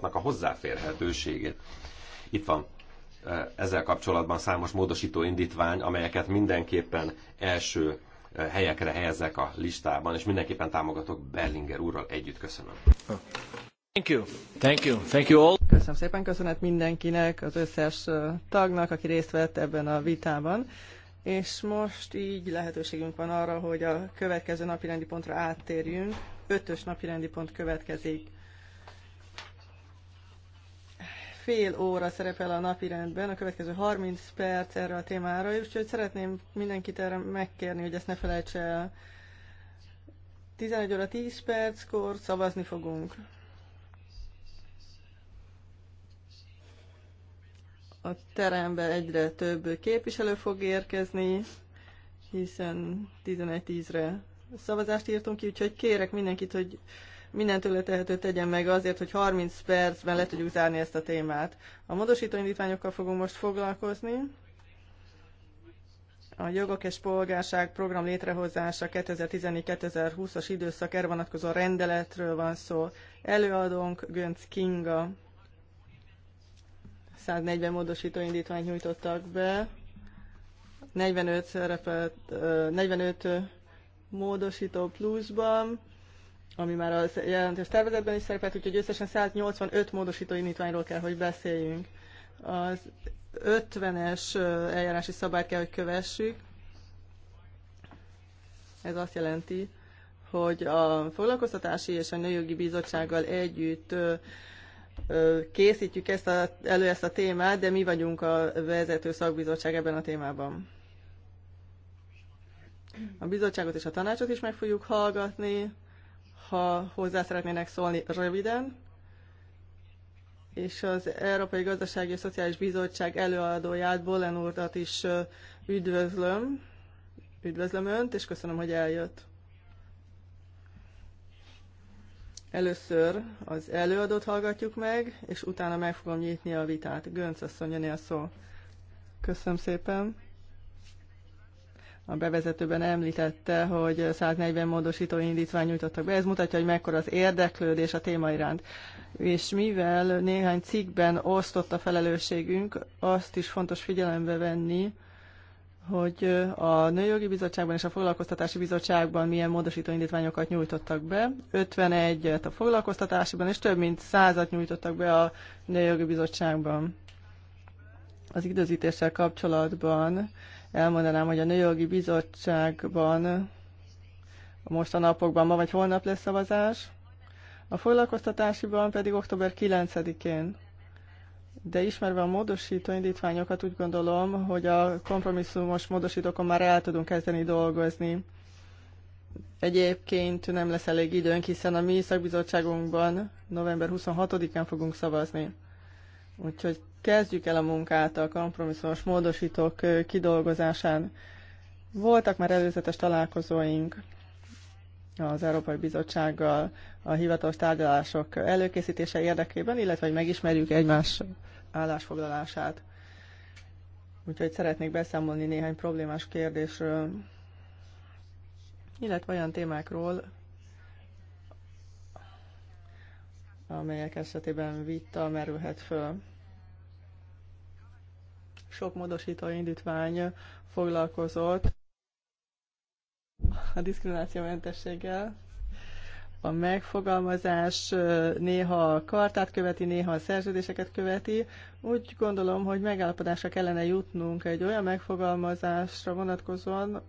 kapnak a hozzáférhetőségét. Itt van e, ezzel kapcsolatban számos módosító indítvány, amelyeket mindenképpen első e, helyekre helyezek a listában, és mindenképpen támogatok Berlinger úrral együtt. Köszönöm. Thank you. Thank you. Thank you all. Köszönöm szépen, köszönet mindenkinek, az összes e, tagnak, aki részt vett ebben a vitában. És most így lehetőségünk van arra, hogy a következő napirendi pontra áttérjünk. Ötös napirendi pont következik. fél óra szerepel a napirendben, a következő 30 perc erre a témára, és úgyhogy szeretném mindenkit erre megkérni, hogy ezt ne felejtse el. 11 óra 10 perckor szavazni fogunk. A terembe egyre több képviselő fog érkezni, hiszen 11-10-re szavazást írtunk ki, úgyhogy kérek mindenkit, hogy minden tőle tegyen meg azért, hogy 30 percben le tudjuk zárni ezt a témát. A módosító indítványokkal fogunk most foglalkozni. A jogok és polgárság program létrehozása 2014-2020-as időszak erre vonatkozó rendeletről van szó. Előadónk Gönc Kinga. 140 módosító indítványt nyújtottak be. 45, szerepet, 45 módosító pluszban, ami már a jelentős tervezetben is szerepelt, úgyhogy összesen 185 módosító indítványról kell, hogy beszéljünk. Az 50-es eljárási szabályt kell, hogy kövessük. Ez azt jelenti, hogy a foglalkoztatási és a nőjogi bizottsággal együtt készítjük ezt a, elő ezt a témát, de mi vagyunk a vezető szakbizottság ebben a témában. A bizottságot és a tanácsot is meg fogjuk hallgatni, ha hozzá szeretnének szólni röviden, és az Európai Gazdasági és Szociális Bizottság előadóját, Bolen úrat is üdvözlöm. Üdvözlöm Önt, és köszönöm, hogy eljött. Először az előadót hallgatjuk meg, és utána meg fogom nyitni a vitát. Gönc asszony, a szó. Köszönöm szépen a bevezetőben említette, hogy 140 módosító indítvány nyújtottak be. Ez mutatja, hogy mekkora az érdeklődés a téma iránt. És mivel néhány cikkben osztott a felelősségünk, azt is fontos figyelembe venni, hogy a Nőjogi Bizottságban és a Foglalkoztatási Bizottságban milyen módosító indítványokat nyújtottak be. 51-et a Foglalkoztatásiban, és több mint 100-at nyújtottak be a Nőjogi Bizottságban. Az időzítéssel kapcsolatban elmondanám, hogy a Nőjogi Bizottságban most a napokban, ma vagy holnap lesz szavazás, a foglalkoztatásiban pedig október 9-én. De ismerve a módosító indítványokat úgy gondolom, hogy a kompromisszumos módosítókon már el tudunk kezdeni dolgozni. Egyébként nem lesz elég időnk, hiszen a mi szakbizottságunkban november 26-án fogunk szavazni. Úgyhogy kezdjük el a munkát a kompromisszumos módosítók kidolgozásán. Voltak már előzetes találkozóink az Európai Bizottsággal a hivatalos tárgyalások előkészítése érdekében, illetve hogy megismerjük egymás állásfoglalását. Úgyhogy szeretnék beszámolni néhány problémás kérdésről, illetve olyan témákról, amelyek esetében vita merülhet föl. Sok módosító indítvány foglalkozott a diszkriminációmentességgel. A megfogalmazás néha a kartát követi, néha a szerződéseket követi. Úgy gondolom, hogy megállapodásra kellene jutnunk egy olyan megfogalmazásra vonatkozóan,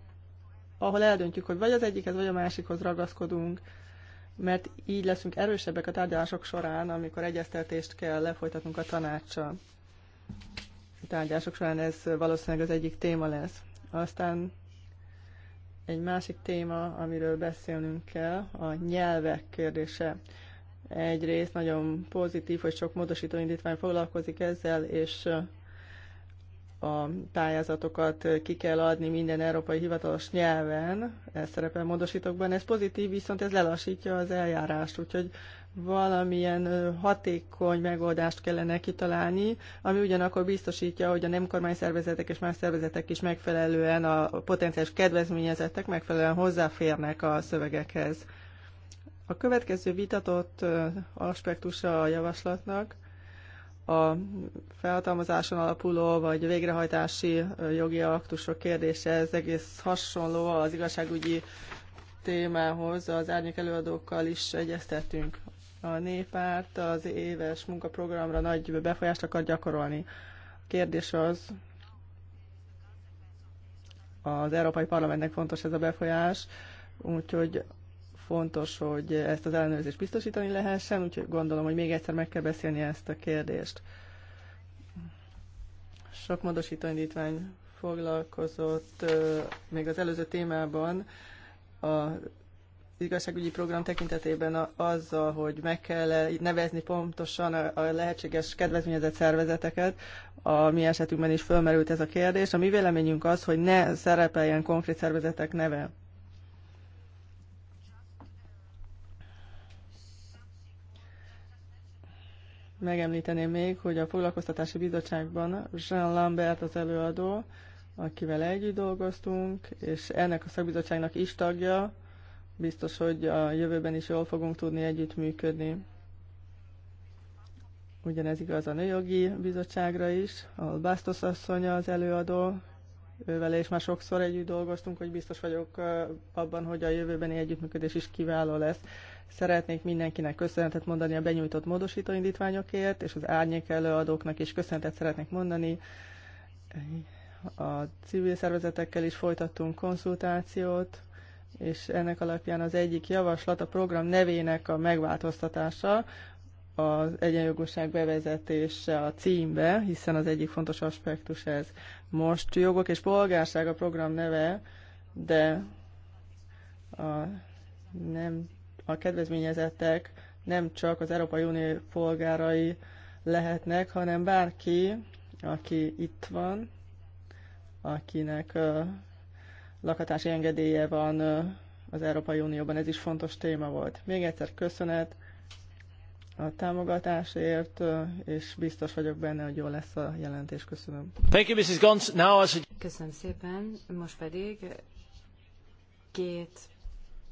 ahol eldöntjük, hogy vagy az egyikhez, vagy a másikhoz ragaszkodunk mert így leszünk erősebbek a tárgyalások során, amikor egyeztetést kell lefolytatnunk a tanácssal. A tárgyalások során ez valószínűleg az egyik téma lesz. Aztán egy másik téma, amiről beszélnünk kell, a nyelvek kérdése. Egyrészt nagyon pozitív, hogy sok módosító indítvány foglalkozik ezzel, és a pályázatokat ki kell adni minden európai hivatalos nyelven, ez szerepel módosítókban, ez pozitív, viszont ez lelassítja az eljárást, úgyhogy valamilyen hatékony megoldást kellene kitalálni, ami ugyanakkor biztosítja, hogy a nem szervezetek és más szervezetek is megfelelően a potenciális kedvezményezettek megfelelően hozzáférnek a szövegekhez. A következő vitatott aspektusa a javaslatnak, a felhatalmazáson alapuló vagy végrehajtási jogi aktusok kérdése, ez egész hasonló az igazságügyi témához, az árnyék előadókkal is egyeztetünk. A néppárt az éves munkaprogramra nagy befolyást akar gyakorolni. A kérdés az, az Európai Parlamentnek fontos ez a befolyás, úgyhogy fontos, hogy ezt az ellenőrzést biztosítani lehessen, úgyhogy gondolom, hogy még egyszer meg kell beszélni ezt a kérdést. Sok módosító indítvány foglalkozott még az előző témában a igazságügyi program tekintetében a, azzal, hogy meg kell nevezni pontosan a, a lehetséges kedvezményezett szervezeteket, a mi esetünkben is fölmerült ez a kérdés. A mi véleményünk az, hogy ne szerepeljen konkrét szervezetek neve. Megemlíteném még, hogy a foglalkoztatási bizottságban Jean Lambert az előadó, akivel együtt dolgoztunk, és ennek a szakbizottságnak is tagja, biztos, hogy a jövőben is jól fogunk tudni együttműködni. Ugyanez igaz a Nőjogi Bizottságra is, a Bastos asszonya az előadó, ővel és már sokszor együtt dolgoztunk, hogy biztos vagyok abban, hogy a jövőbeni együttműködés is kiváló lesz. Szeretnék mindenkinek köszönetet mondani a benyújtott módosító indítványokért, és az árnyék előadóknak is köszönetet szeretnék mondani. A civil szervezetekkel is folytattunk konzultációt, és ennek alapján az egyik javaslat a program nevének a megváltoztatása, az egyenjogúság bevezetése a címbe, hiszen az egyik fontos aspektus ez. Most jogok és polgárság a program neve, de a nem a kedvezményezettek nem csak az Európai Unió polgárai lehetnek, hanem bárki, aki itt van, akinek lakhatási engedélye van az Európai Unióban. Ez is fontos téma volt. Még egyszer köszönet a támogatásért, és biztos vagyok benne, hogy jó lesz a jelentés. Köszönöm. Thank you, Mrs. Gons. Now Köszönöm szépen. Most pedig két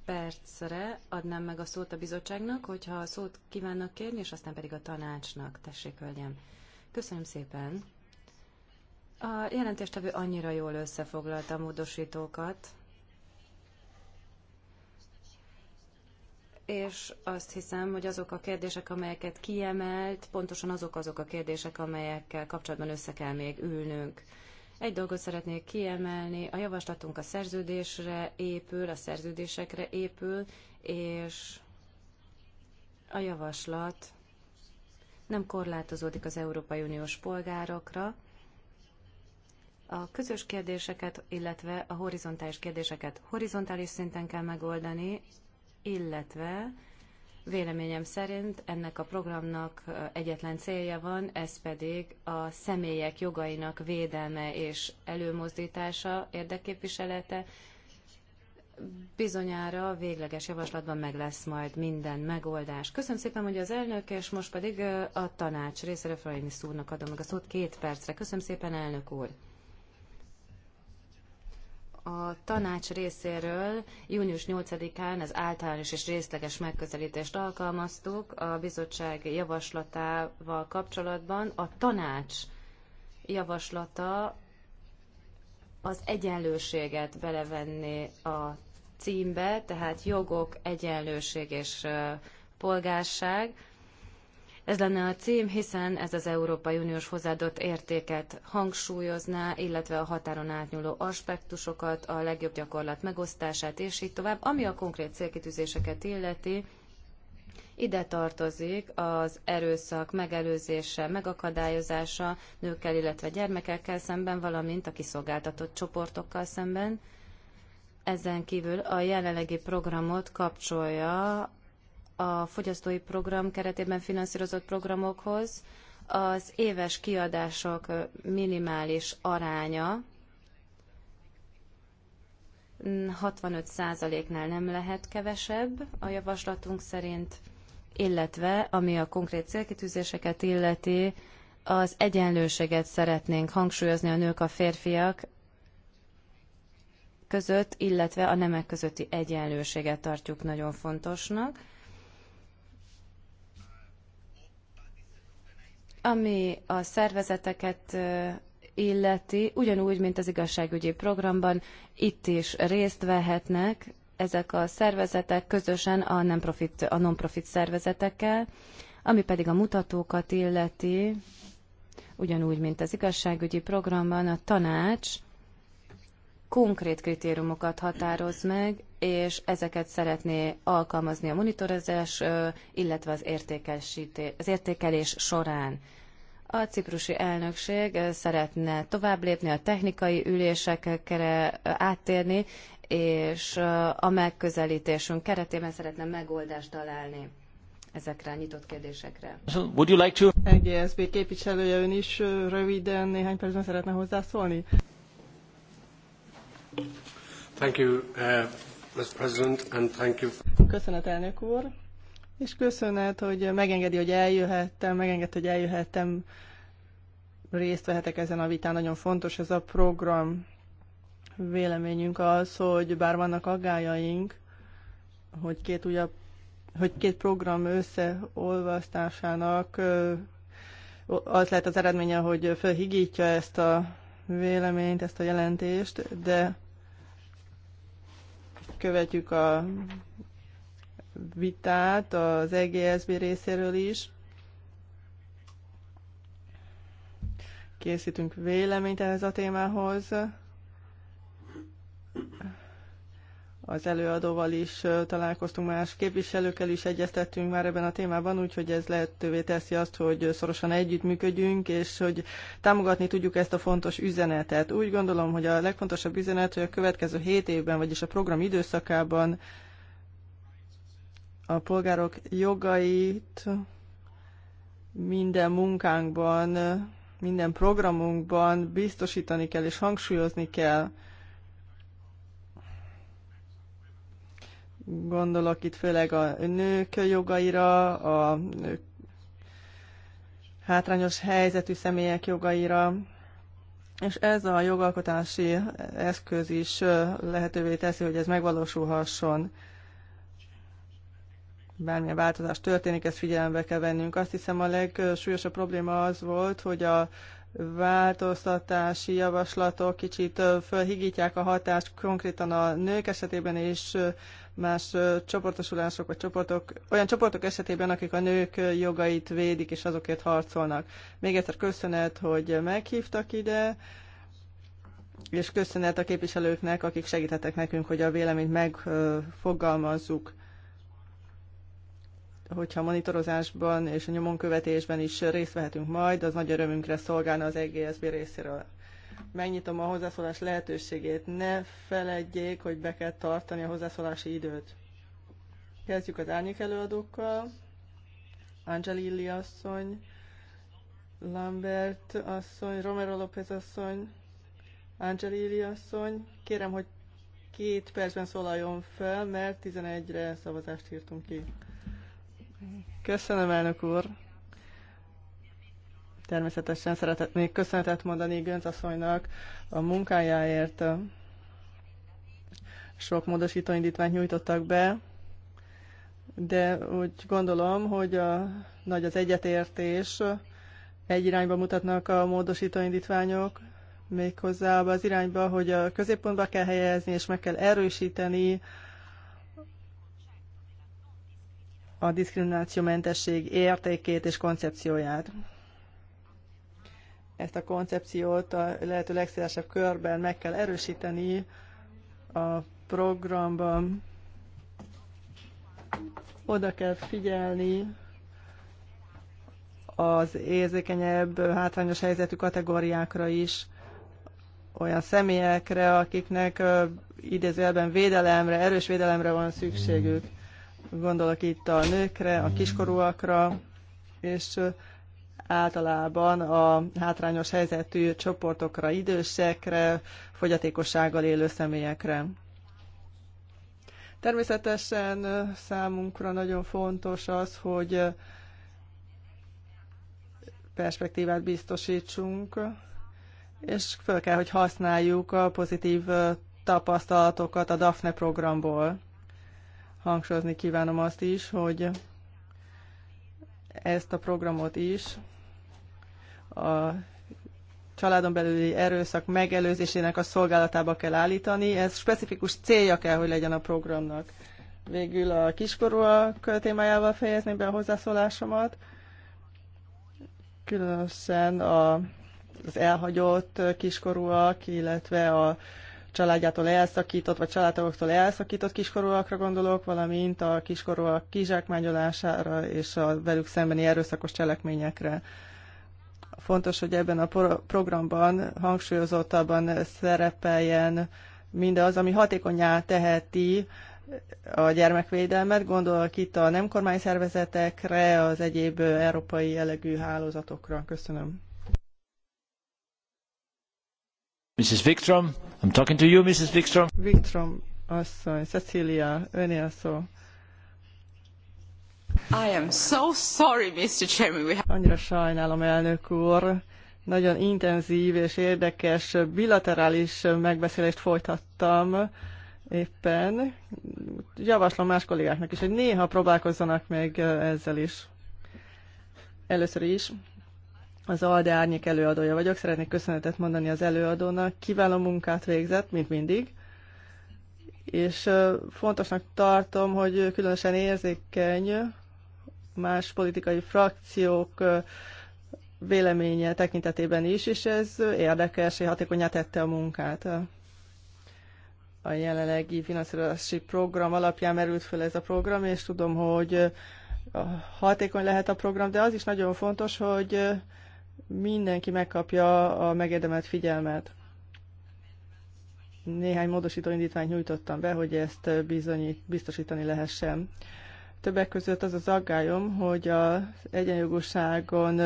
percre adnám meg a szót a bizottságnak, hogyha a szót kívánnak kérni, és aztán pedig a tanácsnak. Tessék, hölgyem. Köszönöm szépen. A jelentéstevő annyira jól összefoglalta a módosítókat, és azt hiszem, hogy azok a kérdések, amelyeket kiemelt, pontosan azok azok a kérdések, amelyekkel kapcsolatban össze kell még ülnünk. Egy dolgot szeretnék kiemelni, a javaslatunk a szerződésre épül, a szerződésekre épül, és a javaslat nem korlátozódik az Európai Uniós polgárokra. A közös kérdéseket, illetve a horizontális kérdéseket horizontális szinten kell megoldani, illetve Véleményem szerint ennek a programnak egyetlen célja van, ez pedig a személyek jogainak védelme és előmozdítása, érdekképviselete. Bizonyára végleges javaslatban meg lesz majd minden megoldás. Köszönöm szépen, hogy az elnök, és most pedig a tanács részére Frainis úrnak adom meg a szót két percre. Köszönöm szépen, elnök úr! a tanács részéről június 8-án az általános és részleges megközelítést alkalmaztuk a bizottság javaslatával kapcsolatban. A tanács javaslata az egyenlőséget belevenni a címbe, tehát jogok, egyenlőség és polgárság. Ez lenne a cím, hiszen ez az Európai Uniós hozzáadott értéket hangsúlyozná, illetve a határon átnyúló aspektusokat, a legjobb gyakorlat megosztását, és így tovább. Ami a konkrét célkitűzéseket illeti, ide tartozik az erőszak megelőzése, megakadályozása nőkkel, illetve gyermekekkel szemben, valamint a kiszolgáltatott csoportokkal szemben. Ezen kívül a jelenlegi programot kapcsolja a fogyasztói program keretében finanszírozott programokhoz az éves kiadások minimális aránya 65%-nál nem lehet kevesebb a javaslatunk szerint, illetve ami a konkrét célkitűzéseket illeti, az egyenlőséget szeretnénk hangsúlyozni a nők a férfiak között, illetve a nemek közötti egyenlőséget tartjuk nagyon fontosnak. Ami a szervezeteket illeti, ugyanúgy, mint az igazságügyi programban, itt is részt vehetnek ezek a szervezetek közösen a non-profit, a non-profit szervezetekkel, ami pedig a mutatókat illeti, ugyanúgy, mint az igazságügyi programban, a tanács konkrét kritériumokat határoz meg, és ezeket szeretné alkalmazni a monitorozás, illetve az, az értékelés során. A ciprusi elnökség szeretne tovább lépni, a technikai ülésekre áttérni, és a megközelítésünk keretében szeretne megoldást találni ezekre a nyitott kérdésekre. Would you like to... E képviselője ön is röviden néhány percben szeretne hozzászólni? Thank you, uh, Mr. President, and thank you. Köszönet, elnök úr, és köszönet, hogy megengedi, hogy eljöhettem, megengedte, hogy eljöhettem, részt vehetek ezen a vitán, nagyon fontos ez a program. Véleményünk az, hogy bár vannak aggájaink, hogy két újabb hogy két program összeolvasztásának az lehet az eredménye, hogy fölhigítja ezt a véleményt, ezt a jelentést, de követjük a vitát az EGSB részéről is. Készítünk véleményt ehhez a témához. az előadóval is találkoztunk, más képviselőkkel is egyeztettünk már ebben a témában, úgyhogy ez lehetővé teszi azt, hogy szorosan együttműködjünk, és hogy támogatni tudjuk ezt a fontos üzenetet. Úgy gondolom, hogy a legfontosabb üzenet, hogy a következő hét évben, vagyis a program időszakában a polgárok jogait minden munkánkban, minden programunkban biztosítani kell és hangsúlyozni kell. Gondolok itt főleg a nők jogaira, a nők hátrányos helyzetű személyek jogaira, és ez a jogalkotási eszköz is lehetővé teszi, hogy ez megvalósulhasson. Bármilyen változás történik, ezt figyelembe kell vennünk. Azt hiszem a legsúlyosabb probléma az volt, hogy a változtatási javaslatok kicsit fölhigítják a hatást konkrétan a nők esetében és más csoportosulások vagy csoportok, olyan csoportok esetében, akik a nők jogait védik és azokért harcolnak. Még egyszer köszönet, hogy meghívtak ide, és köszönet a képviselőknek, akik segítettek nekünk, hogy a véleményt megfogalmazzuk hogyha monitorozásban és a nyomonkövetésben is részt vehetünk majd, az nagy örömünkre szolgálna az EGSB részéről megnyitom a hozzászólás lehetőségét. Ne feledjék, hogy be kell tartani a hozzászólási időt. Kezdjük az árnyék előadókkal. Angelilli asszony, Lambert asszony, Romero López asszony, Angelilli asszony. Kérem, hogy két percben szólaljon fel, mert 11-re szavazást írtunk ki. Köszönöm, elnök úr! Természetesen szeretnék köszönetet mondani Gönc a munkájáért. Sok módosító indítványt nyújtottak be, de úgy gondolom, hogy a, nagy az egyetértés, egy irányba mutatnak a módosító indítványok, méghozzá abba az irányba, hogy a középpontba kell helyezni, és meg kell erősíteni a diszkriminációmentesség értékét és koncepcióját. Ezt a koncepciót a lehető legszélesebb körben meg kell erősíteni a programban. Oda kell figyelni az érzékenyebb, hátrányos helyzetű kategóriákra is, olyan személyekre, akiknek idézőjelben védelemre, erős védelemre van szükségük. Gondolok itt a nőkre, a kiskorúakra, és általában a hátrányos helyzetű csoportokra, idősekre, fogyatékossággal élő személyekre. Természetesen számunkra nagyon fontos az, hogy perspektívát biztosítsunk, és föl kell, hogy használjuk a pozitív tapasztalatokat a DAFNE programból. Hangsúlyozni kívánom azt is, hogy ezt a programot is a családon belüli erőszak megelőzésének a szolgálatába kell állítani. Ez specifikus célja kell, hogy legyen a programnak. Végül a kiskorúak témájával fejezném be a hozzászólásomat. Különösen a, az elhagyott kiskorúak, illetve a családjától elszakított, vagy családtagoktól elszakított kiskorúakra gondolok, valamint a kiskorúak kizsákmányolására és a velük szembeni erőszakos cselekményekre Fontos, hogy ebben a programban hangsúlyozottabban szerepeljen mindaz, ami hatékonyá teheti a gyermekvédelmet. Gondolok itt a nem kormányszervezetekre, az egyéb európai jellegű hálózatokra. Köszönöm. Mrs. Wikström, I'm talking to you, Mrs. Wikström. Wikström asszony, Cecilia, önél szó. I am so sorry, Mr. Chairman. We have... Annyira sajnálom, elnök úr. Nagyon intenzív és érdekes bilaterális megbeszélést folytattam éppen. Javaslom más kollégáknak is, hogy néha próbálkozzanak meg ezzel is. Először is az ALDE árnyék előadója vagyok. Szeretnék köszönetet mondani az előadónak. Kiváló munkát végzett, mint mindig. És fontosnak tartom, hogy különösen érzékeny más politikai frakciók véleménye tekintetében is, és ez érdekes, és hatékonyá tette a munkát. A jelenlegi finanszírozási program alapján merült fel ez a program, és tudom, hogy hatékony lehet a program, de az is nagyon fontos, hogy mindenki megkapja a megérdemelt figyelmet. Néhány módosító indítványt nyújtottam be, hogy ezt bizonyít, biztosítani lehessen. Többek között az az aggályom, hogy az egyenjogúságon,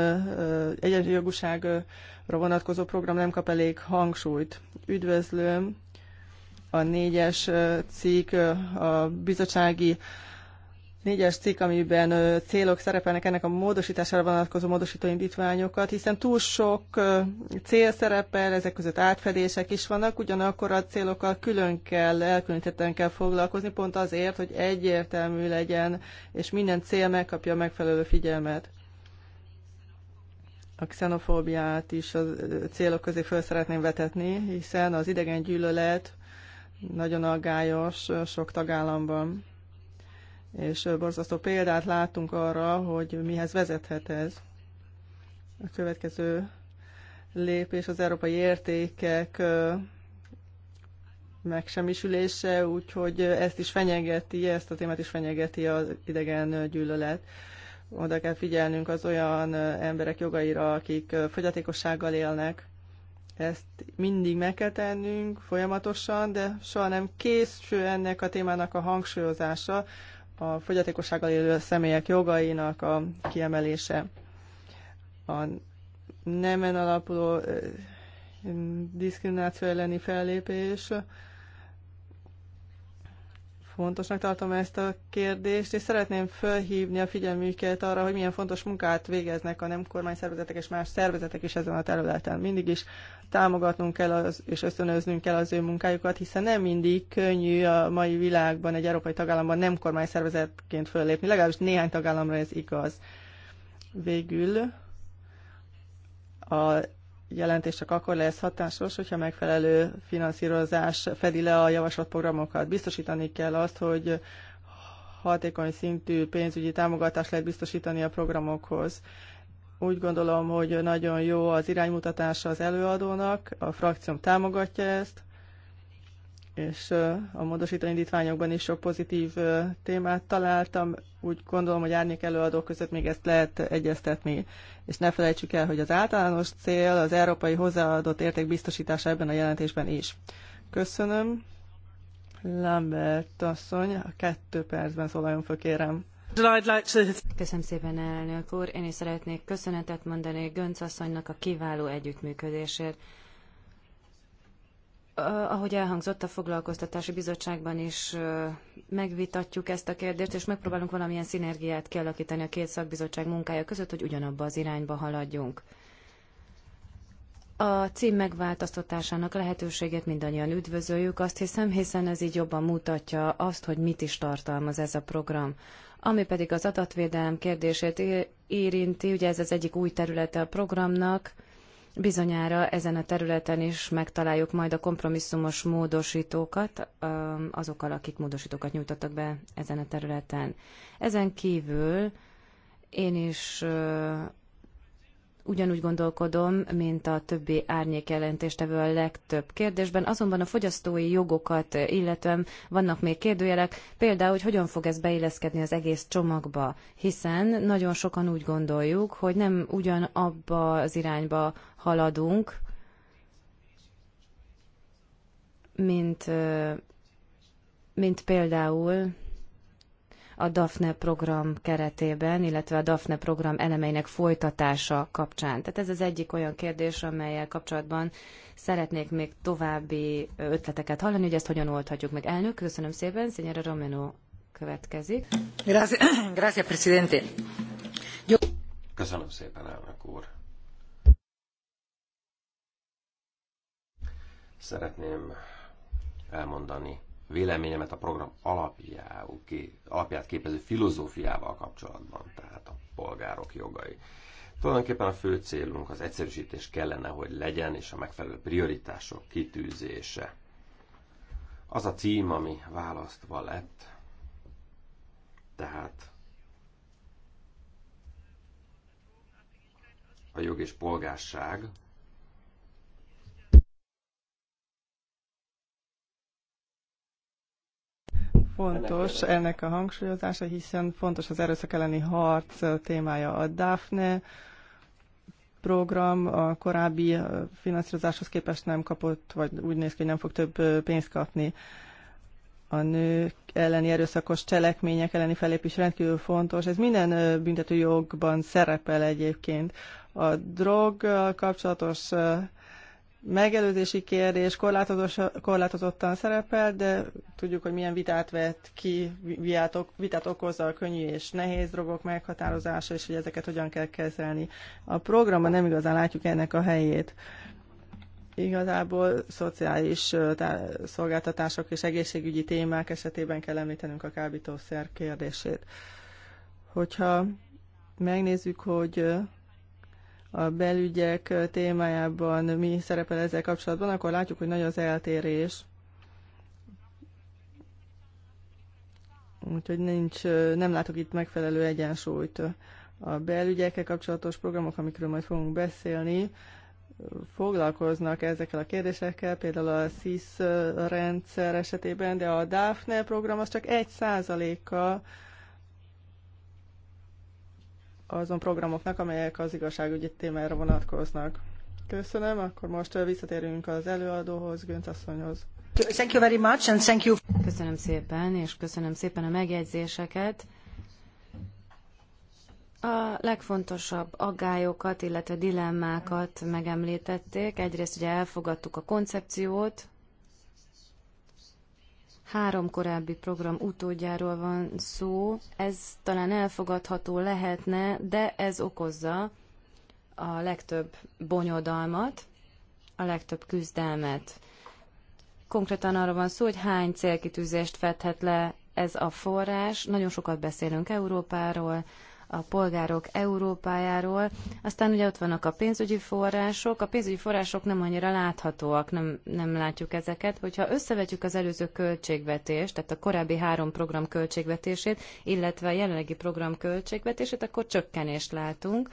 egyenjogúságra vonatkozó program nem kap elég hangsúlyt. Üdvözlöm a négyes cikk a bizottsági négyes cikk, amiben célok szerepelnek ennek a módosítására vonatkozó módosító indítványokat, hiszen túl sok cél szerepel, ezek között átfedések is vannak, ugyanakkor a célokkal külön kell, elkülönítetten kell foglalkozni, pont azért, hogy egyértelmű legyen, és minden cél megkapja a megfelelő figyelmet. A xenofóbiát is a célok közé föl szeretném vetetni, hiszen az idegen gyűlölet nagyon aggályos sok tagállamban és borzasztó példát látunk arra, hogy mihez vezethet ez. A következő lépés az európai értékek megsemmisülése, úgyhogy ezt is fenyegeti, ezt a témát is fenyegeti az idegen gyűlölet. Oda kell figyelnünk az olyan emberek jogaira, akik fogyatékossággal élnek. Ezt mindig meg kell tennünk folyamatosan, de soha nem készül ennek a témának a hangsúlyozása, a fogyatékossággal élő személyek jogainak a kiemelése, a nemen alapuló diszkrimináció elleni fellépés, Fontosnak tartom ezt a kérdést, és szeretném felhívni a figyelmüket arra, hogy milyen fontos munkát végeznek a nem szervezetek és más szervezetek is ezen a területen. Mindig is támogatnunk kell az, és ösztönöznünk kell az ő munkájukat, hiszen nem mindig könnyű a mai világban egy európai tagállamban nem szervezetként föllépni, legalábbis néhány tagállamra ez igaz. Végül a jelentés csak akkor lesz hatásos, hogyha megfelelő finanszírozás fedi le a javasolt programokat. Biztosítani kell azt, hogy hatékony szintű pénzügyi támogatást lehet biztosítani a programokhoz. Úgy gondolom, hogy nagyon jó az iránymutatása az előadónak, a frakcióm támogatja ezt, és a módosítani indítványokban is sok pozitív témát találtam. Úgy gondolom, hogy árnyék előadók között még ezt lehet egyeztetni. És ne felejtsük el, hogy az általános cél az európai hozzáadott érték biztosítása ebben a jelentésben is. Köszönöm. Lambert asszony, a kettő percben szólaljon föl, kérem. Köszönöm szépen, elnök úr. Én is szeretnék köszönetet mondani Gönc asszonynak a kiváló együttműködésért. Eh, ahogy elhangzott, a foglalkoztatási bizottságban is eh, megvitatjuk ezt a kérdést, és megpróbálunk valamilyen szinergiát kialakítani a két szakbizottság munkája között, hogy ugyanabba az irányba haladjunk. A cím megváltoztatásának lehetőséget mindannyian üdvözöljük, azt hiszem, hiszen ez így jobban mutatja azt, hogy mit is tartalmaz ez a program. Ami pedig az adatvédelem kérdését érinti, ugye ez az egyik új területe a programnak, Bizonyára ezen a területen is megtaláljuk majd a kompromisszumos módosítókat, azokkal, akik módosítókat nyújtottak be ezen a területen. Ezen kívül én is ugyanúgy gondolkodom, mint a többi árnyék jelentéstevő a legtöbb kérdésben, azonban a fogyasztói jogokat illetően vannak még kérdőjelek, például, hogy hogyan fog ez beilleszkedni az egész csomagba, hiszen nagyon sokan úgy gondoljuk, hogy nem ugyanabba az irányba haladunk, mint, mint például a DAFNE program keretében, illetve a DAFNE program elemeinek folytatása kapcsán. Tehát ez az egyik olyan kérdés, amelyel kapcsolatban szeretnék még további ötleteket hallani, hogy ezt hogyan oldhatjuk meg. Elnök, köszönöm szépen, Szenyera Romero következik. Grazie, grazie, presidente. Köszönöm szépen, elnök úr. Szeretném elmondani véleményemet a program alapjául, alapját képező filozófiával kapcsolatban, tehát a polgárok jogai. Tulajdonképpen a fő célunk az egyszerűsítés kellene, hogy legyen, és a megfelelő prioritások kitűzése. Az a cím, ami választva lett, tehát a jog és polgárság fontos ennek a hangsúlyozása, hiszen fontos az erőszak elleni harc témája a DAFNE program, a korábbi finanszírozáshoz képest nem kapott, vagy úgy néz ki, hogy nem fog több pénzt kapni. A nők elleni erőszakos cselekmények elleni felépés rendkívül fontos. Ez minden büntetőjogban szerepel egyébként. A drog kapcsolatos megelőzési kérdés korlátozottan szerepel, de tudjuk, hogy milyen vitát vett ki, vitát, okoz okozza a könnyű és nehéz drogok meghatározása, és hogy ezeket hogyan kell kezelni. A programban nem igazán látjuk ennek a helyét. Igazából szociális szolgáltatások és egészségügyi témák esetében kell említenünk a kábítószer kérdését. Hogyha megnézzük, hogy a belügyek témájában mi szerepel ezzel kapcsolatban, akkor látjuk, hogy nagy az eltérés. Úgyhogy nincs, nem látok itt megfelelő egyensúlyt. A belügyekkel kapcsolatos programok, amikről majd fogunk beszélni, foglalkoznak ezekkel a kérdésekkel, például a SIS rendszer esetében, de a DAFNE program az csak egy százalékkal azon programoknak, amelyek az igazságügyi témára vonatkoznak. Köszönöm, akkor most visszatérünk az előadóhoz, Gönc asszonyhoz. Thank you very much, and thank you. Köszönöm szépen, és köszönöm szépen a megjegyzéseket. A legfontosabb aggályokat, illetve dilemmákat megemlítették. Egyrészt ugye elfogadtuk a koncepciót, három korábbi program utódjáról van szó. Ez talán elfogadható lehetne, de ez okozza a legtöbb bonyodalmat, a legtöbb küzdelmet. Konkrétan arra van szó, hogy hány célkitűzést fedhet le ez a forrás. Nagyon sokat beszélünk Európáról, a polgárok Európájáról. Aztán ugye ott vannak a pénzügyi források. A pénzügyi források nem annyira láthatóak, nem, nem látjuk ezeket. Hogyha összevetjük az előző költségvetést, tehát a korábbi három program költségvetését, illetve a jelenlegi program költségvetését, akkor csökkenést látunk.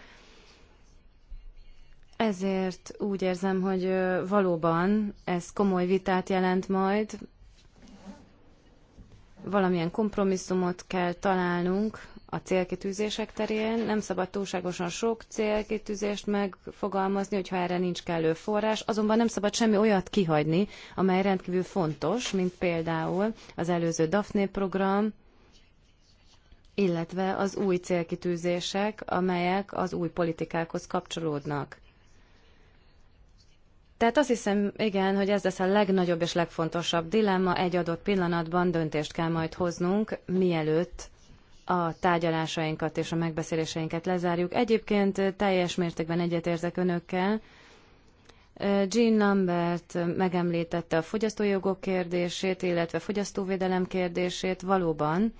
Ezért úgy érzem, hogy valóban ez komoly vitát jelent majd. Valamilyen kompromisszumot kell találnunk a célkitűzések terén. Nem szabad túlságosan sok célkitűzést megfogalmazni, hogyha erre nincs kellő forrás, azonban nem szabad semmi olyat kihagyni, amely rendkívül fontos, mint például az előző daphne program, illetve az új célkitűzések, amelyek az új politikákhoz kapcsolódnak. Tehát azt hiszem, igen, hogy ez lesz a legnagyobb és legfontosabb dilemma. Egy adott pillanatban döntést kell majd hoznunk, mielőtt a tárgyalásainkat és a megbeszéléseinket lezárjuk. Egyébként teljes mértékben egyetérzek önökkel. Jean Lambert megemlítette a fogyasztójogok kérdését, illetve fogyasztóvédelem kérdését. Valóban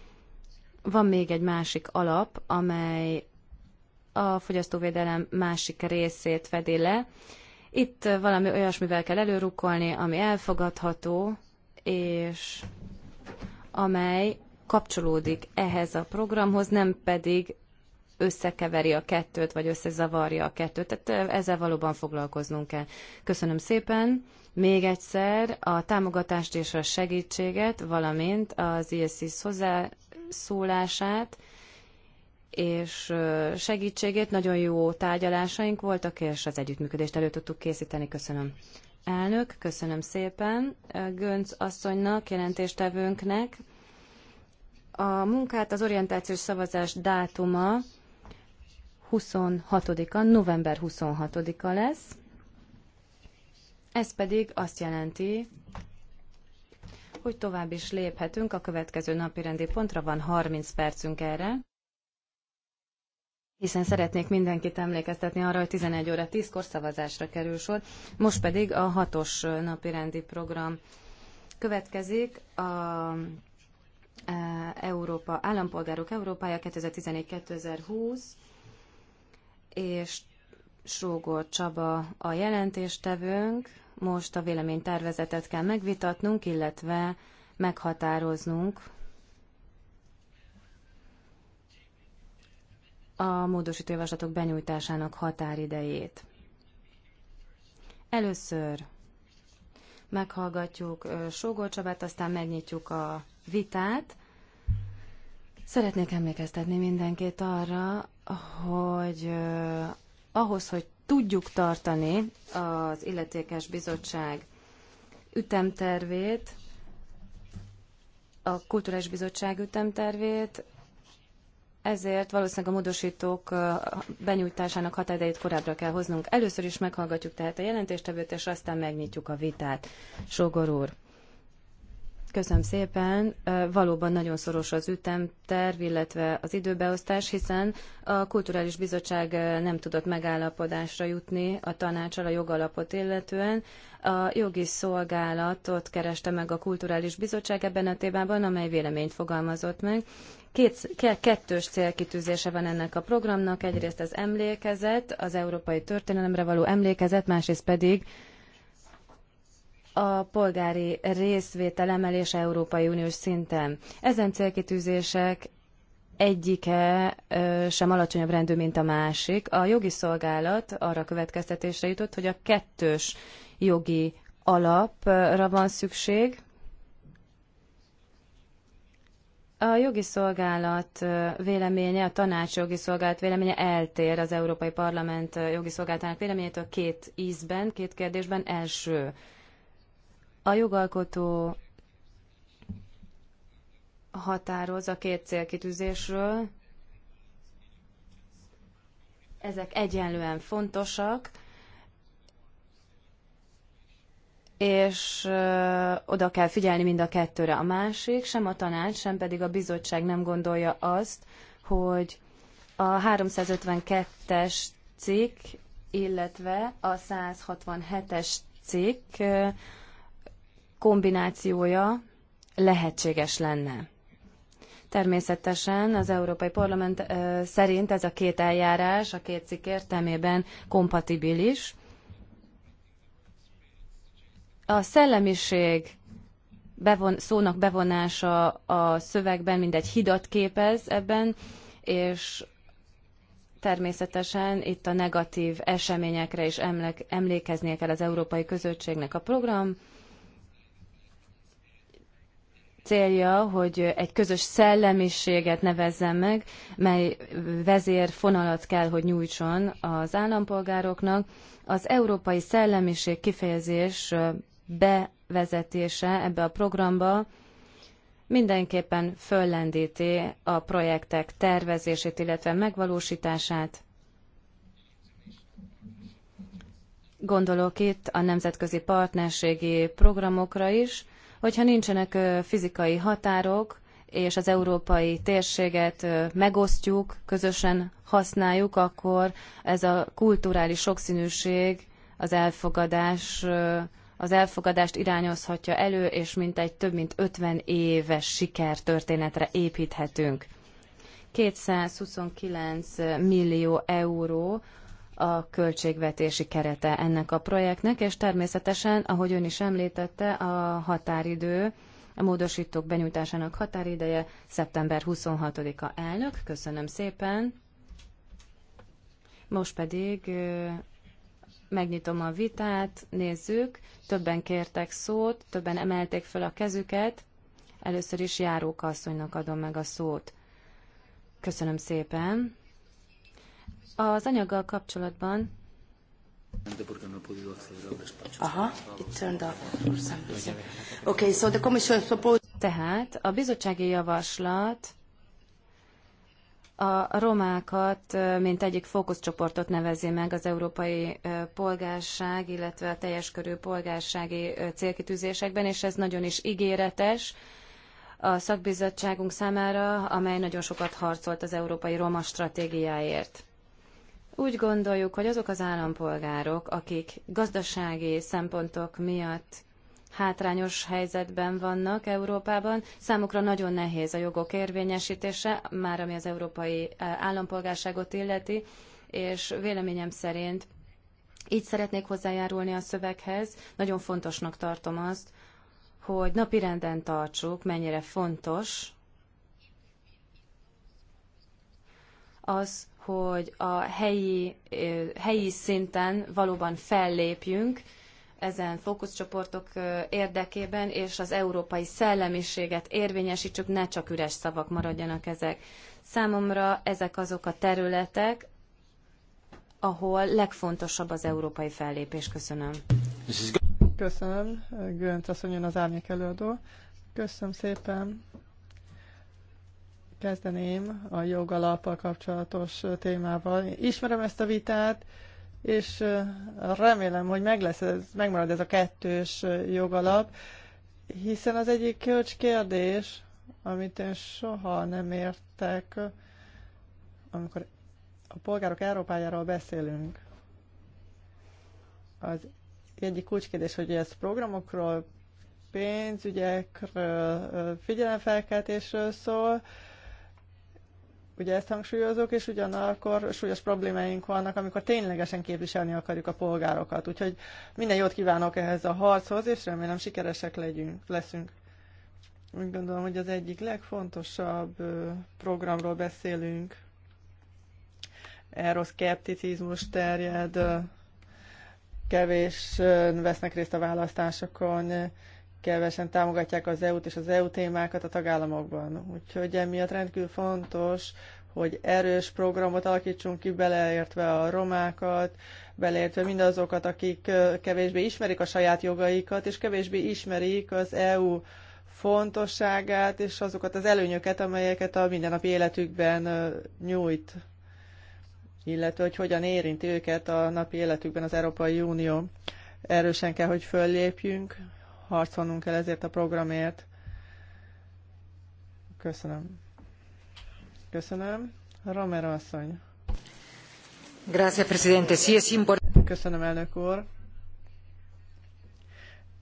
van még egy másik alap, amely a fogyasztóvédelem másik részét fedi le. Itt valami olyasmivel kell előrukkolni, ami elfogadható, és amely kapcsolódik ehhez a programhoz, nem pedig összekeveri a kettőt, vagy összezavarja a kettőt. Tehát ezzel valóban foglalkoznunk kell. Köszönöm szépen. Még egyszer a támogatást és a segítséget, valamint az ISIS hozzászólását és segítségét. Nagyon jó tárgyalásaink voltak, és az együttműködést elő tudtuk készíteni. Köszönöm. Elnök, köszönöm szépen Gönc asszonynak, jelentéstevőnknek. A munkát az orientációs szavazás dátuma 26-a, november 26-a lesz. Ez pedig azt jelenti, hogy tovább is léphetünk. A következő napi rendi pontra van 30 percünk erre. Hiszen szeretnék mindenkit emlékeztetni arra, hogy 11 óra 10-kor szavazásra kerül sor. Most pedig a hatos napi rendi program következik. A Európa, Állampolgárok Európája 2014-2020, és Sógor Csaba a jelentéstevőnk. Most a véleménytervezetet kell megvitatnunk, illetve meghatároznunk a módosító javaslatok benyújtásának határidejét. Először meghallgatjuk Sógor Csabát, aztán megnyitjuk a vitát. Szeretnék emlékeztetni mindenkit arra, hogy ahhoz, hogy tudjuk tartani az illetékes bizottság ütemtervét, a Kulturális Bizottság ütemtervét, ezért valószínűleg a módosítók benyújtásának határidejét korábbra kell hoznunk. Először is meghallgatjuk tehát a jelentéstevőt, és aztán megnyitjuk a vitát. Sogor úr. Köszönöm szépen. Valóban nagyon szoros az ütemterv, illetve az időbeosztás, hiszen a Kulturális Bizottság nem tudott megállapodásra jutni a tanácsal a jogalapot illetően. A jogi szolgálatot kereste meg a Kulturális Bizottság ebben a témában, amely véleményt fogalmazott meg. Két, kettős célkitűzése van ennek a programnak, egyrészt az emlékezet, az európai történelemre való emlékezet, másrészt pedig a polgári részvétel emelése Európai Uniós szinten. Ezen célkitűzések egyike sem alacsonyabb rendű, mint a másik. A jogi szolgálat arra következtetésre jutott, hogy a kettős jogi alapra van szükség. A jogi szolgálat véleménye, a tanács jogi szolgálat véleménye eltér az Európai Parlament jogi szolgálatának véleményétől két ízben, két kérdésben. Első, a jogalkotó határoz a két célkitűzésről. Ezek egyenlően fontosak, és oda kell figyelni mind a kettőre. A másik, sem a tanács, sem pedig a bizottság nem gondolja azt, hogy a 352-es cikk, illetve a 167-es cikk kombinációja lehetséges lenne. Természetesen az Európai Parlament szerint ez a két eljárás a két cikk értelmében kompatibilis. A szellemiség bevon, szónak bevonása a szövegben mindegy hidat képez ebben, és természetesen itt a negatív eseményekre is emlékeznie kell az európai közösségnek a program célja, hogy egy közös szellemiséget nevezzen meg, mely vezérfonalat kell, hogy nyújtson az állampolgároknak. Az európai szellemiség kifejezés bevezetése ebbe a programba mindenképpen föllendíti a projektek tervezését, illetve megvalósítását. Gondolok itt a nemzetközi partnerségi programokra is, Hogyha nincsenek fizikai határok, és az európai térséget megosztjuk, közösen használjuk, akkor ez a kulturális sokszínűség az elfogadás az elfogadást irányozhatja elő, és mintegy több mint 50 éves sikertörténetre építhetünk. 229 millió euró a költségvetési kerete ennek a projektnek, és természetesen, ahogy ön is említette, a határidő, a módosítók benyújtásának határideje szeptember 26-a elnök. Köszönöm szépen. Most pedig megnyitom a vitát, nézzük. Többen kértek szót, többen emelték föl a kezüket. Először is Járóka asszonynak adom meg a szót. Köszönöm szépen. Az anyaggal kapcsolatban Aha, it turned off for some reason. Okay, so the commission supposed... Tehát a bizottsági javaslat a romákat, mint egyik fókuszcsoportot nevezi meg az európai polgárság, illetve a teljes körű polgársági célkitűzésekben, és ez nagyon is ígéretes a szakbizottságunk számára, amely nagyon sokat harcolt az európai roma stratégiáért. Úgy gondoljuk, hogy azok az állampolgárok, akik gazdasági szempontok miatt hátrányos helyzetben vannak Európában. Számukra nagyon nehéz a jogok érvényesítése, már ami az európai e, állampolgárságot illeti, és véleményem szerint így szeretnék hozzájárulni a szöveghez. Nagyon fontosnak tartom azt, hogy napirenden tartsuk, mennyire fontos az, hogy a helyi, helyi szinten valóban fellépjünk ezen fókuszcsoportok érdekében, és az európai szellemiséget érvényesítsük, ne csak üres szavak maradjanak ezek. Számomra ezek azok a területek, ahol legfontosabb az európai fellépés. Köszönöm. Köszönöm. Gönc asszonyon az árnyék előadó. Köszönöm szépen. Kezdeném a jogalappal kapcsolatos témával. Ismerem ezt a vitát, és remélem, hogy meg lesz ez, megmarad ez a kettős jogalap, hiszen az egyik kölcskérdés, amit én soha nem értek, amikor a polgárok Európájáról beszélünk, az egyik kulcskérdés, hogy ez programokról, pénzügyekről, figyelemfelkeltésről szól, Ugye ezt hangsúlyozok, és ugyanakkor súlyos problémáink vannak, amikor ténylegesen képviselni akarjuk a polgárokat. Úgyhogy minden jót kívánok ehhez a harchoz, és remélem sikeresek legyünk, leszünk. Úgy gondolom, hogy az egyik legfontosabb programról beszélünk. szkepticizmus terjed, kevés vesznek részt a választásokon, kevesen támogatják az EU-t és az EU témákat a tagállamokban. Úgyhogy emiatt rendkívül fontos, hogy erős programot alakítsunk ki, beleértve a romákat, beleértve mindazokat, akik kevésbé ismerik a saját jogaikat, és kevésbé ismerik az EU fontosságát, és azokat az előnyöket, amelyeket a mindennapi életükben nyújt, illetve hogy hogyan érinti őket a napi életükben az Európai Unió. Erősen kell, hogy föllépjünk, harcolnunk kell ezért a programért. Köszönöm. Köszönöm. Romero asszony. Grazie, presidente. es Köszönöm, elnök úr.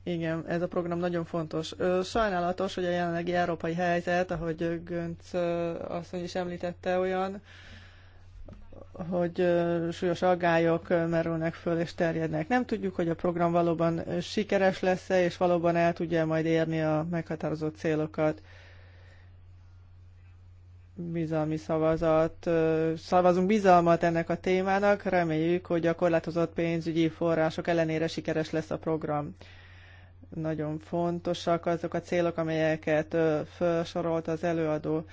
Igen, ez a program nagyon fontos. Sajnálatos, hogy a jelenlegi európai helyzet, ahogy Gönc asszony is említette, olyan, hogy súlyos aggályok merülnek föl és terjednek. Nem tudjuk, hogy a program valóban sikeres lesz-e, és valóban el tudja majd érni a meghatározott célokat. Bizalmi szavazat. Szavazunk bizalmat ennek a témának, reméljük, hogy a korlátozott pénzügyi források ellenére sikeres lesz a program. Nagyon fontosak azok a célok, amelyeket felsorolt az előadó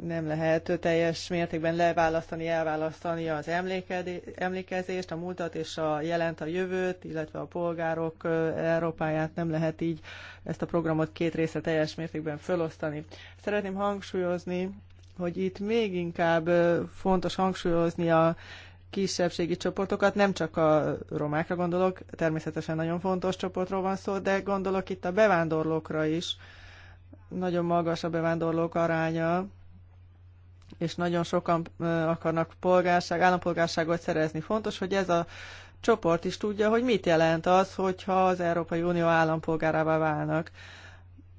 nem lehet teljes mértékben leválasztani, elválasztani az emlékezést, a múltat és a jelent a jövőt, illetve a polgárok Európáját nem lehet így ezt a programot két része teljes mértékben felosztani. Szeretném hangsúlyozni, hogy itt még inkább fontos hangsúlyozni a kisebbségi csoportokat, nem csak a romákra gondolok, természetesen nagyon fontos csoportról van szó, de gondolok itt a bevándorlókra is. Nagyon magas a bevándorlók aránya, és nagyon sokan akarnak polgárság, állampolgárságot szerezni. Fontos, hogy ez a csoport is tudja, hogy mit jelent az, hogyha az Európai Unió állampolgárává válnak.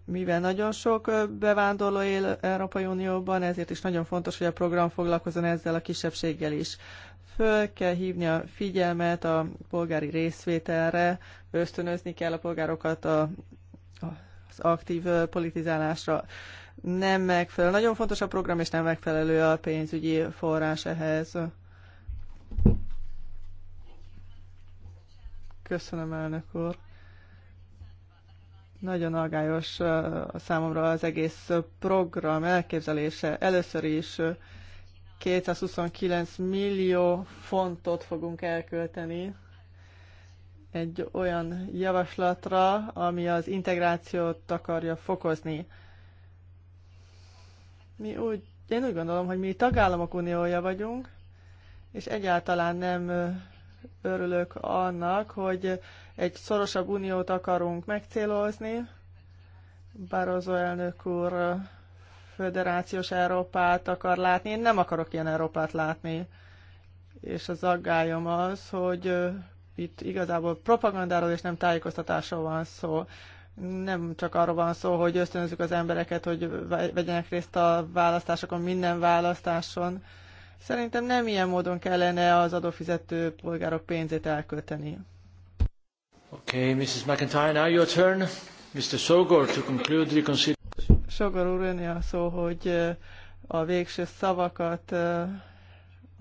Mivel nagyon sok bevándorló él Európai Unióban, ezért is nagyon fontos, hogy a program foglalkozon ezzel a kisebbséggel is. Föl kell hívni a figyelmet a polgári részvételre, ösztönözni kell a polgárokat a, az aktív politizálásra nem megfelelő. Nagyon fontos a program, és nem megfelelő a pénzügyi forrás ehhez. Köszönöm, elnök úr. Nagyon aggályos uh, számomra az egész program elképzelése. Először is 229 uh, millió fontot fogunk elkölteni egy olyan javaslatra, ami az integrációt akarja fokozni. Mi úgy, én úgy gondolom, hogy mi tagállamok uniója vagyunk, és egyáltalán nem örülök annak, hogy egy szorosabb uniót akarunk megcélozni. Barroso elnök úr föderációs Európát akar látni. Én nem akarok ilyen Európát látni. És az aggályom az, hogy itt igazából propagandáról és nem tájékoztatásról van szó nem csak arról van szó, hogy ösztönözzük az embereket, hogy vegyenek részt a választásokon, minden választáson. Szerintem nem ilyen módon kellene az adófizető polgárok pénzét elkölteni. Okay, Mrs. McIntyre, now your turn. Mr. Sogor, to conclude, the consideration. Sogor úr, a szó, hogy uh, a végső szavakat, uh,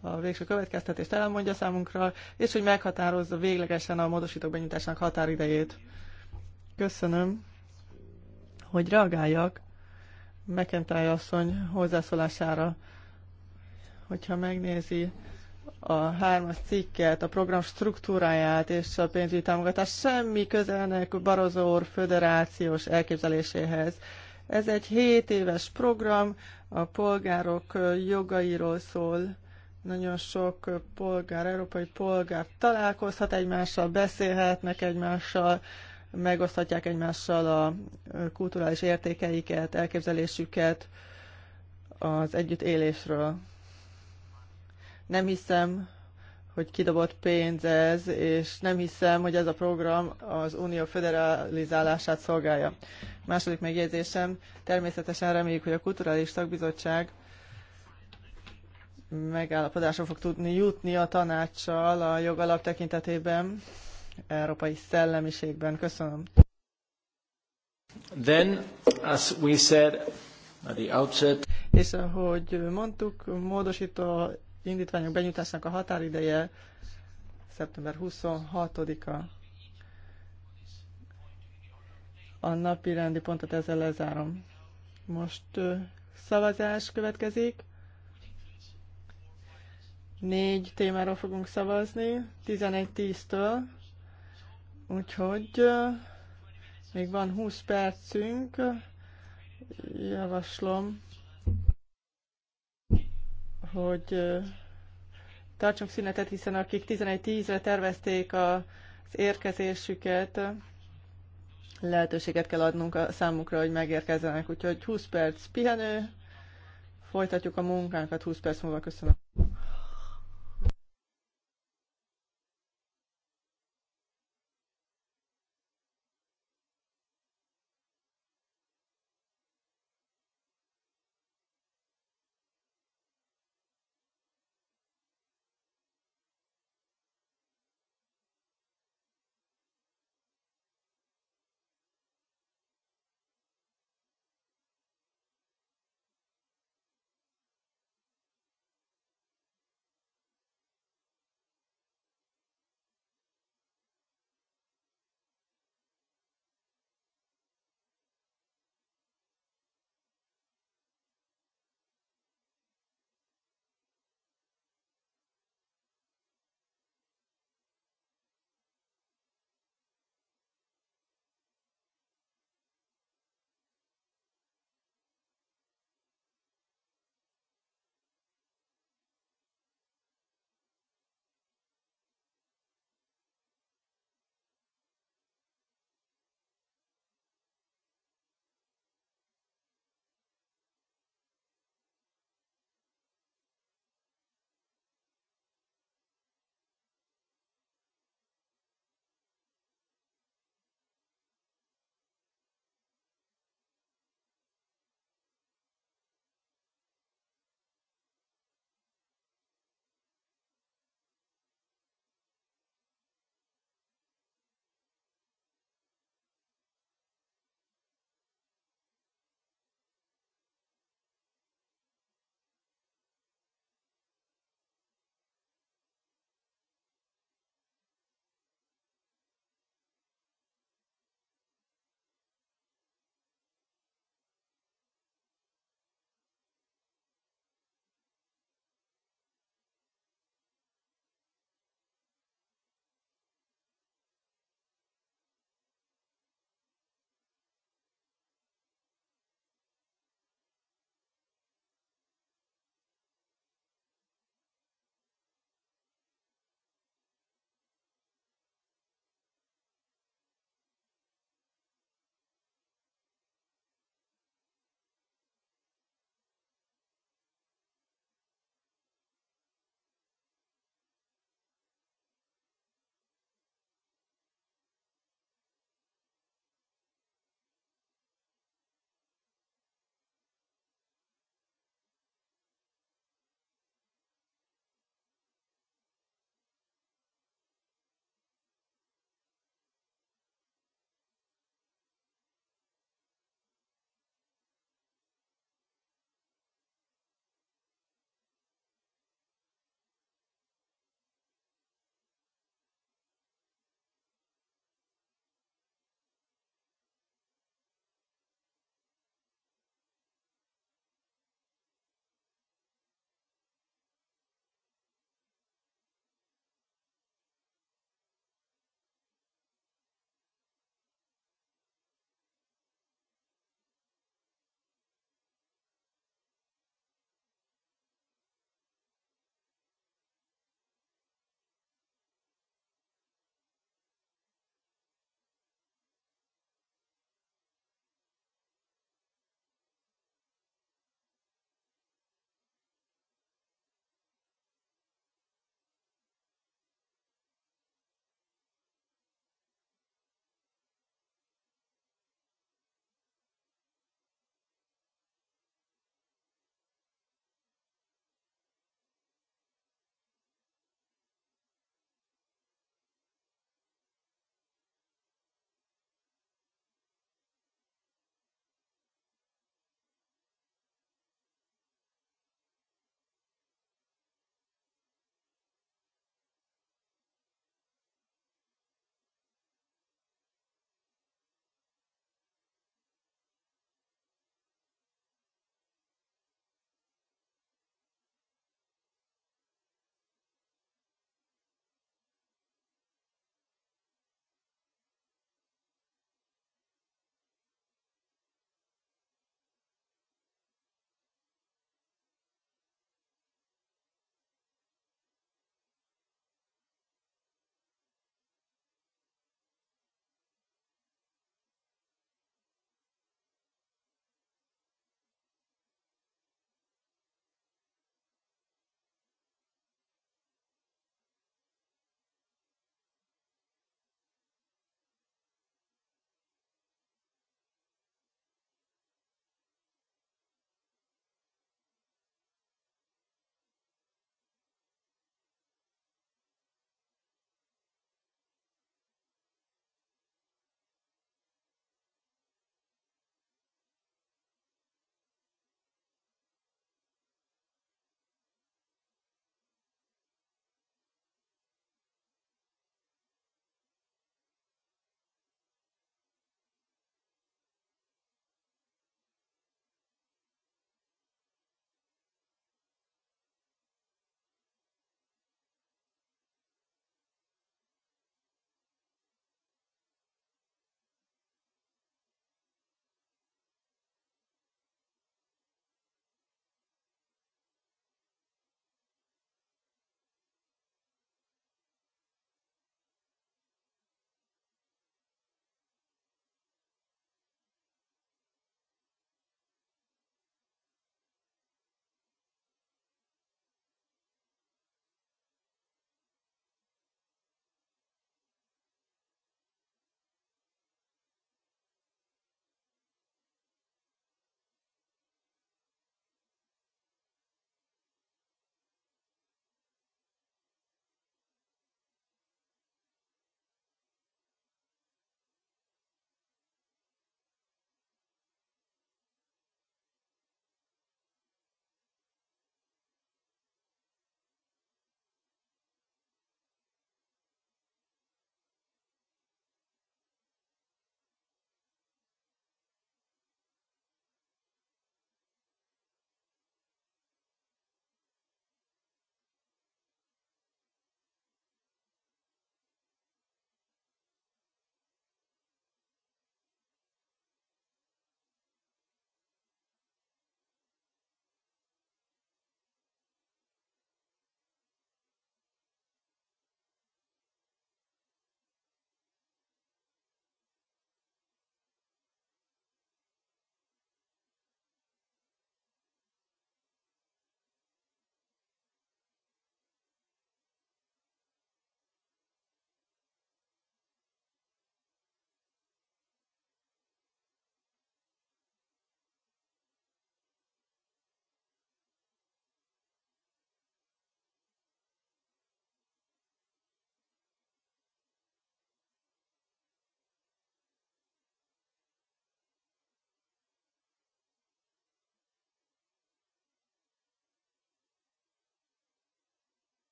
a végső következtetést elmondja számunkra, és hogy meghatározza véglegesen a módosítók benyújtásának határidejét. Köszönöm, hogy reagáljak McIntyre asszony hozzászólására. Hogyha megnézi a hármas cikket, a program struktúráját és a pénzügyi támogatás semmi közelnek barozor föderációs elképzeléséhez. Ez egy 7 éves program, a polgárok jogairól szól, nagyon sok polgár, európai polgár találkozhat egymással, beszélhetnek egymással, megoszthatják egymással a kulturális értékeiket, elképzelésüket az együttélésről. Nem hiszem, hogy kidobott pénz ez, és nem hiszem, hogy ez a program az unió federalizálását szolgálja. Második megjegyzésem, természetesen reméljük, hogy a Kulturális Szakbizottság megállapodásra fog tudni jutni a tanácssal a jogalap tekintetében, európai szellemiségben. Köszönöm. Then, as we said at the outset, és ahogy mondtuk, módosító indítványok benyújtásnak a határideje szeptember 26-a. A napi rendi pontot ezzel lezárom. Most szavazás következik. Négy témáról fogunk szavazni, 11-10-től. Úgyhogy még van 20 percünk, javaslom, hogy tartsunk szünetet, hiszen akik 11-10-re tervezték az érkezésüket, lehetőséget kell adnunk a számukra, hogy megérkezzenek. Úgyhogy 20 perc pihenő, folytatjuk a munkánkat 20 perc múlva. Köszönöm.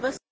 muito você.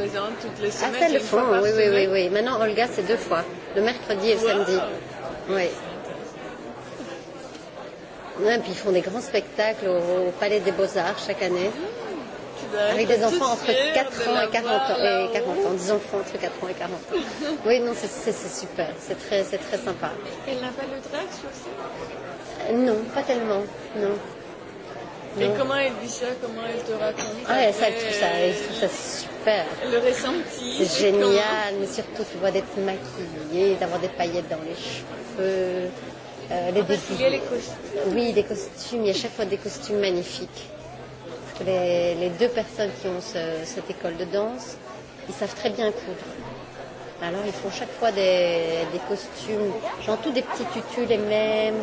présente toutes les ah, semaines. Ah, ça le fond, oui, oui, oui, oui. Maintenant, Olga, c'est deux fois, le mercredi et le wow. samedi. Oui. Ouais, ah, et puis ils font des grands spectacles au, au Palais des Beaux-Arts chaque année. Mmh, avec des enfants entre 4 ans et 40 ans, et 40 ans, des enfants entre 4 ans et 40 ans. oui, non, c'est super, c'est très, très sympa. Elle n'a pas le drag sur scène Non, pas tellement, non. Mais le... comment elle vit ça Comment elle te raconte Ah, ouais, ça, je trouve ça, je trouve ça super. Le ressenti. C'est génial, mais surtout, tu vois, d'être maquillée, d'avoir des paillettes dans les cheveux. Euh, ah, les ah, parce qu'il y a les costumes. Oui, des costumes. Il y a chaque fois des costumes magnifiques. Parce que les, les deux personnes qui ont ce, cette école de danse, ils savent très bien coudre. Alors, ils font chaque fois des, des costumes, genre tous des petits tutus les mêmes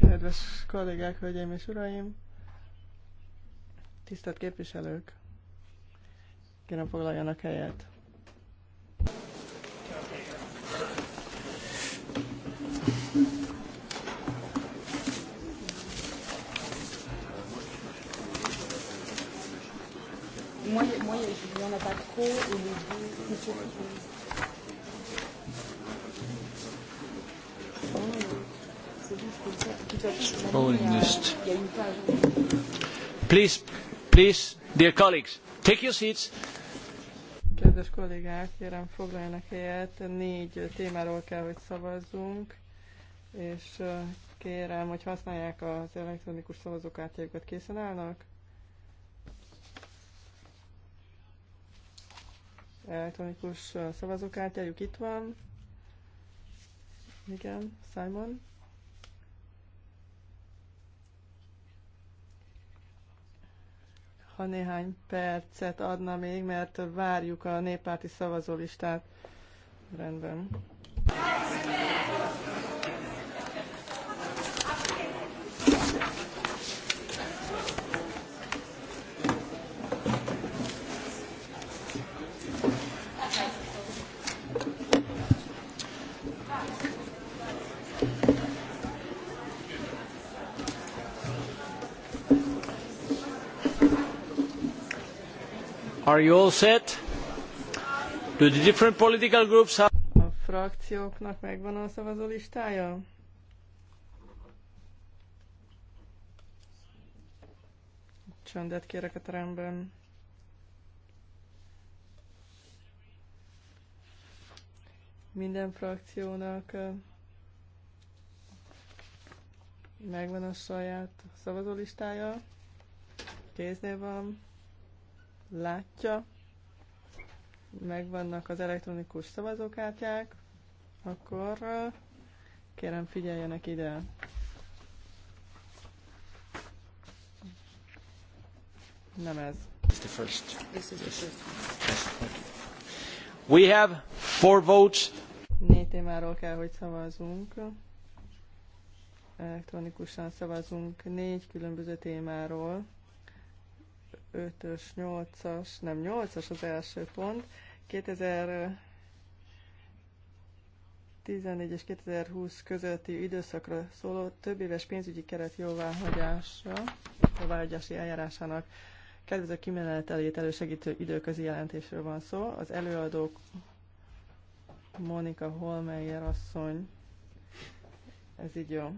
Kedves kollégák, hölgyeim és uraim, tisztelt képviselők, kérem foglaljanak helyet. Moi, moi, il y en Voting Please, please, dear colleagues, take your seats. Kedves kollégák, kérem foglaljanak helyet. Négy témáról kell, hogy szavazzunk, és kérem, hogy használják az elektronikus szavazókártyájukat. Készen állnak? Elektronikus szavazókártyájuk itt van. Igen, Simon. ha néhány percet adna még, mert várjuk a néppárti szavazólistát. Rendben. Are you all set? Do the different political groups have... A frakcióknak megvan a szavazó listája? Csöndet kérek a teremben. Minden frakciónak megvan a saját szavazólistája. Kéznél van látja. Megvannak az elektronikus szavazókártyák. Akkor uh, kérem figyeljenek ide. Nem ez. the first. This is the first. We have four votes. Négy témáról kell, hogy szavazunk. Elektronikusan szavazunk négy különböző témáról. 5-ös, 8-as, nem 8-as az első pont, 2014 és 2020 közötti időszakra szóló több éves pénzügyi keret jóváhagyása, jóváhagyási eljárásának kedvező kimenetelét elősegítő időközi jelentésről van szó. Az előadók Monika Holmeyer asszony, ez így jó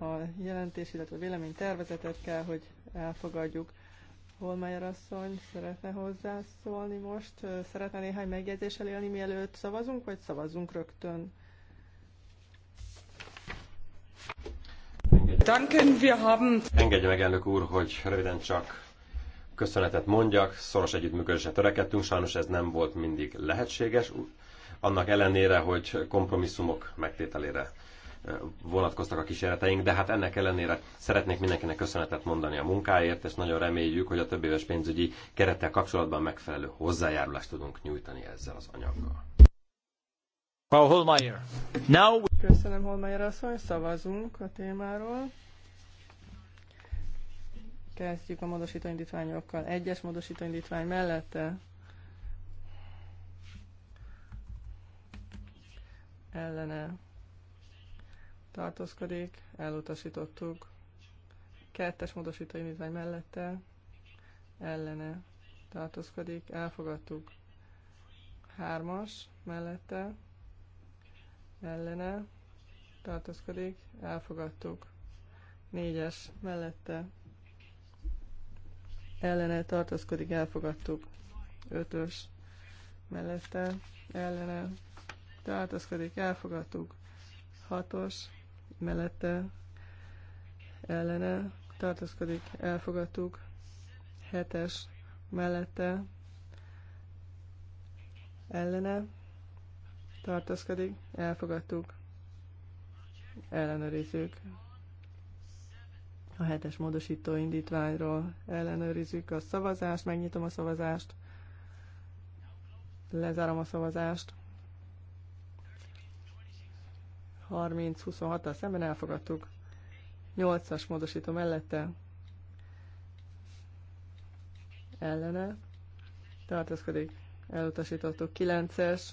a jelentés, illetve a tervezetet kell, hogy elfogadjuk. Holmeyer asszony szeretne hozzászólni most? Szeretne néhány megjegyzéssel élni, mielőtt szavazunk, vagy szavazunk rögtön? Danken, wir haben... Engedje meg, elnök úr, hogy röviden csak köszönetet mondjak. Szoros együttműködésre törekedtünk, sajnos ez nem volt mindig lehetséges, annak ellenére, hogy kompromisszumok megtételére vonatkoztak a kísérleteink, de hát ennek ellenére szeretnék mindenkinek köszönetet mondani a munkáért, és nagyon reméljük, hogy a több éves pénzügyi kerettel kapcsolatban megfelelő hozzájárulást tudunk nyújtani ezzel az anyaggal. Frau Holmeier. Now... Köszönöm, Holmeier asszony, szavazunk a témáról. Kezdjük a módosítóindítványokkal. Egyes módosítóindítvány mellette ellene tartózkodik, elutasítottuk. Kettes módosító indítvány mellette, ellene tartózkodik, elfogadtuk. Hármas mellette, ellene tartózkodik, elfogadtuk. Négyes mellette, ellene tartózkodik, elfogadtuk. Ötös mellette, ellene tartózkodik, elfogadtuk. Hatos mellette ellene tartózkodik, elfogadtuk, hetes mellette ellene tartózkodik, elfogadtuk, ellenőrizzük. A hetes módosító indítványról ellenőrizzük a szavazást, megnyitom a szavazást, lezárom a szavazást, 30-26-tal szemben elfogadtuk. 8-as módosító mellette ellene tartózkodik, elutasítottuk. 9-es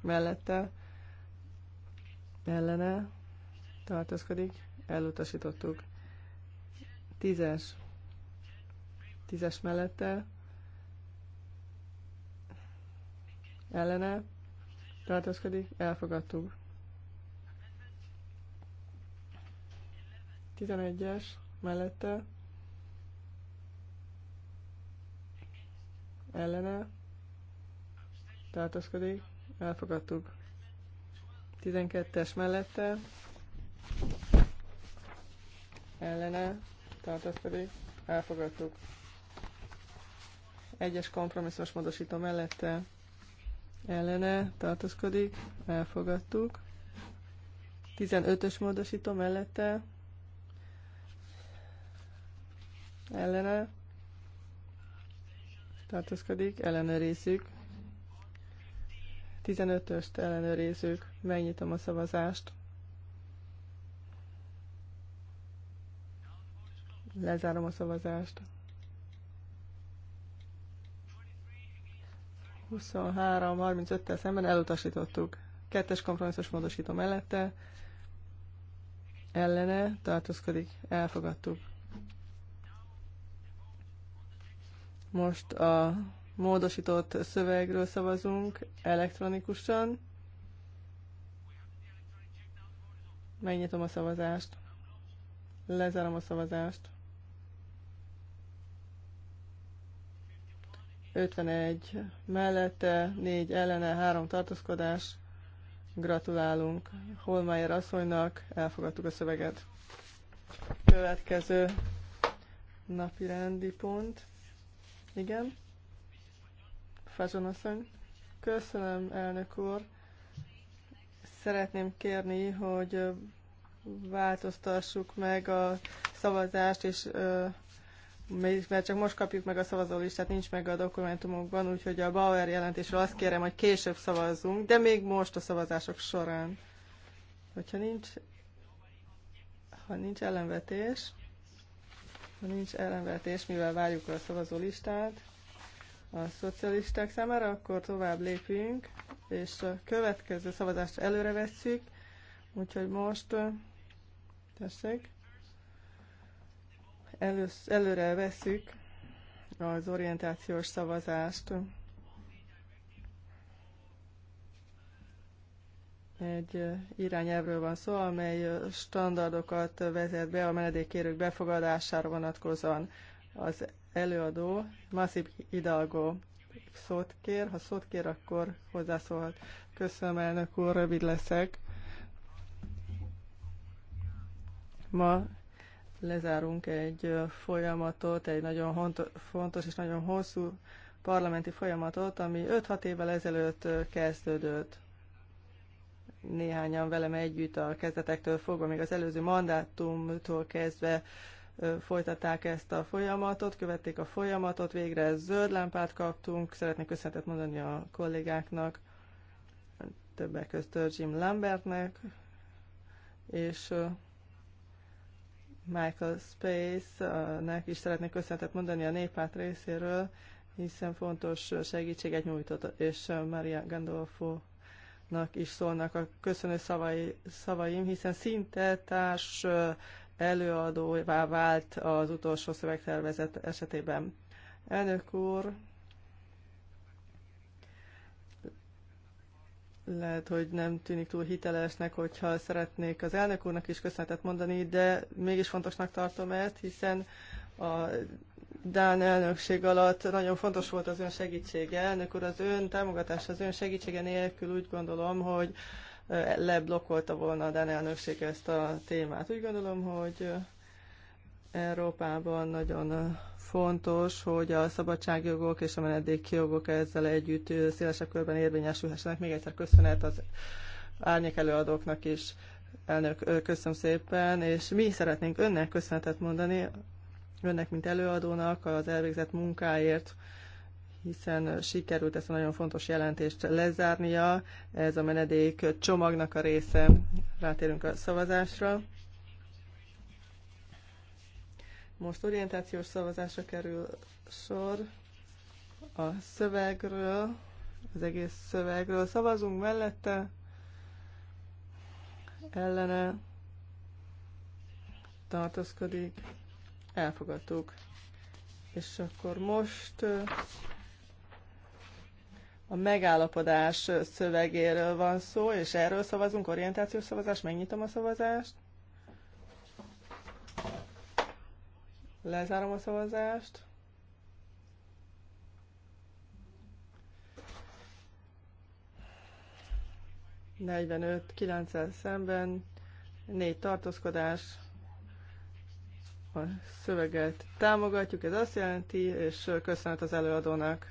mellette ellene tartózkodik, elutasítottuk. 10-es 10-es mellette ellene tartózkodik, elfogadtuk. 11-es mellette ellene tartózkodik, elfogadtuk. 12-es mellette ellene tartózkodik, elfogadtuk. Egyes kompromisszumos módosító mellette ellene tartózkodik, elfogadtuk. 15-ös módosító mellette ellene tartózkodik, részük. 15-öst ellenőrizzük, megnyitom a szavazást. Lezárom a szavazást. 23-35-tel szemben elutasítottuk. Kettes kompromisszus módosító mellette ellene tartózkodik, elfogadtuk. Most a módosított szövegről szavazunk elektronikusan. Megnyitom a szavazást. Lezárom a szavazást. 51 mellette, 4 ellene, 3 tartózkodás. Gratulálunk Holmeyer asszonynak, elfogadtuk a szöveget. Következő napi rendi pont. Igen. Fazonasszony. Köszönöm, elnök úr. Szeretném kérni, hogy változtassuk meg a szavazást, és mert csak most kapjuk meg a szavazólistát, nincs meg a dokumentumokban, úgyhogy a Bauer jelentésről azt kérem, hogy később szavazzunk, de még most a szavazások során. Hogyha nincs, ha nincs ellenvetés, ha nincs ellenvetés, mivel várjuk a szavazólistát a szocialisták számára, akkor tovább lépünk, és a következő szavazást előre vesszük, úgyhogy most tessék, elősz, előre vesszük az orientációs szavazást. Egy irányelvről van szó, amely standardokat vezet be a menedékkérők befogadására vonatkozóan. Az előadó Masip Hidalgo szót kér. Ha szót kér, akkor hozzászólhat. Köszönöm, elnök úr, rövid leszek. Ma lezárunk egy folyamatot, egy nagyon fontos és nagyon hosszú parlamenti folyamatot, ami 5-6 évvel ezelőtt kezdődött néhányan velem együtt a kezdetektől fogva, még az előző mandátumtól kezdve folytatták ezt a folyamatot, követték a folyamatot, végre zöld lámpát kaptunk, szeretnék köszönetet mondani a kollégáknak, többek között Jim Lambertnek, és Michael Space-nek is szeretnék köszönetet mondani a néppárt részéről, hiszen fontos segítséget nyújtott, és Maria Gandolfo nak is szólnak a köszönő szavai, szavaim, hiszen szinte társ előadóvá vált az utolsó szövegtervezet esetében. Elnök úr, lehet, hogy nem tűnik túl hitelesnek, hogyha szeretnék az elnök úrnak is köszönetet mondani, de mégis fontosnak tartom ezt, hiszen a Dán elnökség alatt nagyon fontos volt az ön segítsége. Elnök úr, az ön támogatás, az ön segítsége nélkül úgy gondolom, hogy leblokkolta volna a Dán elnökség ezt a témát. Úgy gondolom, hogy Európában nagyon fontos, hogy a szabadságjogok és a menedékjogok ezzel együtt szélesebb körben érvényesülhessenek. Még egyszer köszönet az árnyék előadóknak is. Elnök, köszönöm szépen, és mi szeretnénk önnek köszönetet mondani önnek, mint előadónak az elvégzett munkáért, hiszen sikerült ezt a nagyon fontos jelentést lezárnia. Ez a menedék csomagnak a része. Rátérünk a szavazásra. Most orientációs szavazásra kerül sor a szövegről, az egész szövegről. Szavazunk mellette, ellene tartózkodik elfogadtuk. És akkor most a megállapodás szövegéről van szó, és erről szavazunk, orientációs szavazás, megnyitom a szavazást. Lezárom a szavazást. Negyvenöt, 900 szemben, négy tartózkodás, a szöveget támogatjuk, ez azt jelenti, és köszönet az előadónak.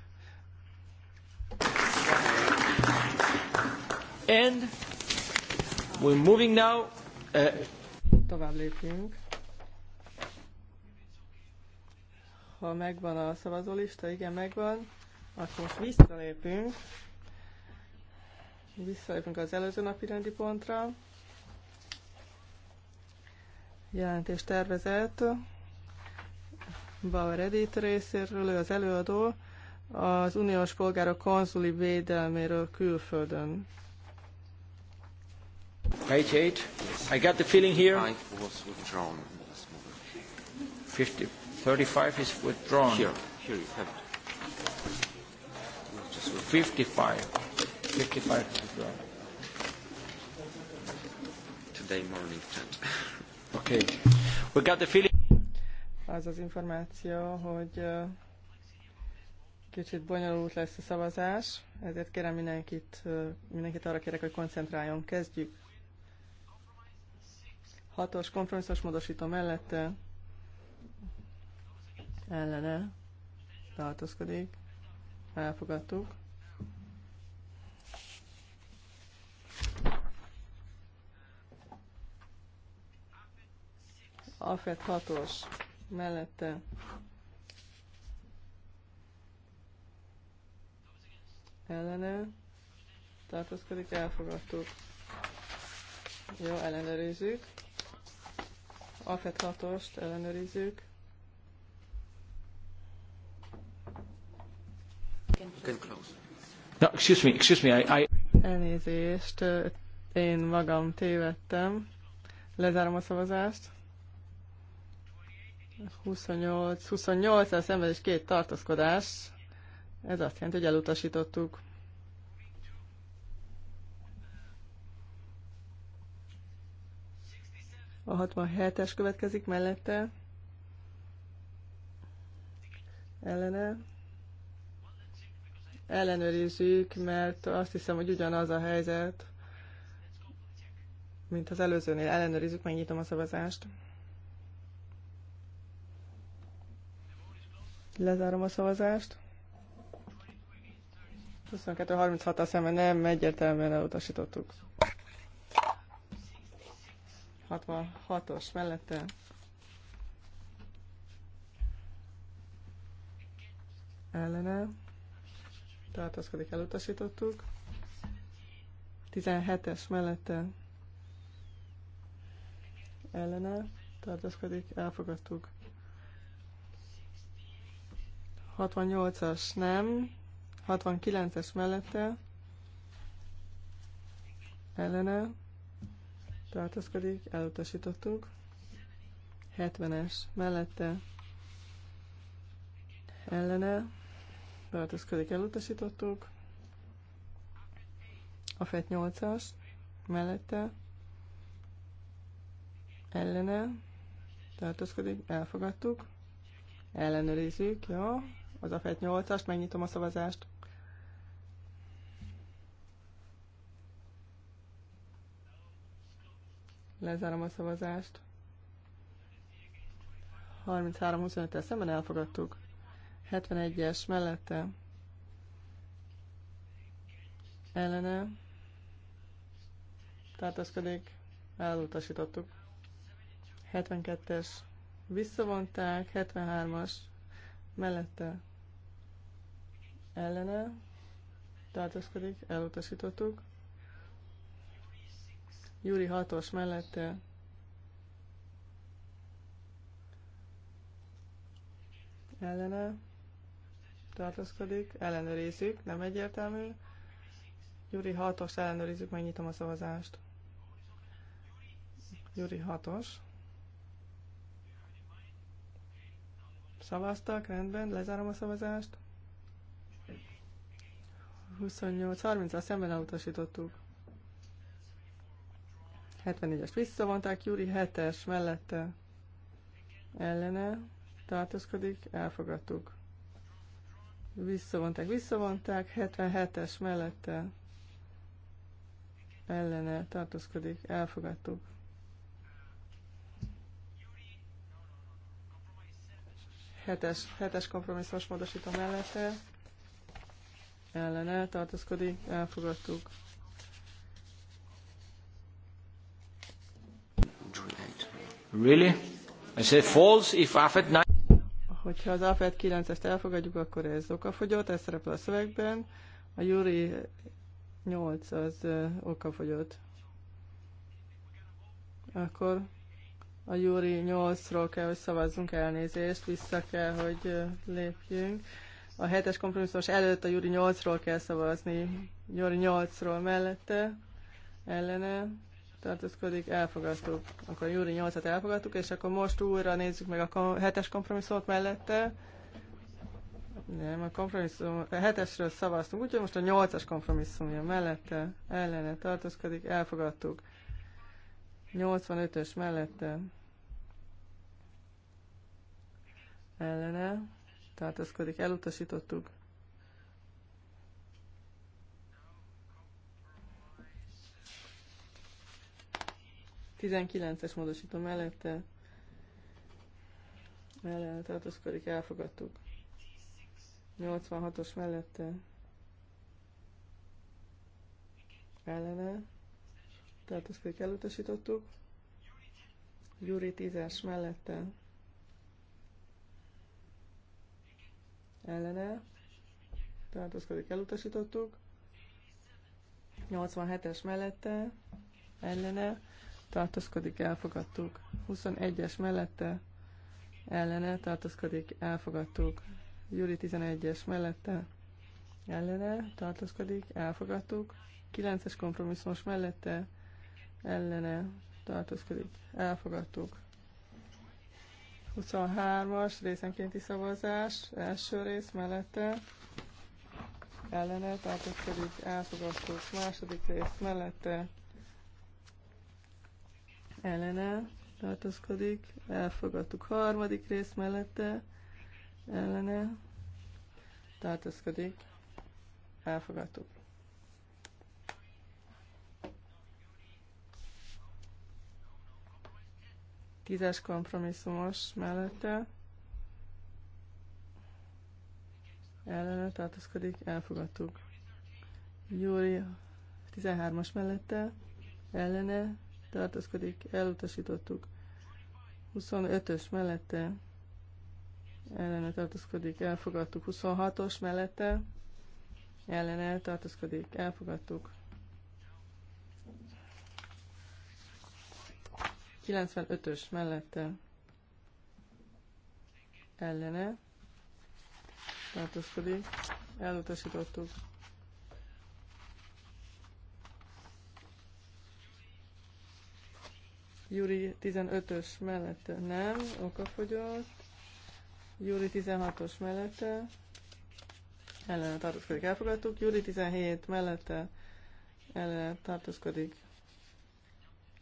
And we're moving now. Uh... Tovább lépünk. Ha megvan a szavazólista, igen, megvan, akkor most visszalépünk. Visszalépünk az előző napi rendi pontra jelentést tervezett. Bauer Edith részéről, ő az előadó, az uniós polgárok konzuli védelméről külföldön. Page 8. I got the feeling here. 50, 35 is withdrawn. Here, here you have it. 55. 55 is withdrawn. Today morning Okay. We got the feeling... Az az információ, hogy kicsit bonyolult lesz a szavazás, ezért kérem mindenkit, mindenkit arra kérek, hogy koncentráljon. Kezdjük. Hatos kompromisszos módosító mellette ellene tartózkodik. Elfogadtuk. Alfred Hatos mellette ellene tartózkodik, elfogadtuk. Jó, ellenőrizzük. Alfred hatost ellenőrizzük. No, excuse me, excuse me, I, I... Elnézést, én magam tévedtem. Lezárom a szavazást. 28, 28 a ember két tartózkodás. Ez azt jelenti, hogy elutasítottuk. A 67-es következik mellette. Ellene. Ellenőrizzük, mert azt hiszem, hogy ugyanaz a helyzet, mint az előzőnél. Ellenőrizzük, megnyitom a szavazást. Lezárom a szavazást. 2236 36 tal szemben nem egyértelműen elutasítottuk. 66-os mellette. Ellene. Tartózkodik, elutasítottuk. 17-es mellette. Ellene. Tartózkodik, elfogadtuk. 68-as nem, 69-es mellette, ellene, tartozkodik, elutasítottuk. 70-es mellette, ellene, tartozkodik, elutasítottuk. A FET 8-as mellette, ellene, tartozkodik, elfogadtuk. Ellenőrizzük, jó. Ja az AFET 8-ast, megnyitom a szavazást. Lezárom a szavazást. 33-25-tel szemben elfogadtuk. 71-es mellette. Ellene. Tartaszkodik. Elutasítottuk. 72-es. Visszavonták. 73-as. Mellette ellene tartózkodik, elutasítottuk. Júri 6-os mellette ellene tartózkodik, ellenőrizzük, nem egyértelmű. Júri 6-os ellenőrizzük, megnyitom a szavazást. Júri 6-os. Szavaztak, rendben, lezárom a szavazást. 28-30-ra szemben elutasítottuk. 74-est visszavonták, Júri 7-es mellette ellene tartózkodik, elfogadtuk. Visszavonták, visszavonták, 77-es mellette ellene tartózkodik, elfogadtuk. Hetes, hetes kompromisszos módosítom mellette ellen tartózkodik, elfogadtuk. Really? I say false if AFET 9... Hogyha az AFET 9-est elfogadjuk, akkor ez okafogyott, ez szerepel a szövegben. A Júri 8 az okafogyott. Akkor a Júri 8-ról kell, hogy szavazzunk elnézést, vissza kell, hogy lépjünk. A hetes kompromisszumos előtt a Júri 8-ról kell szavazni. Júri 8-ról mellette, ellene tartózkodik, elfogadtuk. Akkor a Júri 8-at elfogadtuk, és akkor most újra nézzük meg a hetes kompromisszumot mellette. Nem, a kompromisszum, a hetesről szavaztunk, úgyhogy most a 8-as kompromisszum jön mellette, ellene tartózkodik, elfogadtuk. 85-ös mellette, ellene tartózkodik, elutasítottuk. Tizenkilences módosító mellette mellette tartózkodik, elfogadtuk. 86-os mellette ellene tartózkodik, elutasítottuk. Gyuri 10-es mellette ellene tartózkodik, elutasítottuk. 87-es mellette ellene tartózkodik, elfogadtuk. 21-es mellette ellene tartózkodik, elfogadtuk. Júli 11-es mellette ellene tartózkodik, elfogadtuk. 9-es kompromisszumos mellette ellene tartózkodik, elfogadtuk. 23-as részenkénti szavazás, első rész mellette, ellene pedig elfogadtuk, második rész mellette, ellene tartózkodik, elfogadtuk, harmadik rész mellette, ellene tartózkodik, elfogadtuk. Tízes kompromisszumos mellette ellene tartozkodik, elfogadtuk. Júri 13-as mellette ellene tartozkodik, elutasítottuk. 25-ös mellette ellene tartozkodik, elfogadtuk. 26-os mellette ellene tartozkodik, elfogadtuk. 95-ös mellette ellene tartózkodik, elutasítottuk. Júri 15-ös mellette nem, okafogyott. Júri 16-os mellette ellene tartózkodik, elfogadtuk. Júri 17 mellette ellene tartózkodik,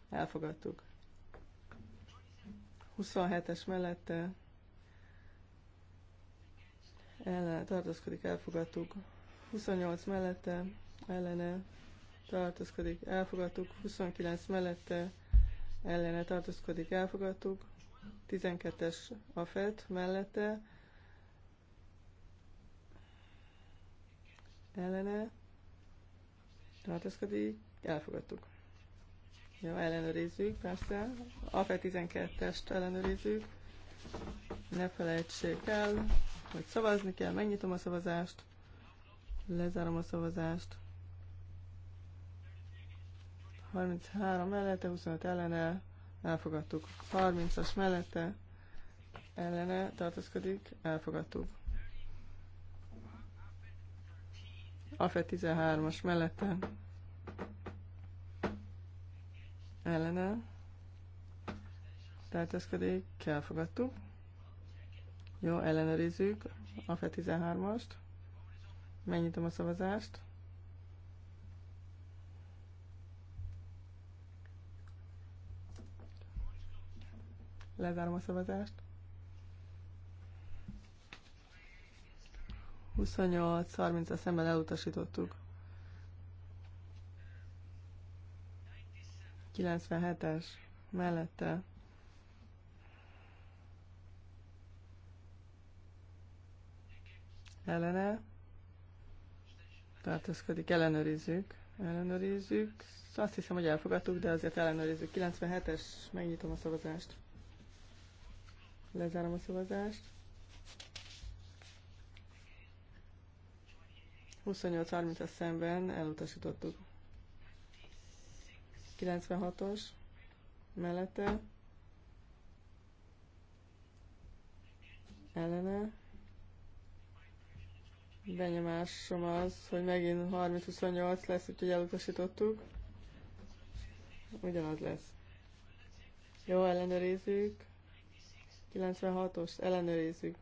elfogadtuk. 27-es mellette ellen tartózkodik, elfogadtuk. 28 mellette ellene tartózkodik, elfogadtuk. 29 mellette ellene tartózkodik, elfogadtuk. 12-es a felt mellette ellene tartózkodik, elfogadtuk. Jó, ellenőrizzük, persze. AFE 12-est ellenőrizzük. Ne felejtsék el, hogy szavazni kell. Megnyitom a szavazást. Lezárom a szavazást. 33 mellette, 25 ellene, elfogadtuk. 30-as mellette, ellene tartozkodik, elfogadtuk. AFE 13-as mellette, ellene tartózkodik, elfogadtuk. Jó, ellenőrizzük a FE13-ast. Megnyitom a szavazást. Lezárom a szavazást. 28-30-a szemmel elutasítottuk. 97-es mellette ellene tartózkodik, ellenőrizzük, ellenőrizzük. Azt hiszem, hogy elfogadtuk, de azért ellenőrizzük. 97-es, megnyitom a szavazást. Lezárom a szavazást. 28-30-as szemben elutasítottuk. 96-os mellette ellene. Benyomásom az, hogy megint 30-28 lesz, úgyhogy elutasítottuk. Ugyanaz lesz. Jó, ellenőrizzük. 96-os, ellenőrizzük.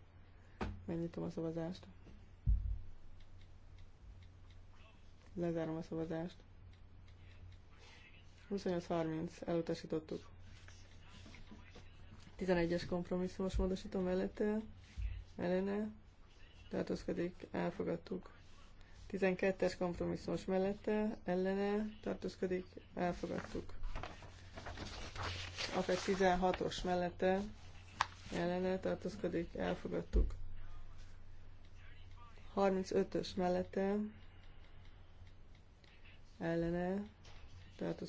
Megnyitom a szavazást. Lezárom a szavazást. 28-30 elutasítottuk. 11-es kompromisszumos módosító mellette ellene tartózkodik, elfogadtuk. 12-es kompromisszumos mellette ellene tartózkodik, elfogadtuk. Akár 16-os mellette ellene tartózkodik, elfogadtuk. 35-ös mellette ellene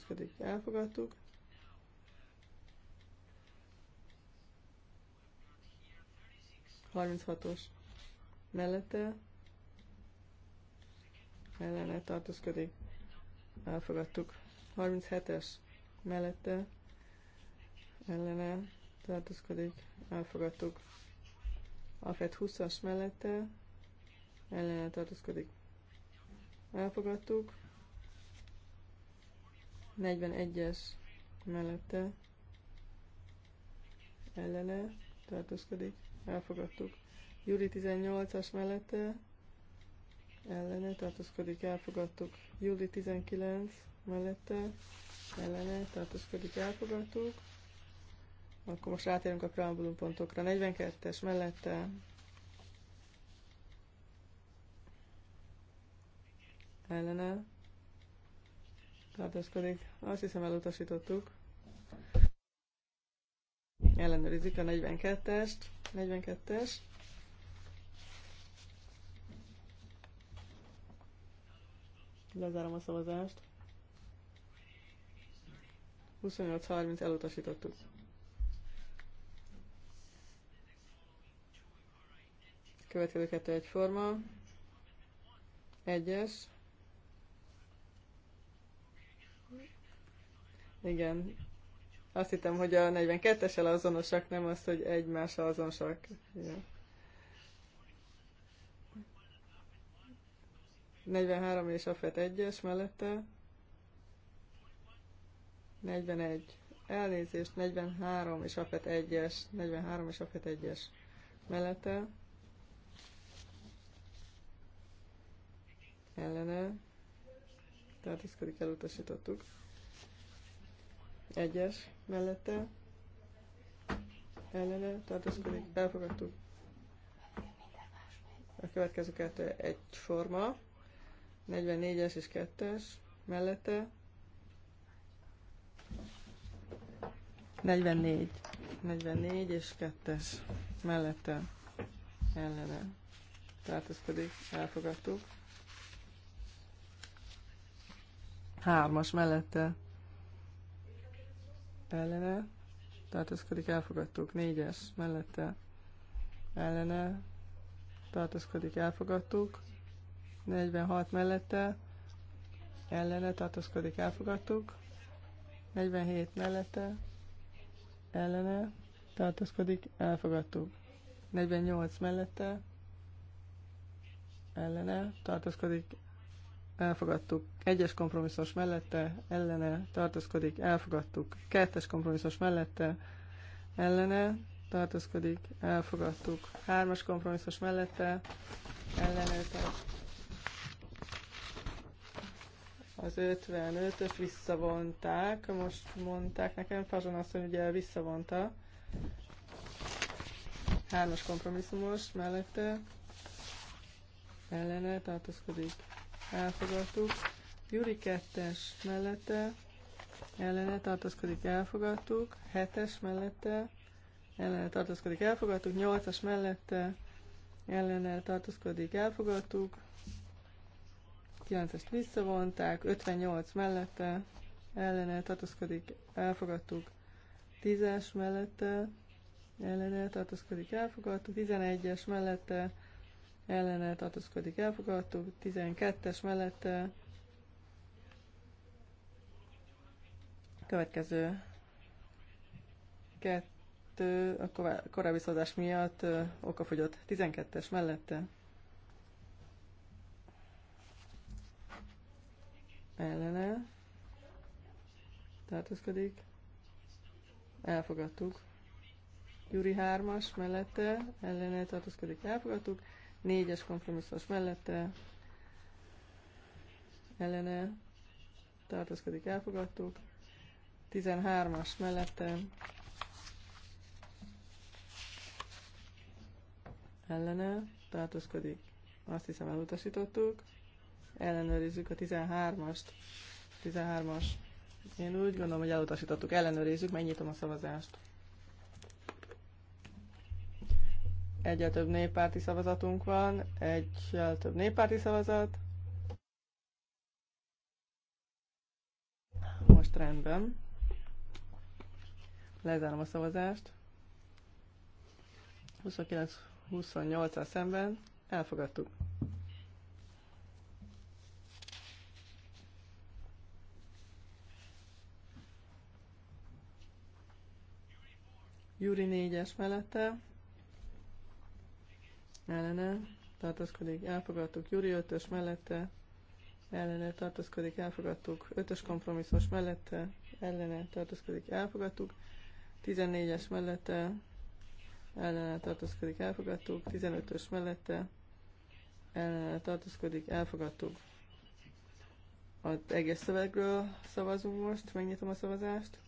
pedig elfogadtuk. Harminchatos mellette ellene tartózkodik, elfogadtuk. 37-es mellette ellene tartózkodik, elfogadtuk. A FED 20-as mellette ellene tartózkodik, elfogadtuk. 41-es mellette ellene tartózkodik, elfogadtuk. Júli 18-as mellette ellene tartózkodik, elfogadtuk. Júli 19 mellette ellene tartózkodik, elfogadtuk. Akkor most rátérünk a preambulum pontokra. 42-es mellette ellene tartózkodik. Hát azt hiszem elutasítottuk. Ellenőrizzük a 42-est. 42-es. Lezárom a szavazást. 28-30 elutasítottuk. Következő kettő egyforma. Egyes. Igen. Azt hittem, hogy a 42-esel azonosak, nem az, hogy egymással azonosak. Ja. 43 és a FET 1-es mellette. 41. Elnézést, 43 és a FET 1-es. 43 és a FET 1-es mellette. Ellene. Tehát Tartózkodik, elutasítottuk. Egyes mellette ellene tartózkodik, elfogadtuk. A következő kettő egyforma, 44-es és 2-es mellette. 44. 44 és 2-es mellette ellene tartózkodik, elfogadtuk. Hármas mellette ellene tartózkodik, elfogadtuk. Négyes mellette ellene tartózkodik, elfogadtuk. 46 mellette ellene tartózkodik, elfogadtuk. 47 mellette ellene tartózkodik, elfogadtuk. 48 mellette ellene tartózkodik, elfogadtuk. Egyes kompromisszos mellette, ellene tartozkodik elfogadtuk. Kettes kompromisszos mellette, ellene tartozkodik elfogadtuk. Hármas kompromisszos mellette, ellene az 55-ös visszavonták, most mondták nekem, Fazson hogy ugye visszavonta. Hármas kompromisszumos mellette ellene tartózkodik elfogadtuk. Júli 2-es mellette ellene tartózkodik, elfogadtuk. 7-es mellette ellene tartózkodik, elfogadtuk. 8-as mellette ellene tartózkodik, elfogadtuk. 9-est visszavonták, 58 mellette ellene tartózkodik, elfogadtuk. 10-es mellette ellene tartózkodik, elfogadtuk. 11-es mellette ellene tartózkodik, elfogadtuk. 12-es mellette következő kettő a korábbi szózás miatt okafogyott. 12-es mellette ellene tartózkodik. Elfogadtuk. Gyuri 3-as mellette ellene tartózkodik. Elfogadtuk. Négyes kompromisszos mellette ellene tartózkodik, elfogadtuk. 13-as mellette ellene tartózkodik. Azt hiszem elutasítottuk. Ellenőrizzük a 13-ast. 13-as. Én úgy gondolom, hogy elutasítottuk. Ellenőrizzük, megnyitom a szavazást. egyel több néppárti szavazatunk van, egyel több néppárti szavazat. Most rendben. Lezárom a szavazást. 29-28-al szemben elfogadtuk. Júri 4-es mellette ellene tartózkodik, elfogadtuk. Júri ötös mellette ellene tartózkodik, elfogadtuk. ötös kompromisszos mellette ellene tartózkodik, elfogadtuk. 14-es mellette ellene tartózkodik, elfogadtuk. 15-ös mellette ellene tartózkodik, elfogadtuk. Az egész szövegről szavazunk most, megnyitom a szavazást.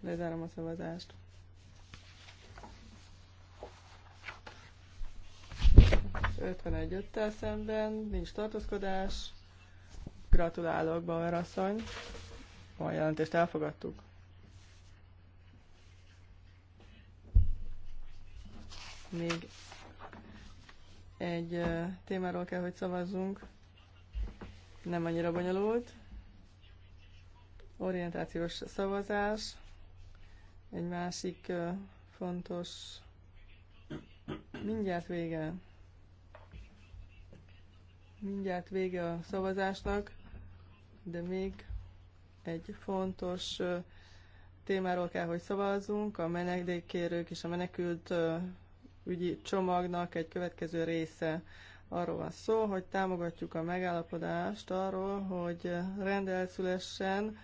Lezárom a szavazást. 51-tel szemben, nincs tartózkodás. Gratulálok, Bauer asszony. A jelentést elfogadtuk. Még egy témáról kell, hogy szavazzunk. Nem annyira bonyolult. Orientációs szavazás. Egy másik fontos... Mindjárt vége. Mindjárt vége a szavazásnak, de még egy fontos témáról kell, hogy szavazzunk, a menedékkérők és a menekült ügyi csomagnak egy következő része. Arról van szó, hogy támogatjuk a megállapodást arról, hogy rendelszülessen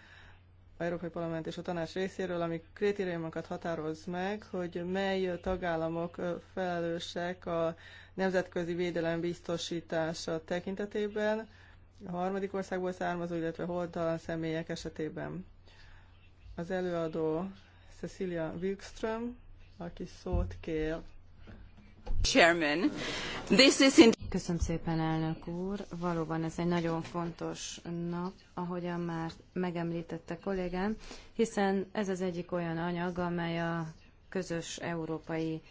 Európai Parlament és a Tanács részéről, ami kritériumokat határoz meg, hogy mely tagállamok felelősek a nemzetközi védelem biztosítása tekintetében, a harmadik országból származó, illetve holtalan személyek esetében. Az előadó Cecilia Wilkström, aki szót kér. Köszönöm szépen, elnök úr. Valóban ez egy nagyon fontos nap, ahogyan már megemlítette kollégám, hiszen ez az egyik olyan anyag, amely a közös európai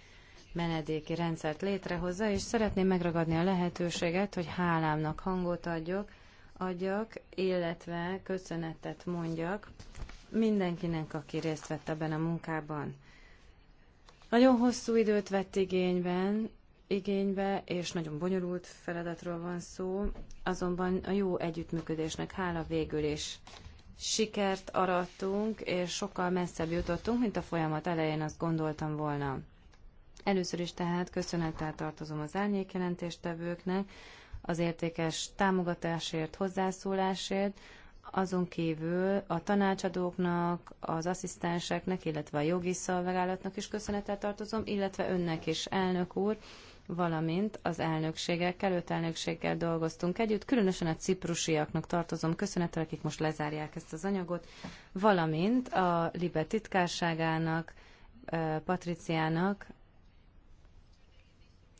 menedéki rendszert létrehozza, és szeretném megragadni a lehetőséget, hogy hálámnak hangot adjak, adjak, illetve köszönetet mondjak mindenkinek, aki részt vett ebben a munkában. Nagyon hosszú időt vett igényben, igénybe, és nagyon bonyolult feladatról van szó, azonban a jó együttműködésnek hála végül is sikert arattunk, és sokkal messzebb jutottunk, mint a folyamat elején azt gondoltam volna. Először is tehát köszönettel tartozom az árnyékjelentéstevőknek, az értékes támogatásért, hozzászólásért, azon kívül a tanácsadóknak, az asszisztenseknek, illetve a jogi szolgálatnak is köszönetet tartozom, illetve önnek is, elnök úr, valamint az elnökségekkel, öt elnökséggel dolgoztunk együtt, különösen a ciprusiaknak tartozom köszönettel, akik most lezárják ezt az anyagot, valamint a Libe titkárságának, Patriciának,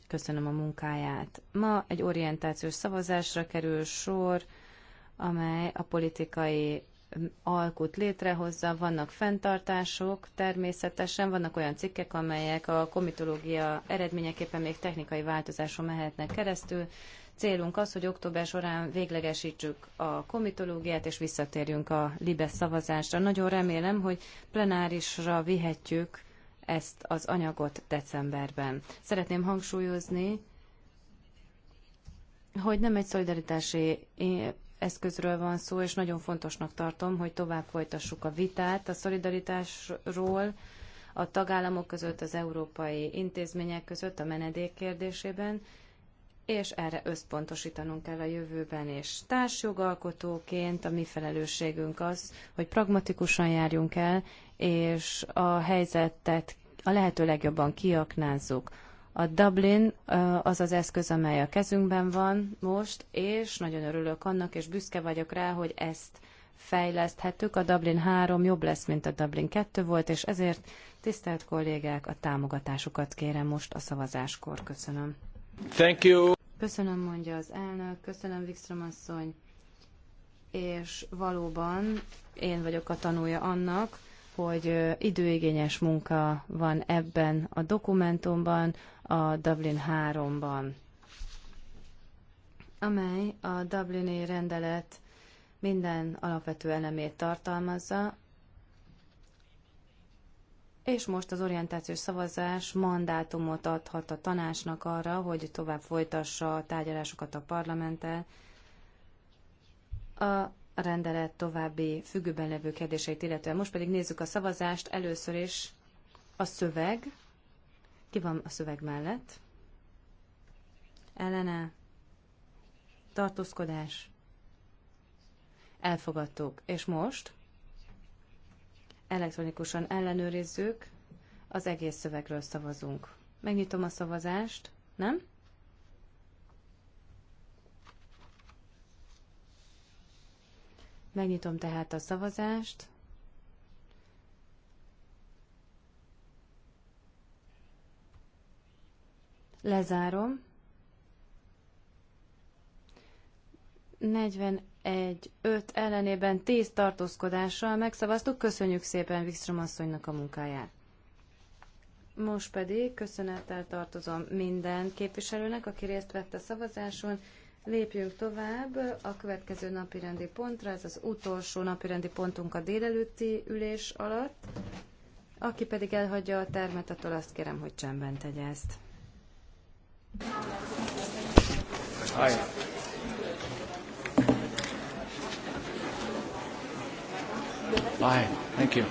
köszönöm a munkáját. Ma egy orientációs szavazásra kerül sor, amely a politikai alkut létrehozza, vannak fenntartások természetesen, vannak olyan cikkek, amelyek a komitológia eredményeképpen még technikai változáson mehetnek keresztül. Célunk az, hogy október során véglegesítsük a komitológiát, és visszatérjünk a LIBE szavazásra. Nagyon remélem, hogy plenárisra vihetjük ezt az anyagot decemberben. Szeretném hangsúlyozni, hogy nem egy szolidaritási eszközről van szó, és nagyon fontosnak tartom, hogy tovább folytassuk a vitát a szolidaritásról, a tagállamok között, az európai intézmények között, a menedék kérdésében, és erre összpontosítanunk kell a jövőben, és társjogalkotóként a mi felelősségünk az, hogy pragmatikusan járjunk el, és a helyzetet a lehető legjobban kiaknázzuk. A Dublin az az eszköz, amely a kezünkben van most, és nagyon örülök annak, és büszke vagyok rá, hogy ezt fejleszthettük. A Dublin 3 jobb lesz, mint a Dublin 2 volt, és ezért, tisztelt kollégák, a támogatásukat kérem most a szavazáskor. Köszönöm. Thank you. Köszönöm, mondja az elnök, köszönöm, Wikström asszony. És valóban én vagyok a tanúja annak, hogy időigényes munka van ebben a dokumentumban, a Dublin 3-ban, amely a Dublini rendelet minden alapvető elemét tartalmazza, és most az orientációs szavazás mandátumot adhat a tanácsnak arra, hogy tovább folytassa a tárgyalásokat a parlamenttel. A rendelet további függőben levő kérdéseit illetően. Most pedig nézzük a szavazást. Először is a szöveg. Ki van a szöveg mellett? Ellene. Tartózkodás. Elfogadtuk. És most elektronikusan ellenőrizzük, az egész szövegről szavazunk. Megnyitom a szavazást, nem? Megnyitom tehát a szavazást. Lezárom. 41-5 ellenében 10 tartózkodással megszavaztuk. Köszönjük szépen Wikström asszonynak a munkáját. Most pedig köszönettel tartozom minden képviselőnek, aki részt vett a szavazáson. Lépjünk tovább a következő napirendi pontra, ez az utolsó napirendi pontunk a délelőtti ülés alatt. Aki pedig elhagyja a termet, attól azt kérem, hogy csendben tegye ezt. Hi. Bye. Thank you.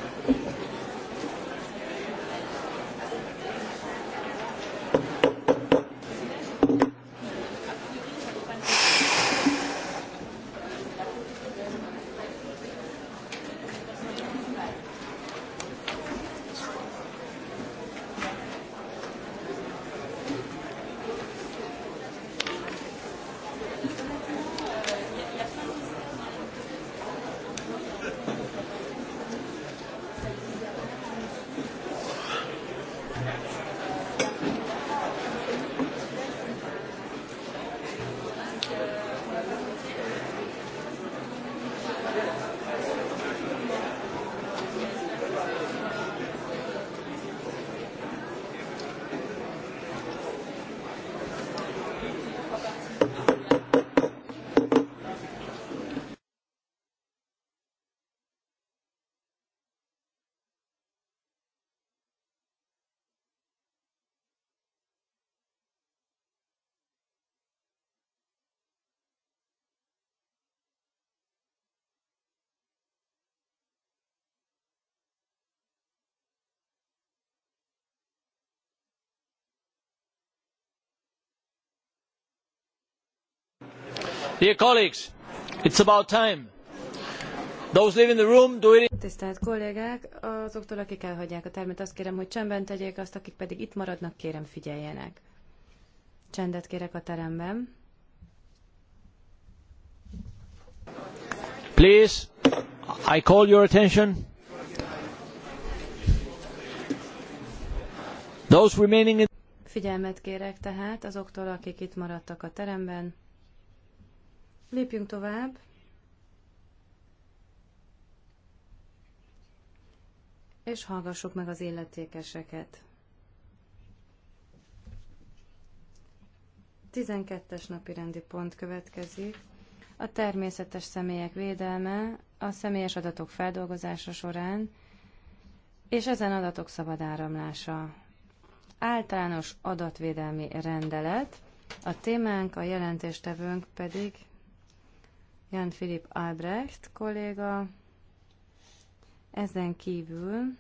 Dear colleagues, it's about time. Those leaving the room, do it. Tisztelt kollégák, azoktól, akik elhagyják a termet, azt kérem, hogy csendben tegyék, azt, akik pedig itt maradnak, kérem figyeljenek. Csendet kérek a teremben. Please, I call your attention. Those remaining in... Figyelmet kérek tehát azoktól, akik itt maradtak a teremben. Lépjünk tovább. És hallgassuk meg az illetékeseket. 12-es napi rendi pont következik. A természetes személyek védelme a személyes adatok feldolgozása során és ezen adatok szabad áramlása. Általános adatvédelmi rendelet, a témánk, a jelentéstevőnk pedig Jan Filip Albrecht kolléga. Ezen kívül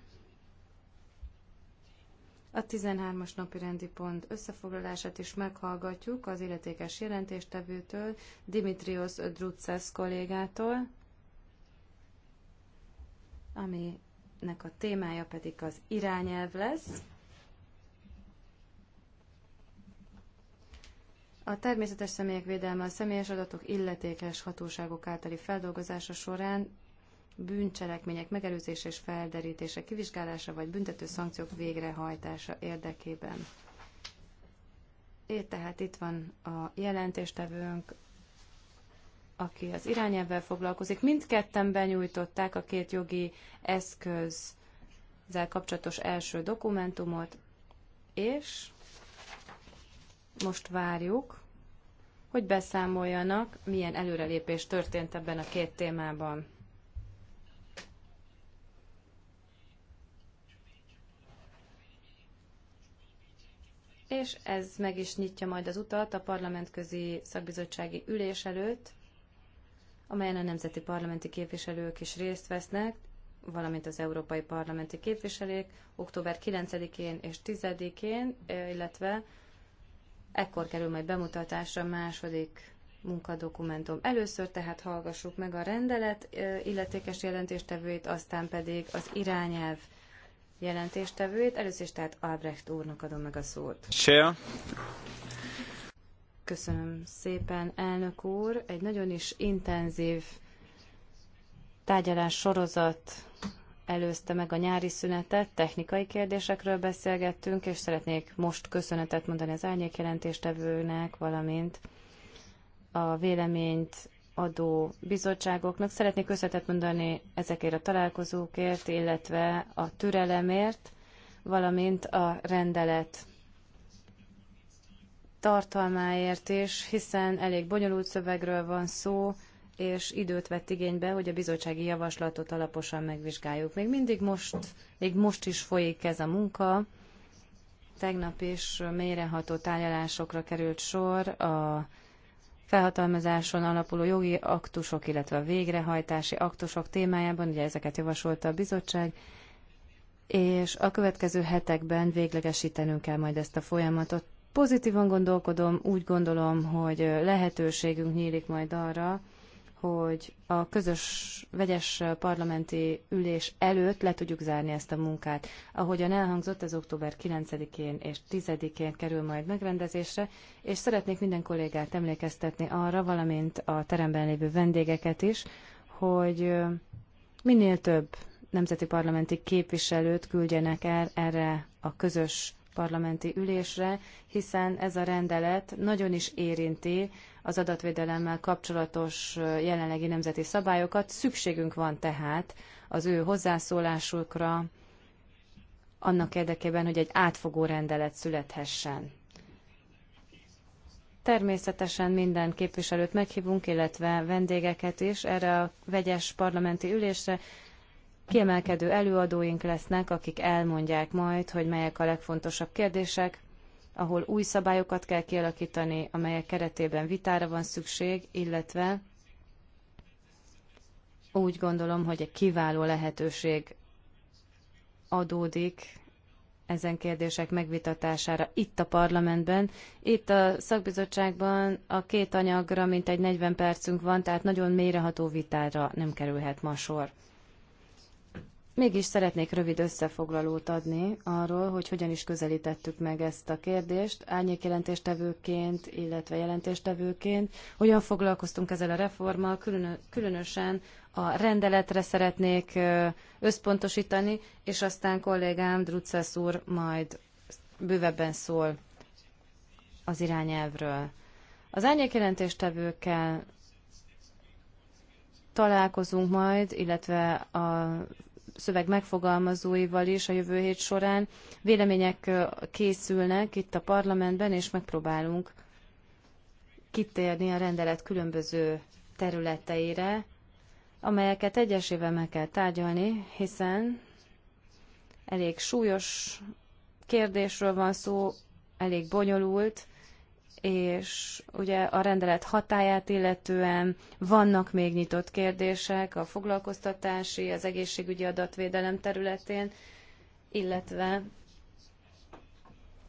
a 13-as napi rendi pont összefoglalását is meghallgatjuk az illetékes jelentéstevőtől, Dimitrios Drucesz kollégától, aminek a témája pedig az irányelv lesz. A természetes személyek védelme a személyes adatok illetékes hatóságok általi feldolgozása során bűncselekmények megelőzése és felderítése, kivizsgálása vagy büntető szankciók végrehajtása érdekében. Én tehát itt van a jelentéstevőnk, aki az irányelvvel foglalkozik. Mindketten benyújtották a két jogi eszköz kapcsolatos első dokumentumot, és most várjuk, hogy beszámoljanak, milyen előrelépés történt ebben a két témában. és ez meg is nyitja majd az utat a parlamentközi szakbizottsági ülés előtt, amelyen a nemzeti parlamenti képviselők is részt vesznek, valamint az európai parlamenti képviselők október 9-én és 10-én, eh, illetve Ekkor kerül majd bemutatásra a második munkadokumentum. Először tehát hallgassuk meg a rendelet illetékes jelentéstevőjét, aztán pedig az irányelv jelentéstevőjét. Először is tehát Albrecht úrnak adom meg a szót. Share. Köszönöm szépen, elnök úr. Egy nagyon is intenzív tárgyalás sorozat előzte meg a nyári szünetet, technikai kérdésekről beszélgettünk, és szeretnék most köszönetet mondani az árnyék jelentéstevőnek, valamint a véleményt adó bizottságoknak. Szeretnék köszönetet mondani ezekért a találkozókért, illetve a türelemért, valamint a rendelet tartalmáért is, hiszen elég bonyolult szövegről van szó, és időt vett igénybe, hogy a bizottsági javaslatot alaposan megvizsgáljuk. Még mindig most, még most is folyik ez a munka. Tegnap is mélyreható tárgyalásokra került sor a felhatalmazáson alapuló jogi aktusok, illetve a végrehajtási aktusok témájában, ugye ezeket javasolta a bizottság, és a következő hetekben véglegesítenünk kell majd ezt a folyamatot. Pozitívan gondolkodom, úgy gondolom, hogy lehetőségünk nyílik majd arra, hogy a közös vegyes parlamenti ülés előtt le tudjuk zárni ezt a munkát. Ahogyan elhangzott, ez október 9-én és 10-én kerül majd megrendezésre, és szeretnék minden kollégát emlékeztetni arra, valamint a teremben lévő vendégeket is, hogy minél több nemzeti parlamenti képviselőt küldjenek el erre a közös parlamenti ülésre, hiszen ez a rendelet nagyon is érinti az adatvédelemmel kapcsolatos jelenlegi nemzeti szabályokat. Szükségünk van tehát az ő hozzászólásukra, annak érdekében, hogy egy átfogó rendelet születhessen. Természetesen minden képviselőt meghívunk, illetve vendégeket is erre a vegyes parlamenti ülésre, kiemelkedő előadóink lesznek, akik elmondják majd, hogy melyek a legfontosabb kérdések, ahol új szabályokat kell kialakítani, amelyek keretében vitára van szükség, illetve úgy gondolom, hogy egy kiváló lehetőség adódik ezen kérdések megvitatására itt a parlamentben. Itt a szakbizottságban a két anyagra mintegy 40 percünk van, tehát nagyon mélyreható vitára nem kerülhet ma sor. Mégis szeretnék rövid összefoglalót adni arról, hogy hogyan is közelítettük meg ezt a kérdést, árnyékjelentéstevőként, illetve jelentéstevőként, hogyan foglalkoztunk ezzel a reformmal, különösen a rendeletre szeretnék összpontosítani, és aztán kollégám Drucesz úr majd bővebben szól az irányelvről. Az árnyékjelentéstevőkkel találkozunk majd, illetve a szöveg megfogalmazóival is a jövő hét során. Vélemények készülnek itt a parlamentben, és megpróbálunk kitérni a rendelet különböző területeire, amelyeket egyesével meg kell tárgyalni, hiszen elég súlyos kérdésről van szó, elég bonyolult, és ugye a rendelet hatáját illetően vannak még nyitott kérdések a foglalkoztatási, az egészségügyi adatvédelem területén, illetve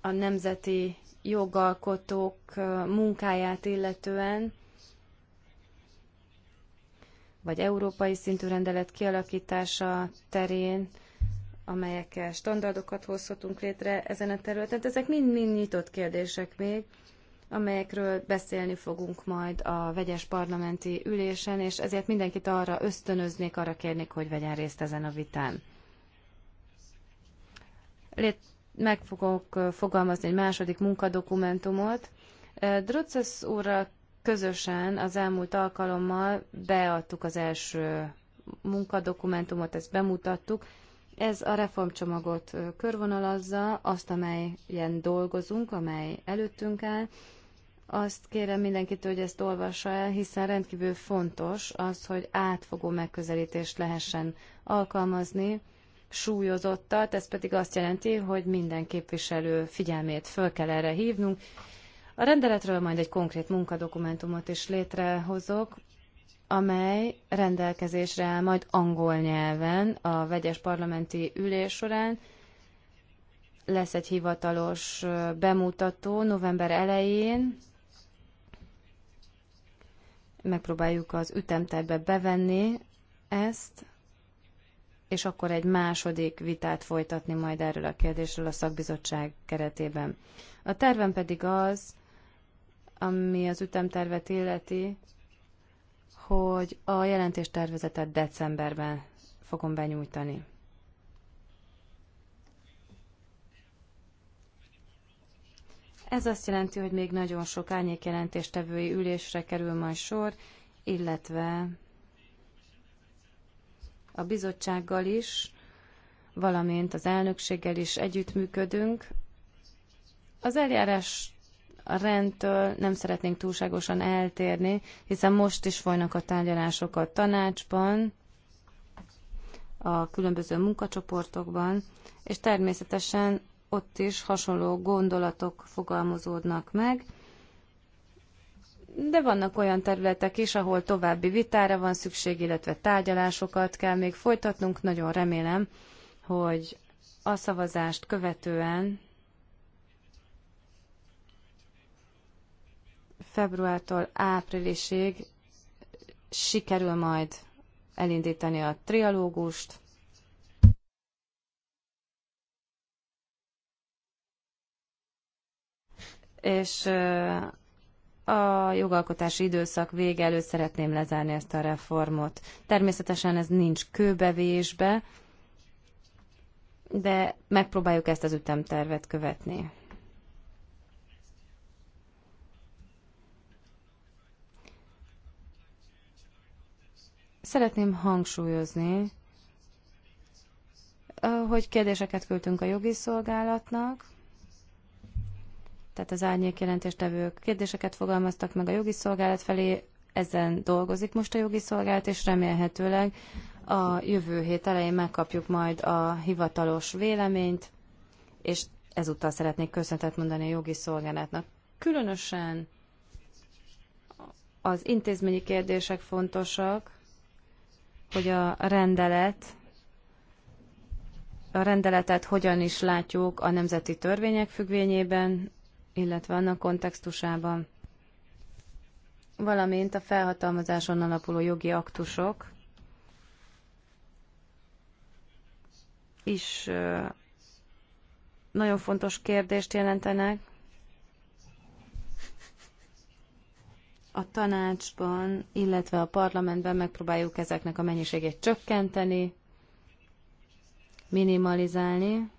a nemzeti jogalkotók munkáját illetően, vagy európai szintű rendelet kialakítása terén, amelyekkel standardokat hozhatunk létre ezen a területen. Ezek mind-mind nyitott kérdések még, amelyekről beszélni fogunk majd a vegyes parlamenti ülésen, és ezért mindenkit arra ösztönöznék, arra kérnék, hogy vegyen részt ezen a vitán. Lét, meg fogok fogalmazni egy második munkadokumentumot. Drucesz úrral közösen az elmúlt alkalommal beadtuk az első munkadokumentumot, ezt bemutattuk, ez a reformcsomagot körvonalazza, azt, amelyen dolgozunk, amely előttünk áll. Azt kérem mindenkitől, hogy ezt olvassa el, hiszen rendkívül fontos az, hogy átfogó megközelítést lehessen alkalmazni, súlyozottat, ez pedig azt jelenti, hogy minden képviselő figyelmét föl kell erre hívnunk. A rendeletről majd egy konkrét munkadokumentumot is létrehozok, amely rendelkezésre áll majd angol nyelven a vegyes parlamenti ülés során. Lesz egy hivatalos bemutató november elején. Megpróbáljuk az ütemtervbe bevenni ezt, és akkor egy második vitát folytatni majd erről a kérdésről a szakbizottság keretében. A tervem pedig az, ami az ütemtervet illeti, hogy a jelentéstervezetet decemberben fogom benyújtani. Ez azt jelenti, hogy még nagyon sok árnyékjelentéstevői ülésre kerül majd sor, illetve a bizottsággal is, valamint az elnökséggel is együttműködünk. Az eljárás a rendtől nem szeretnénk túlságosan eltérni, hiszen most is folynak a tárgyalások a tanácsban, a különböző munkacsoportokban, és természetesen ott is hasonló gondolatok fogalmazódnak meg, de vannak olyan területek is, ahol további vitára van szükség, illetve tárgyalásokat kell még folytatnunk. Nagyon remélem, hogy a szavazást követően februártól áprilisig sikerül majd elindítani a trialógust. És a jogalkotási időszak vége előtt szeretném lezárni ezt a reformot. Természetesen ez nincs kőbevésbe, de megpróbáljuk ezt az ütemtervet követni. Szeretném hangsúlyozni, hogy kérdéseket küldtünk a jogi szolgálatnak, tehát az árnyék jelentéstevők kérdéseket fogalmaztak meg a jogi szolgálat felé, ezen dolgozik most a jogi szolgálat, és remélhetőleg a jövő hét elején megkapjuk majd a hivatalos véleményt, és ezúttal szeretnék köszönetet mondani a jogi szolgálatnak. Különösen az intézményi kérdések fontosak, hogy a rendelet a rendeletet hogyan is látjuk a nemzeti törvények függvényében, illetve annak kontextusában, valamint a felhatalmazáson alapuló jogi aktusok is nagyon fontos kérdést jelentenek, a tanácsban, illetve a parlamentben megpróbáljuk ezeknek a mennyiségét csökkenteni, minimalizálni,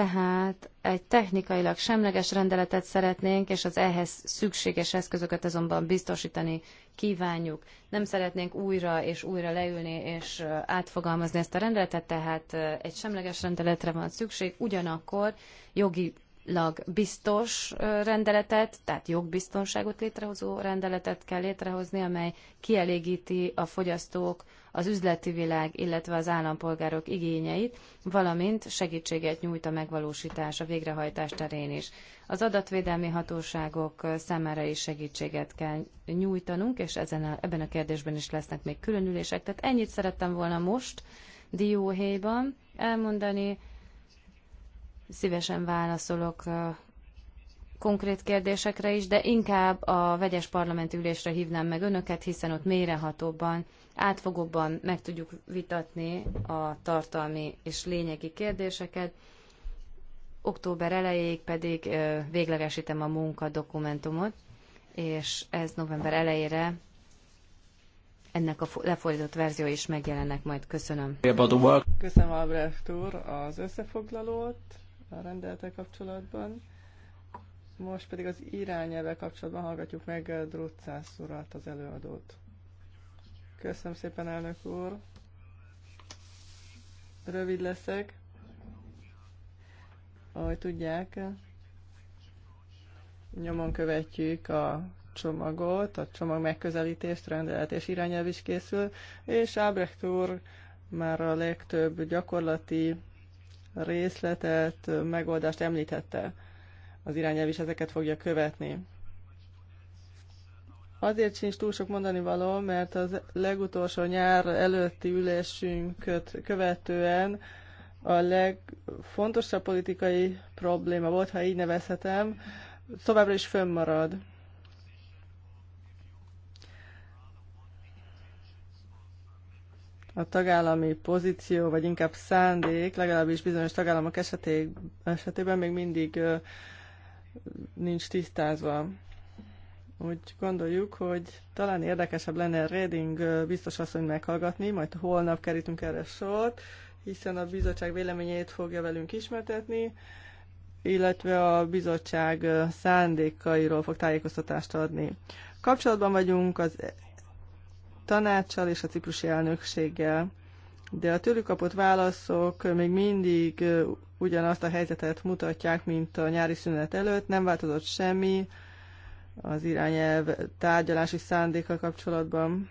Tehát egy technikailag semleges rendeletet szeretnénk, és az ehhez szükséges eszközöket azonban biztosítani kívánjuk. Nem szeretnénk újra és újra leülni és átfogalmazni ezt a rendeletet, tehát egy semleges rendeletre van szükség, ugyanakkor jogi jogilag biztos rendeletet, tehát jogbiztonságot létrehozó rendeletet kell létrehozni, amely kielégíti a fogyasztók, az üzleti világ, illetve az állampolgárok igényeit, valamint segítséget nyújt a megvalósítás, a végrehajtás terén is. Az adatvédelmi hatóságok számára is segítséget kell nyújtanunk, és ezen a, ebben a kérdésben is lesznek még különülések. Tehát ennyit szerettem volna most dióhéjban elmondani, Szívesen válaszolok konkrét kérdésekre is, de inkább a vegyes parlament ülésre hívnám meg önöket, hiszen ott mélyrehatóbban, átfogóban meg tudjuk vitatni a tartalmi és lényegi kérdéseket. Október elejéig pedig véglegesítem a munkadokumentumot, és ez november elejére ennek a lefordított verzió is megjelennek majd. Köszönöm. Köszönöm Albrecht úr az összefoglalót a rendelettel kapcsolatban. Most pedig az irányelve kapcsolatban hallgatjuk meg Drucász urat, az előadót. Köszönöm szépen, elnök úr! Rövid leszek. Ahogy tudják, nyomon követjük a csomagot, a csomag megközelítést, rendelet és irányelv is készül, és Ábrecht úr már a legtöbb gyakorlati részletet, megoldást említette. Az irányelv is ezeket fogja követni. Azért sincs túl sok mondani való, mert az legutolsó nyár előtti ülésünket követően a legfontosabb politikai probléma volt, ha így nevezhetem, továbbra is fönnmarad. a tagállami pozíció, vagy inkább szándék, legalábbis bizonyos tagállamok eseté, esetében még mindig nincs tisztázva. Úgy gondoljuk, hogy talán érdekesebb lenne Reding biztos asszony meghallgatni, majd holnap kerítünk erre sort, hiszen a bizottság véleményét fogja velünk ismertetni, illetve a bizottság szándékairól fog tájékoztatást adni. Kapcsolatban vagyunk az tanácssal és a ciprusi elnökséggel. De a tőlük kapott válaszok még mindig ugyanazt a helyzetet mutatják, mint a nyári szünet előtt, nem változott semmi az irányelv tárgyalási szándéka kapcsolatban.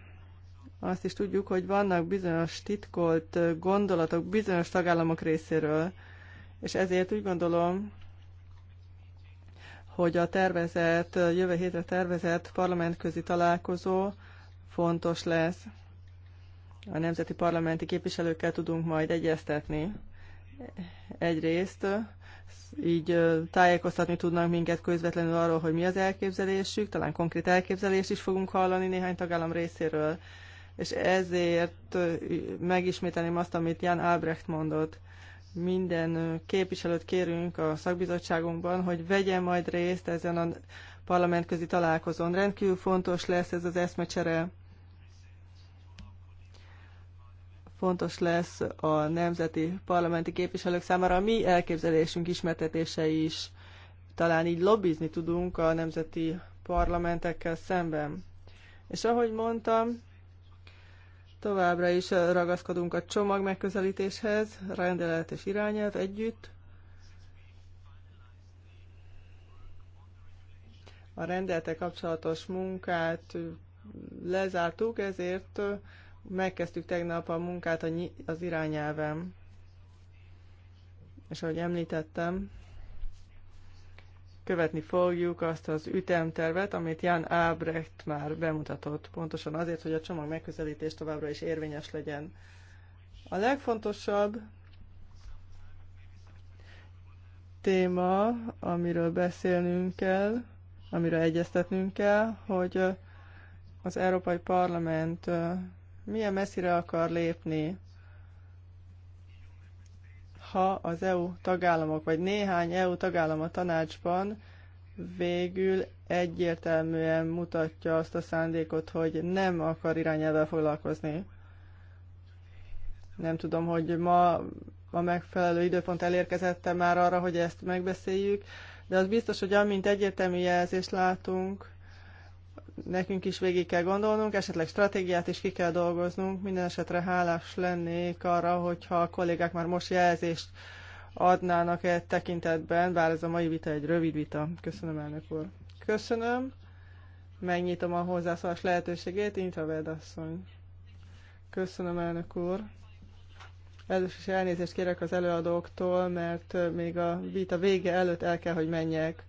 Azt is tudjuk, hogy vannak bizonyos titkolt gondolatok bizonyos tagállamok részéről, és ezért úgy gondolom, hogy a tervezett, jövő hétre tervezett parlamentközi találkozó fontos lesz. A nemzeti parlamenti képviselőkkel tudunk majd egyeztetni. Egyrészt így tájékoztatni tudnak minket közvetlenül arról, hogy mi az elképzelésük, talán konkrét elképzelést is fogunk hallani néhány tagállam részéről. És ezért megismételném azt, amit Jan Albrecht mondott. Minden képviselőt kérünk a szakbizottságunkban, hogy vegyen majd részt ezen a parlamentközi találkozón. Rendkívül fontos lesz ez az eszmecsere fontos lesz a nemzeti parlamenti képviselők számára a mi elképzelésünk ismertetése is. Talán így lobbizni tudunk a nemzeti parlamentekkel szemben. És ahogy mondtam, továbbra is ragaszkodunk a csomag megközelítéshez, rendelet és irányelv együtt. A rendelete kapcsolatos munkát lezártuk, ezért Megkezdtük tegnap a munkát az irányelvem, és ahogy említettem, követni fogjuk azt az ütemtervet, amit Jan Ábrecht már bemutatott, pontosan azért, hogy a csomag megközelítés továbbra is érvényes legyen. A legfontosabb téma, amiről beszélnünk kell, amiről egyeztetnünk kell, hogy az Európai Parlament milyen messzire akar lépni, ha az EU tagállamok, vagy néhány EU tagállam a tanácsban végül egyértelműen mutatja azt a szándékot, hogy nem akar irányával foglalkozni. Nem tudom, hogy ma a megfelelő időpont elérkezette már arra, hogy ezt megbeszéljük, de az biztos, hogy amint egyértelmű jelzést látunk, nekünk is végig kell gondolnunk, esetleg stratégiát is ki kell dolgoznunk. Minden esetre hálás lennék arra, hogyha a kollégák már most jelzést adnának egy tekintetben, bár ez a mai vita egy rövid vita. Köszönöm, elnök úr. Köszönöm. Megnyitom a hozzászólás lehetőségét, Intraved asszony. Köszönöm, elnök úr. Először is elnézést kérek az előadóktól, mert még a vita vége előtt el kell, hogy menjek.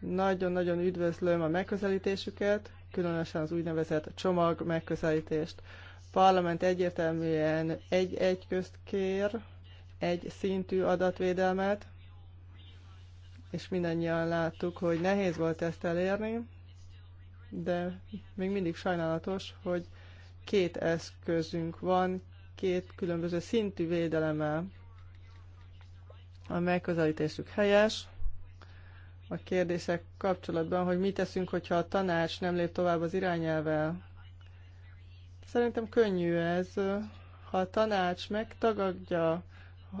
Nagyon-nagyon üdvözlöm a megközelítésüket, különösen az úgynevezett csomag megközelítést. Parlament egyértelműen egy-egy közt kér, egy szintű adatvédelmet, és mindannyian láttuk, hogy nehéz volt ezt elérni, de még mindig sajnálatos, hogy két eszközünk van, két különböző szintű védelemmel. A megközelítésük helyes, a kérdések kapcsolatban, hogy mit teszünk, hogyha a tanács nem lép tovább az irányelvel. Szerintem könnyű ez. Ha a tanács megtagadja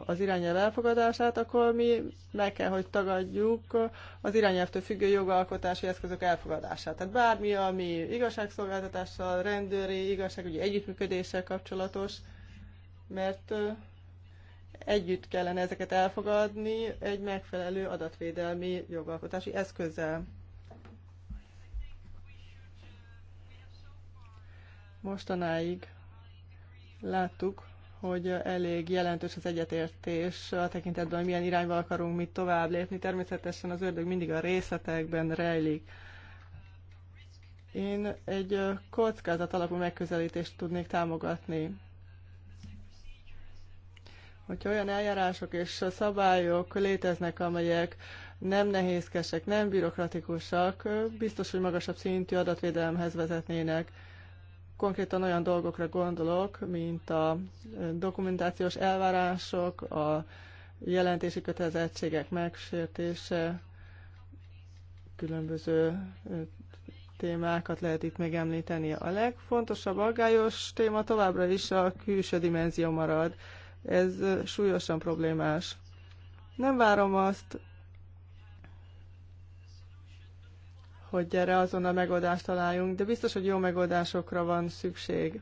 az irányelv elfogadását, akkor mi meg kell, hogy tagadjuk az irányelvtől függő jogalkotási eszközök elfogadását. Tehát bármi, ami igazságszolgáltatással, rendőri, igazságügyi együttműködéssel kapcsolatos, mert együtt kellene ezeket elfogadni egy megfelelő adatvédelmi jogalkotási eszközzel. Mostanáig láttuk, hogy elég jelentős az egyetértés a tekintetben, hogy milyen irányba akarunk mit tovább lépni. Természetesen az ördög mindig a részletekben rejlik. Én egy kockázat alapú megközelítést tudnék támogatni Hogyha olyan eljárások és szabályok léteznek, amelyek nem nehézkesek, nem bürokratikusak, biztos, hogy magasabb szintű adatvédelemhez vezetnének. Konkrétan olyan dolgokra gondolok, mint a dokumentációs elvárások, a jelentési kötelezettségek megsértése, különböző témákat lehet itt megemlíteni. A legfontosabb aggályos téma továbbra is a külső dimenzió marad. Ez súlyosan problémás. Nem várom azt, hogy erre a megoldást találjunk, de biztos, hogy jó megoldásokra van szükség.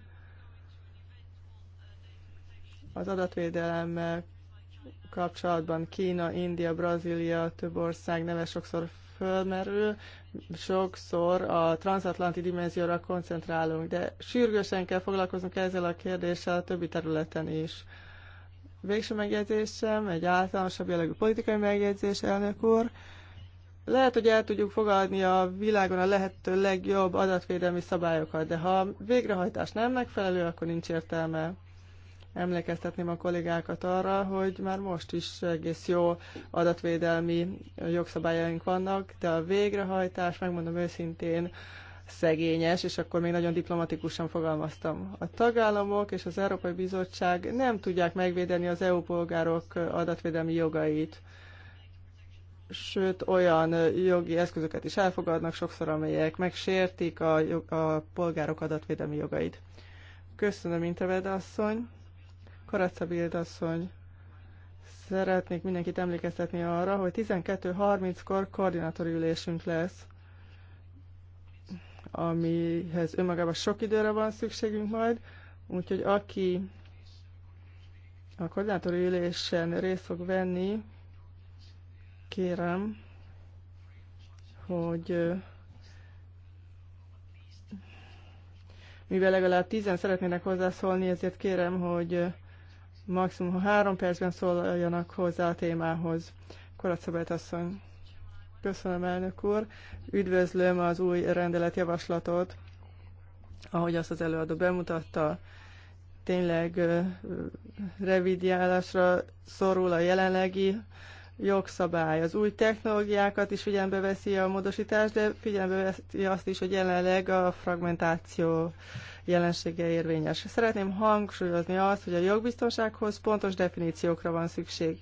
Az adatvédelemmel kapcsolatban Kína, India, Brazília, több ország neve sokszor fölmerül, sokszor a transatlanti dimenzióra koncentrálunk, de sürgősen kell foglalkoznunk ezzel a kérdéssel a többi területen is. Végső megjegyzésem, egy általánosabb jellegű politikai megjegyzés, elnök úr. Lehet, hogy el tudjuk fogadni a világon a lehető legjobb adatvédelmi szabályokat, de ha a végrehajtás nem megfelelő, akkor nincs értelme. Emlékeztetném a kollégákat arra, hogy már most is egész jó adatvédelmi jogszabályaink vannak, de a végrehajtás, megmondom őszintén, szegényes, és akkor még nagyon diplomatikusan fogalmaztam. A tagállamok és az Európai Bizottság nem tudják megvédeni az EU polgárok adatvédelmi jogait, sőt olyan jogi eszközöket is elfogadnak sokszor, amelyek megsértik a, jog, a polgárok adatvédelmi jogait. Köszönöm, Interved asszony, Karacabild asszony, szeretnék mindenkit emlékeztetni arra, hogy 12.30-kor koordinátori ülésünk lesz amihez önmagában sok időre van szükségünk majd, úgyhogy aki a koordinátor ülésen részt fog venni, kérem, hogy mivel legalább tízen szeretnének hozzászólni, ezért kérem, hogy maximum három percben szóljanak hozzá a témához. Koracabelt asszony. Köszönöm, elnök úr. Üdvözlöm az új rendeletjavaslatot, ahogy azt az előadó bemutatta. Tényleg revidiálásra szorul a jelenlegi jogszabály. Az új technológiákat is figyelembe veszi a módosítás, de figyelembe veszi azt is, hogy jelenleg a fragmentáció jelensége érvényes. Szeretném hangsúlyozni azt, hogy a jogbiztonsághoz pontos definíciókra van szükség.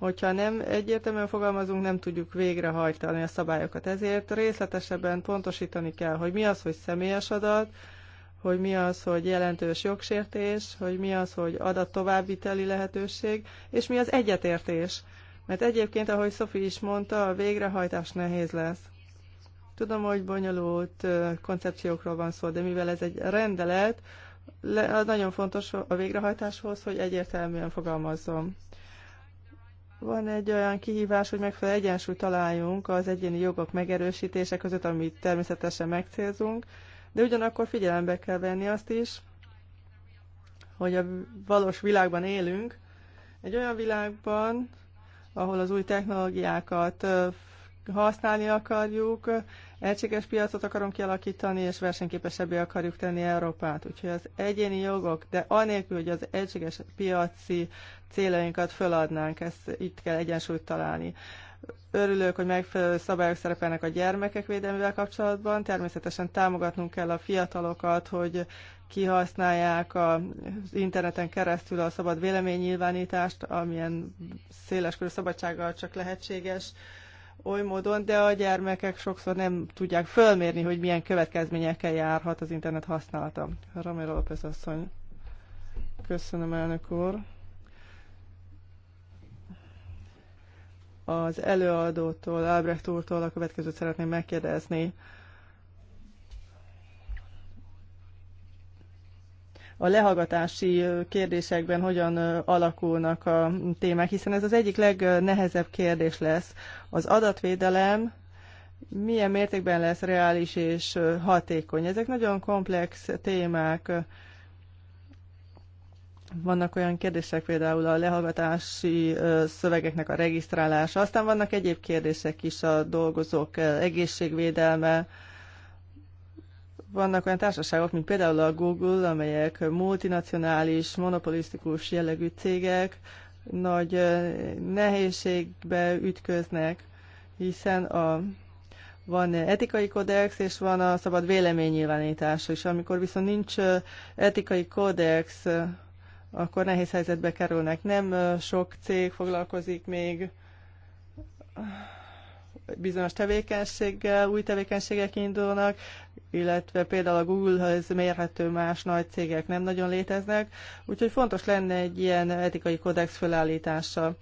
Hogyha nem egyértelműen fogalmazunk, nem tudjuk végrehajtani a szabályokat. Ezért részletesebben pontosítani kell, hogy mi az, hogy személyes adat, hogy mi az, hogy jelentős jogsértés, hogy mi az, hogy adat továbbviteli lehetőség, és mi az egyetértés. Mert egyébként, ahogy Szofi is mondta, a végrehajtás nehéz lesz. Tudom, hogy bonyolult koncepciókról van szó, de mivel ez egy rendelet, az nagyon fontos a végrehajtáshoz, hogy egyértelműen fogalmazzon. Van egy olyan kihívás, hogy megfelelő egyensúlyt találjunk az egyéni jogok megerősítése között, amit természetesen megcélzunk, de ugyanakkor figyelembe kell venni azt is, hogy a valós világban élünk, egy olyan világban, ahol az új technológiákat használni akarjuk, Egységes piacot akarunk kialakítani, és versenyképesebbé akarjuk tenni Európát. Úgyhogy az egyéni jogok, de anélkül, hogy az egységes piaci céljainkat föladnánk, ezt itt kell egyensúlyt találni. Örülök, hogy megfelelő szabályok szerepelnek a gyermekek védelmével kapcsolatban. Természetesen támogatnunk kell a fiatalokat, hogy kihasználják az interneten keresztül a szabad véleménynyilvánítást, amilyen széleskörű szabadsággal csak lehetséges oly módon, de a gyermekek sokszor nem tudják fölmérni, hogy milyen következményekkel járhat az internet használata. Ramiro López asszony. Köszönöm, elnök úr. Az előadótól, Albrecht úrtól a következőt szeretném megkérdezni. a lehallgatási kérdésekben hogyan alakulnak a témák, hiszen ez az egyik legnehezebb kérdés lesz. Az adatvédelem milyen mértékben lesz reális és hatékony. Ezek nagyon komplex témák. Vannak olyan kérdések, például a lehallgatási szövegeknek a regisztrálása, aztán vannak egyéb kérdések is, a dolgozók egészségvédelme, vannak olyan társaságok, mint például a Google, amelyek multinacionális, monopolisztikus jellegű cégek, nagy nehézségbe ütköznek, hiszen a, van etikai kódex, és van a szabad véleménynyilvánítás is. Amikor viszont nincs etikai kódex, akkor nehéz helyzetbe kerülnek. Nem sok cég foglalkozik még bizonyos tevékenységgel, új tevékenységek indulnak, illetve például a Google-höz mérhető más nagy cégek nem nagyon léteznek, úgyhogy fontos lenne egy ilyen etikai kodex felállítása.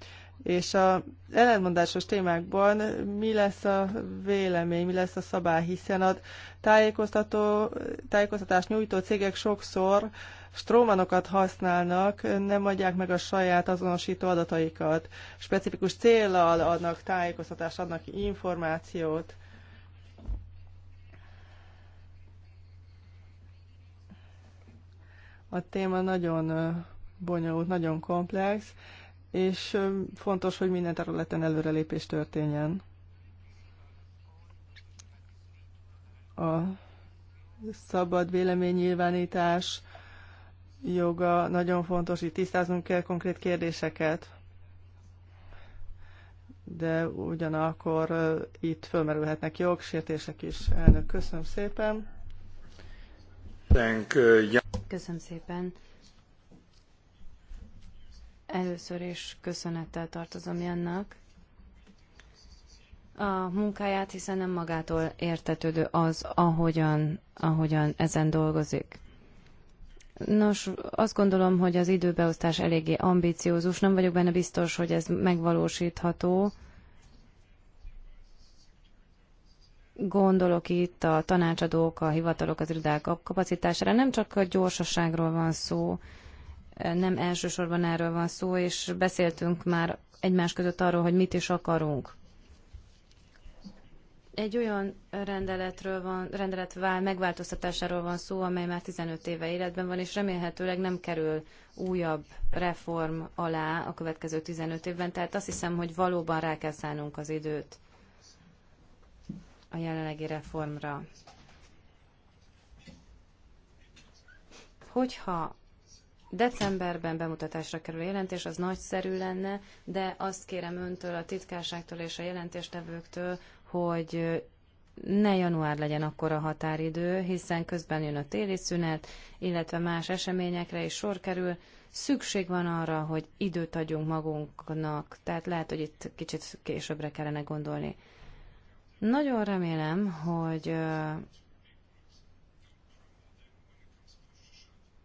És a ellentmondásos témákban mi lesz a vélemény, mi lesz a szabály, hiszen a tájékoztató, tájékoztatást nyújtó cégek sokszor strómanokat használnak, nem adják meg a saját azonosító adataikat. Specifikus célral adnak tájékoztatást, adnak információt. A téma nagyon bonyolult, nagyon komplex, és fontos, hogy minden területen előrelépés történjen. A szabad véleménynyilvánítás, joga nagyon fontos, itt tisztáznunk kell konkrét kérdéseket, de ugyanakkor itt fölmerülhetnek jogsértések is. Elnök, köszönöm szépen. Köszönöm szépen. Először is köszönettel tartozom Jannak a munkáját, hiszen nem magától értetődő az, ahogyan, ahogyan ezen dolgozik. Nos, azt gondolom, hogy az időbeosztás eléggé ambiciózus. Nem vagyok benne biztos, hogy ez megvalósítható. Gondolok itt a tanácsadók, a hivatalok, az irodák kapacitására. Nem csak a gyorsaságról van szó, nem elsősorban erről van szó, és beszéltünk már egymás között arról, hogy mit is akarunk egy olyan rendeletről van, rendelet vál, megváltoztatásáról van szó, amely már 15 éve életben van, és remélhetőleg nem kerül újabb reform alá a következő 15 évben. Tehát azt hiszem, hogy valóban rá kell szánnunk az időt a jelenlegi reformra. Hogyha decemberben bemutatásra kerül jelentés, az nagyszerű lenne, de azt kérem öntől, a titkárságtól és a jelentéstevőktől, hogy ne január legyen akkor a határidő, hiszen közben jön a téli szünet, illetve más eseményekre is sor kerül. Szükség van arra, hogy időt adjunk magunknak, tehát lehet, hogy itt kicsit későbbre kellene gondolni. Nagyon remélem, hogy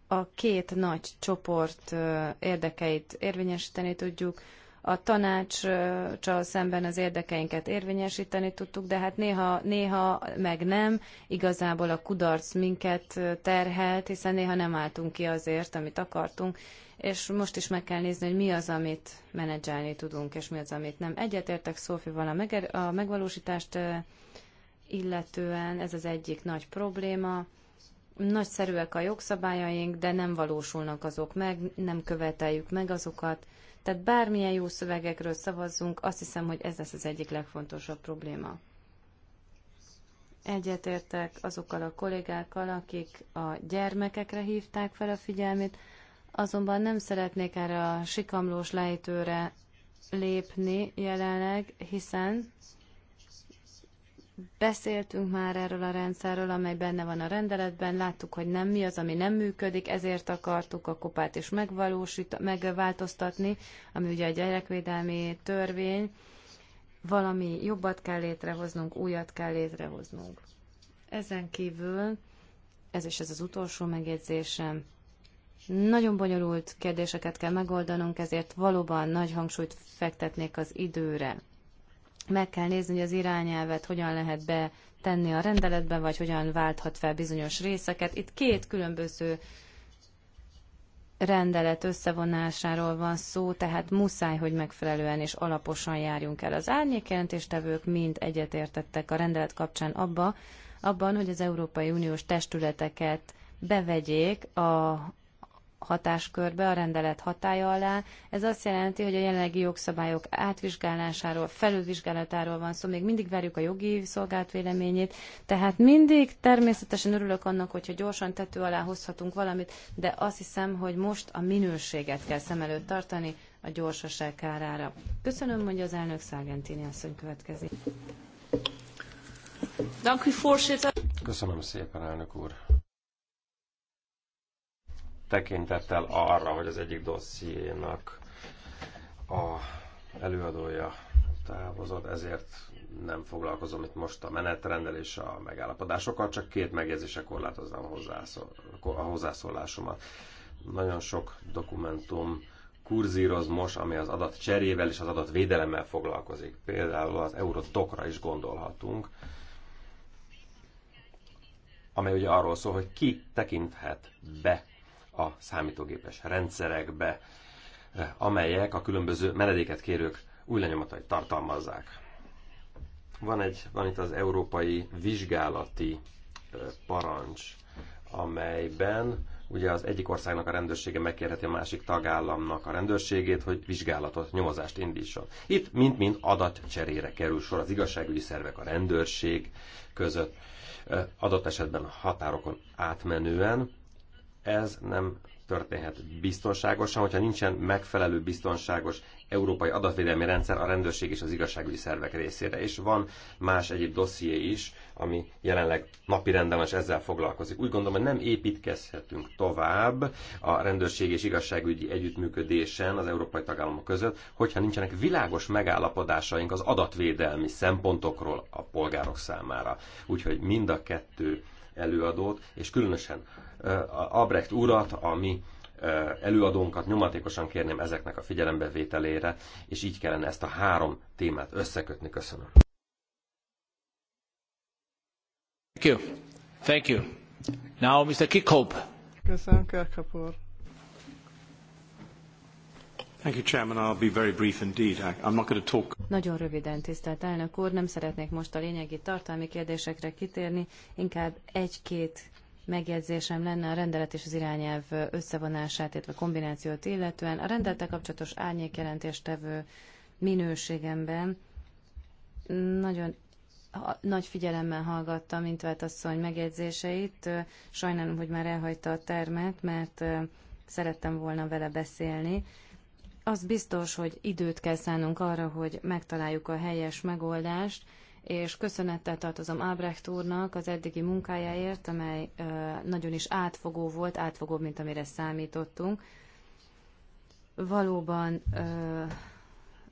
a két nagy csoport érdekeit érvényesíteni tudjuk, a tanácssal szemben az érdekeinket érvényesíteni tudtuk, de hát néha, néha meg nem, igazából a kudarc minket terhelt, hiszen néha nem álltunk ki azért, amit akartunk, és most is meg kell nézni, hogy mi az, amit menedzselni tudunk, és mi az, amit nem. Egyetértek Szófival a, meger- a megvalósítást illetően, ez az egyik nagy probléma. Nagyszerűek a jogszabályaink, de nem valósulnak azok meg, nem követeljük meg azokat, tehát bármilyen jó szövegekről szavazzunk, azt hiszem, hogy ez lesz az egyik legfontosabb probléma. Egyetértek azokkal a kollégákkal, akik a gyermekekre hívták fel a figyelmét, azonban nem szeretnék erre a sikamlós lejtőre lépni jelenleg, hiszen Beszéltünk már erről a rendszerről, amely benne van a rendeletben, láttuk, hogy nem mi az, ami nem működik, ezért akartuk a kopát is megvalósít, megváltoztatni, ami ugye a gyerekvédelmi törvény, valami jobbat kell létrehoznunk, újat kell létrehoznunk. Ezen kívül, ez is ez az utolsó megjegyzésem, nagyon bonyolult kérdéseket kell megoldanunk, ezért valóban nagy hangsúlyt fektetnék az időre meg kell nézni, hogy az irányelvet hogyan lehet be tenni a rendeletben, vagy hogyan válthat fel bizonyos részeket. Itt két különböző rendelet összevonásáról van szó, tehát muszáj, hogy megfelelően és alaposan járjunk el. Az árnyékjelentéstevők mind egyetértettek a rendelet kapcsán abba, abban, hogy az Európai Uniós testületeket bevegyék a hatáskörbe, a rendelet hatája alá. Ez azt jelenti, hogy a jelenlegi jogszabályok átvizsgálásáról, felülvizsgálatáról van szó, szóval még mindig várjuk a jogi szolgált véleményét, tehát mindig természetesen örülök annak, hogyha gyorsan tető alá hozhatunk valamit, de azt hiszem, hogy most a minőséget kell szem előtt tartani a gyorsaság kárára. Köszönöm, mondja az elnök Szargentini asszony következik. Köszönöm szépen, elnök úr tekintettel arra, hogy az egyik dossziénak a előadója távozott, ezért nem foglalkozom itt most a menetrendel és a megállapodásokkal, csak két megjegyzése korlátoznám a hozzászólásomat. Nagyon sok dokumentum kurzíroz most, ami az adat cserével és az adat védelemmel foglalkozik. Például az Eurotokra is gondolhatunk, amely ugye arról szól, hogy ki tekinthet be a számítógépes rendszerekbe, amelyek a különböző menedéket kérők új lenyomatait tartalmazzák. Van, egy, van itt az európai vizsgálati parancs, amelyben ugye az egyik országnak a rendőrsége megkérheti a másik tagállamnak a rendőrségét, hogy vizsgálatot, nyomozást indítson. Itt mind-mind adatcserére kerül sor az igazságügyi szervek a rendőrség között, adott esetben a határokon átmenően, ez nem történhet biztonságosan, hogyha nincsen megfelelő biztonságos európai adatvédelmi rendszer a rendőrség és az igazságügyi szervek részére. És van más egyéb dosszié is, ami jelenleg napi rendben és ezzel foglalkozik. Úgy gondolom, hogy nem építkezhetünk tovább a rendőrség és igazságügyi együttműködésen az európai tagállamok között, hogyha nincsenek világos megállapodásaink az adatvédelmi szempontokról a polgárok számára. Úgyhogy mind a kettő előadót, és különösen Eh, Abrecht urat, ami eh, előadónkat nyomatékosan kérném ezeknek a figyelembevételére, és így kellene ezt a három témát összekötni. Köszönöm. Thank you. Thank you. Now Mr. Kirkhope. Köszönöm, Kirkhope Thank you, Chairman. I'll be very brief indeed. I'm not going to talk. Nagyon röviden, tisztelt elnök úr, nem szeretnék most a lényegi tartalmi kérdésekre kitérni, inkább egy-két megjegyzésem lenne a rendelet és az irányelv összevonását, illetve kombinációt illetően. A rendelettel kapcsolatos árnyékjelentéstevő minőségemben nagyon nagy figyelemmel hallgattam vett asszony megjegyzéseit. Sajnálom, hogy már elhagyta a termet, mert szerettem volna vele beszélni. Az biztos, hogy időt kell szánnunk arra, hogy megtaláljuk a helyes megoldást, és köszönettel tartozom Ábrecht úrnak az eddigi munkájáért, amely nagyon is átfogó volt, átfogóbb, mint amire számítottunk. Valóban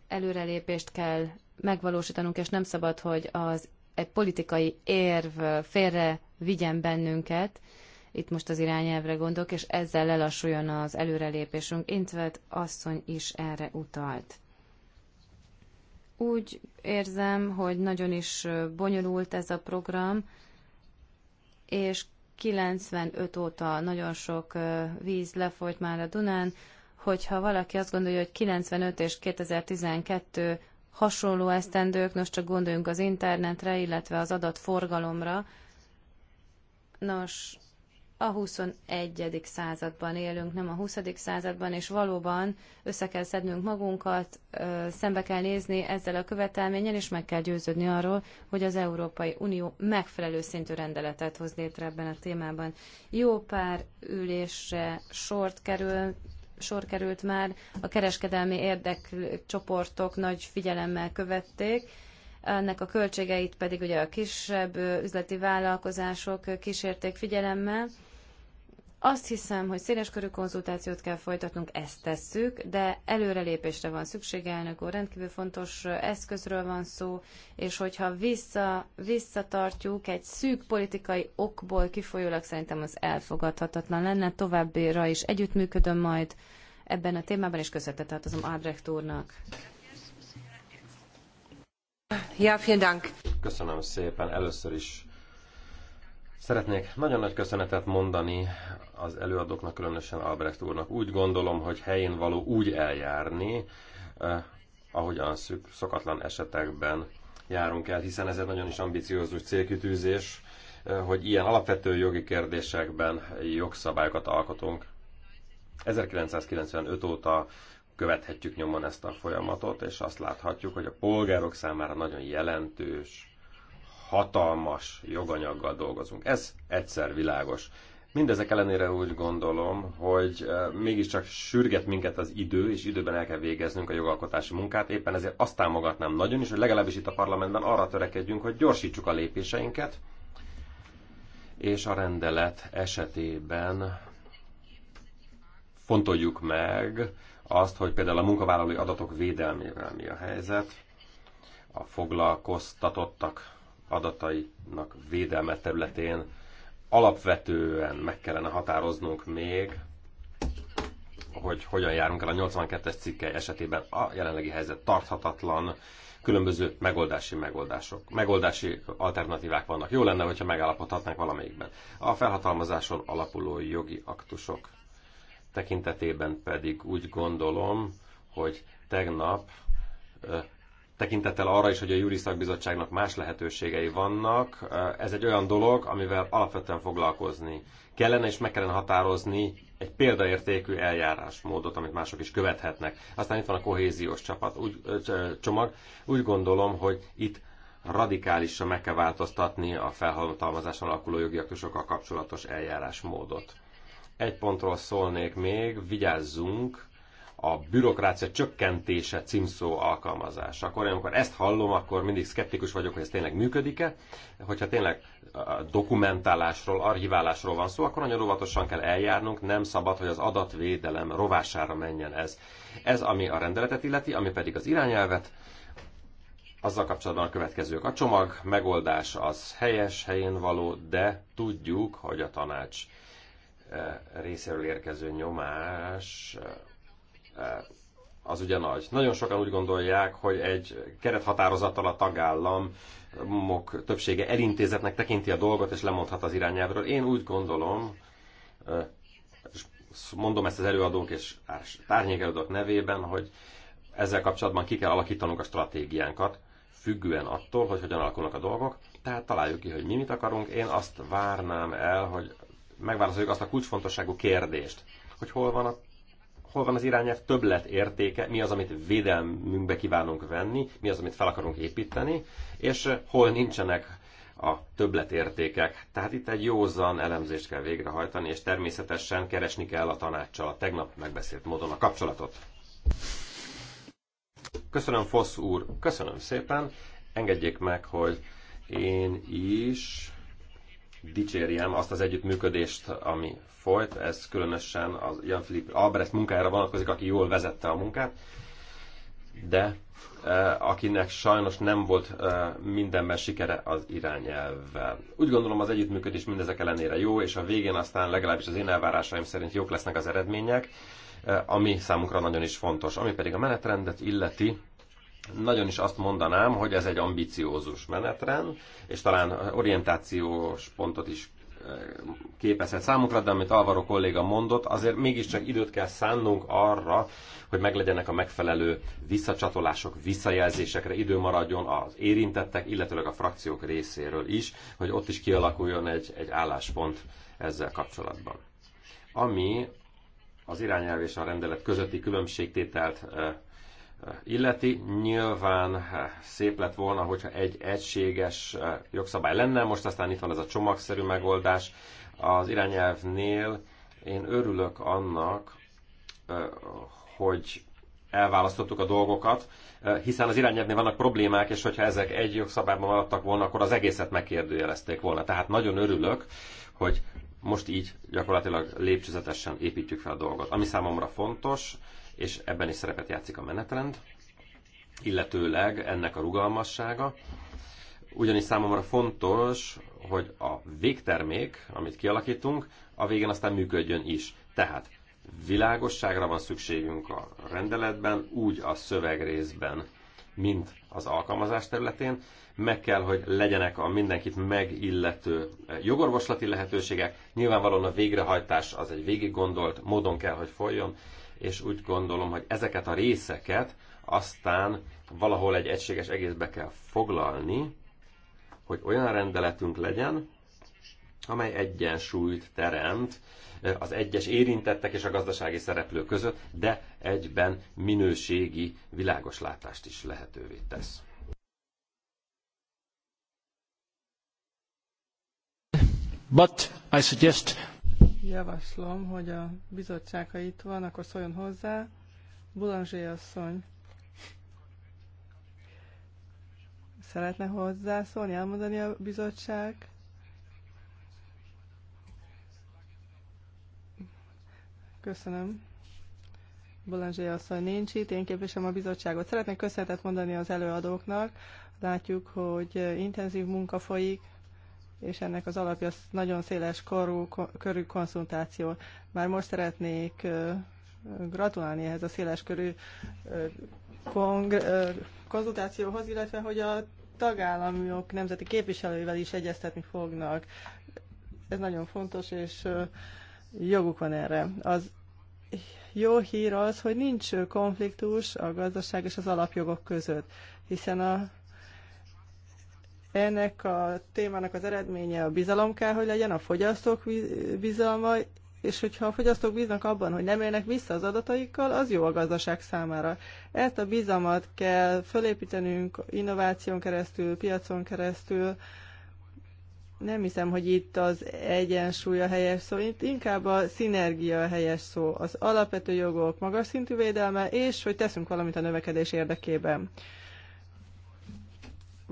előrelépést kell megvalósítanunk, és nem szabad, hogy az egy politikai érv félre vigyen bennünket, itt most az irányelvre gondolok, és ezzel lelassuljon az előrelépésünk. Intvet asszony is erre utalt. Úgy érzem, hogy nagyon is bonyolult ez a program, és 95 óta nagyon sok víz lefolyt már a Dunán, hogyha valaki azt gondolja, hogy 95 és 2012 hasonló esztendők, nos csak gondoljunk az internetre, illetve az adatforgalomra, nos, a 21. században élünk, nem a 20. században, és valóban össze kell szednünk magunkat, szembe kell nézni ezzel a követelménnyel, és meg kell győződni arról, hogy az Európai Unió megfelelő szintű rendeletet hoz létre ebben a témában. Jó pár ülésre sort kerül, sor került már, a kereskedelmi érdekcsoportok nagy figyelemmel követték, ennek a költségeit pedig ugye a kisebb üzleti vállalkozások kísérték figyelemmel, azt hiszem, hogy széleskörű konzultációt kell folytatnunk, ezt tesszük, de előrelépésre van szükség, elnök úr, rendkívül fontos eszközről van szó, és hogyha vissza, visszatartjuk egy szűk politikai okból kifolyólag, szerintem az elfogadhatatlan lenne. Továbbira is együttműködöm majd ebben a témában, és köszönetet tartozom Albrecht úrnak. Ja, vielen Dank. Köszönöm szépen. Először is Szeretnék nagyon nagy köszönetet mondani az előadóknak, különösen Albrecht úrnak. Úgy gondolom, hogy helyén való úgy eljárni, eh, ahogyan szük, szokatlan esetekben járunk el, hiszen ez egy nagyon is ambiciózus célkitűzés, eh, hogy ilyen alapvető jogi kérdésekben jogszabályokat alkotunk. 1995 óta követhetjük nyomon ezt a folyamatot, és azt láthatjuk, hogy a polgárok számára nagyon jelentős hatalmas joganyaggal dolgozunk. Ez egyszer világos. Mindezek ellenére úgy gondolom, hogy eh, mégiscsak sürget minket az idő, és időben el kell végeznünk a jogalkotási munkát, éppen ezért azt támogatnám nagyon is, hogy legalábbis itt a parlamentben arra törekedjünk, hogy gyorsítsuk a lépéseinket, és a rendelet esetében fontoljuk meg azt, hogy például a munkavállalói adatok védelmével mi a helyzet, a foglalkoztatottak adatainak védelme területén alapvetően meg kellene határoznunk még, hogy hogyan járunk el a 82-es cikkely esetében a jelenlegi helyzet tarthatatlan, különböző megoldási megoldások, megoldási alternatívák vannak. Jó lenne, hogyha megállapodhatnánk valamelyikben. A felhatalmazáson alapuló jogi aktusok tekintetében pedig úgy gondolom, hogy tegnap tekintettel arra is, hogy a júri szakbizottságnak más lehetőségei vannak. Eh, ez egy olyan dolog, amivel alapvetően foglalkozni kellene, és meg kellene határozni egy példaértékű eljárásmódot, amit mások is követhetnek. Aztán itt van a kohéziós csapat, úgy, eh, eh, csomag. Úgy gondolom, hogy itt radikálisan meg kell változtatni a felhatalmazáson alakuló jogi aktusokkal kapcsolatos eljárásmódot. Egy pontról szólnék még, vigyázzunk, a bürokrácia csökkentése címszó alkalmazásakor. Én amikor ezt hallom, akkor mindig szkeptikus vagyok, hogy ez tényleg működik-e. Hogyha tényleg dokumentálásról, archiválásról van szó, akkor nagyon óvatosan kell eljárnunk, nem szabad, hogy az adatvédelem rovására menjen ez. Ez, ami a rendeletet illeti, ami pedig az irányelvet, azzal kapcsolatban a következők. A csomag megoldás az helyes, helyén való, de tudjuk, hogy a tanács eh, részéről érkező nyomás eh, az ugye nagy. Nagyon sokan úgy gondolják, hogy egy kerethatározattal a mok többsége elintézetnek tekinti a dolgot, és lemondhat az irányelvről. Én úgy gondolom, és mondom ezt az előadók és tárnyékelődők nevében, hogy ezzel kapcsolatban ki kell alakítanunk a stratégiánkat, függően attól, hogy hogyan alakulnak a dolgok. Tehát találjuk ki, hogy mi mit akarunk. Én azt várnám el, hogy megválaszoljuk azt a kulcsfontosságú kérdést, hogy hol van a hol van az irányelv többlet értéke, mi az, amit védelmünkbe kívánunk venni, mi az, amit fel akarunk építeni, és eh, hol nincsenek a többletértékek. Tehát itt egy józan elemzést kell végrehajtani, és természetesen keresni kell a tanácssal a tegnap megbeszélt módon a kapcsolatot. Köszönöm, Fosz úr, köszönöm szépen. Engedjék meg, hogy én is dicsérjem azt az együttműködést, ami folyt. Ez különösen az Jan-Filip Albrecht munkájára vonatkozik, aki jól vezette a munkát, de e, akinek sajnos nem volt e, mindenben sikere az irányelvvel. Úgy gondolom az együttműködés mindezek ellenére jó, és a végén aztán legalábbis az én elvárásaim szerint jók lesznek az eredmények, e, ami számunkra nagyon is fontos. Ami pedig a menetrendet illeti, nagyon is azt mondanám, hogy ez egy ambiciózus menetrend, és talán orientációs pontot is eh, képezhet számukra, de amit Alvaro kolléga mondott, azért mégiscsak időt kell szánnunk arra, hogy meglegyenek a megfelelő visszacsatolások, visszajelzésekre, idő maradjon az érintettek, illetőleg a frakciók részéről is, hogy ott is kialakuljon egy, egy álláspont ezzel kapcsolatban. Ami az irányelv és a rendelet közötti különbségtételt eh, illeti. Nyilván eh, szép lett volna, hogyha egy egységes eh, jogszabály lenne, most aztán itt van ez a csomagszerű megoldás. Az irányelvnél én örülök annak, eh, hogy elválasztottuk a dolgokat, hiszen az irányelvnél vannak problémák, és hogyha ezek egy jogszabályban maradtak volna, akkor az egészet megkérdőjelezték volna. Tehát nagyon örülök, hogy most így gyakorlatilag lépcsőzetesen építjük fel a dolgot. Ami számomra fontos, és ebben is szerepet játszik a menetrend, illetőleg ennek a rugalmassága, ugyanis számomra fontos, hogy a végtermék, amit kialakítunk, a végén aztán működjön is. Tehát világosságra van szükségünk a rendeletben, úgy a szövegrészben, mint az alkalmazás területén. Meg kell, hogy legyenek a mindenkit megillető jogorvoslati lehetőségek. Nyilvánvalóan a végrehajtás az egy végiggondolt módon kell, hogy folyjon, és úgy gondolom, hogy ezeket a részeket aztán valahol egy egységes egészbe kell foglalni, hogy olyan rendeletünk legyen, amely egyensúlyt teremt az egyes érintettek és a gazdasági szereplők között, de egyben minőségi világos látást is lehetővé tesz. But I suggest Javaslom, hogy a bizottság, ha itt van, akkor szóljon hozzá. Bulangé asszony szeretne hozzászólni, elmondani a bizottság? Köszönöm. Bolenzsé asszony nincs itt, én képvisem a bizottságot. Szeretnék köszönetet mondani az előadóknak. Látjuk, hogy intenzív munka folyik, és ennek az alapja nagyon széles korú, körű konszultáció. Már most szeretnék gratulálni ehhez a széles körű konzultációhoz, illetve hogy a tagállamok nemzeti képviselőivel is egyeztetni fognak. Ez nagyon fontos, és joguk van erre. Az jó hír az, hogy nincs konfliktus a gazdaság és az alapjogok között, hiszen a ennek a témának az eredménye a bizalom kell, hogy legyen, a fogyasztók bizalma, és hogyha a fogyasztók bíznak abban, hogy nem élnek vissza az adataikkal, az jó a gazdaság számára. Ezt a bizalmat kell fölépítenünk innováción keresztül, piacon keresztül. Nem hiszem, hogy itt az egyensúly a helyes szó, itt inkább a szinergia a helyes szó, az alapvető jogok magas szintű védelme, és hogy teszünk valamit a növekedés érdekében.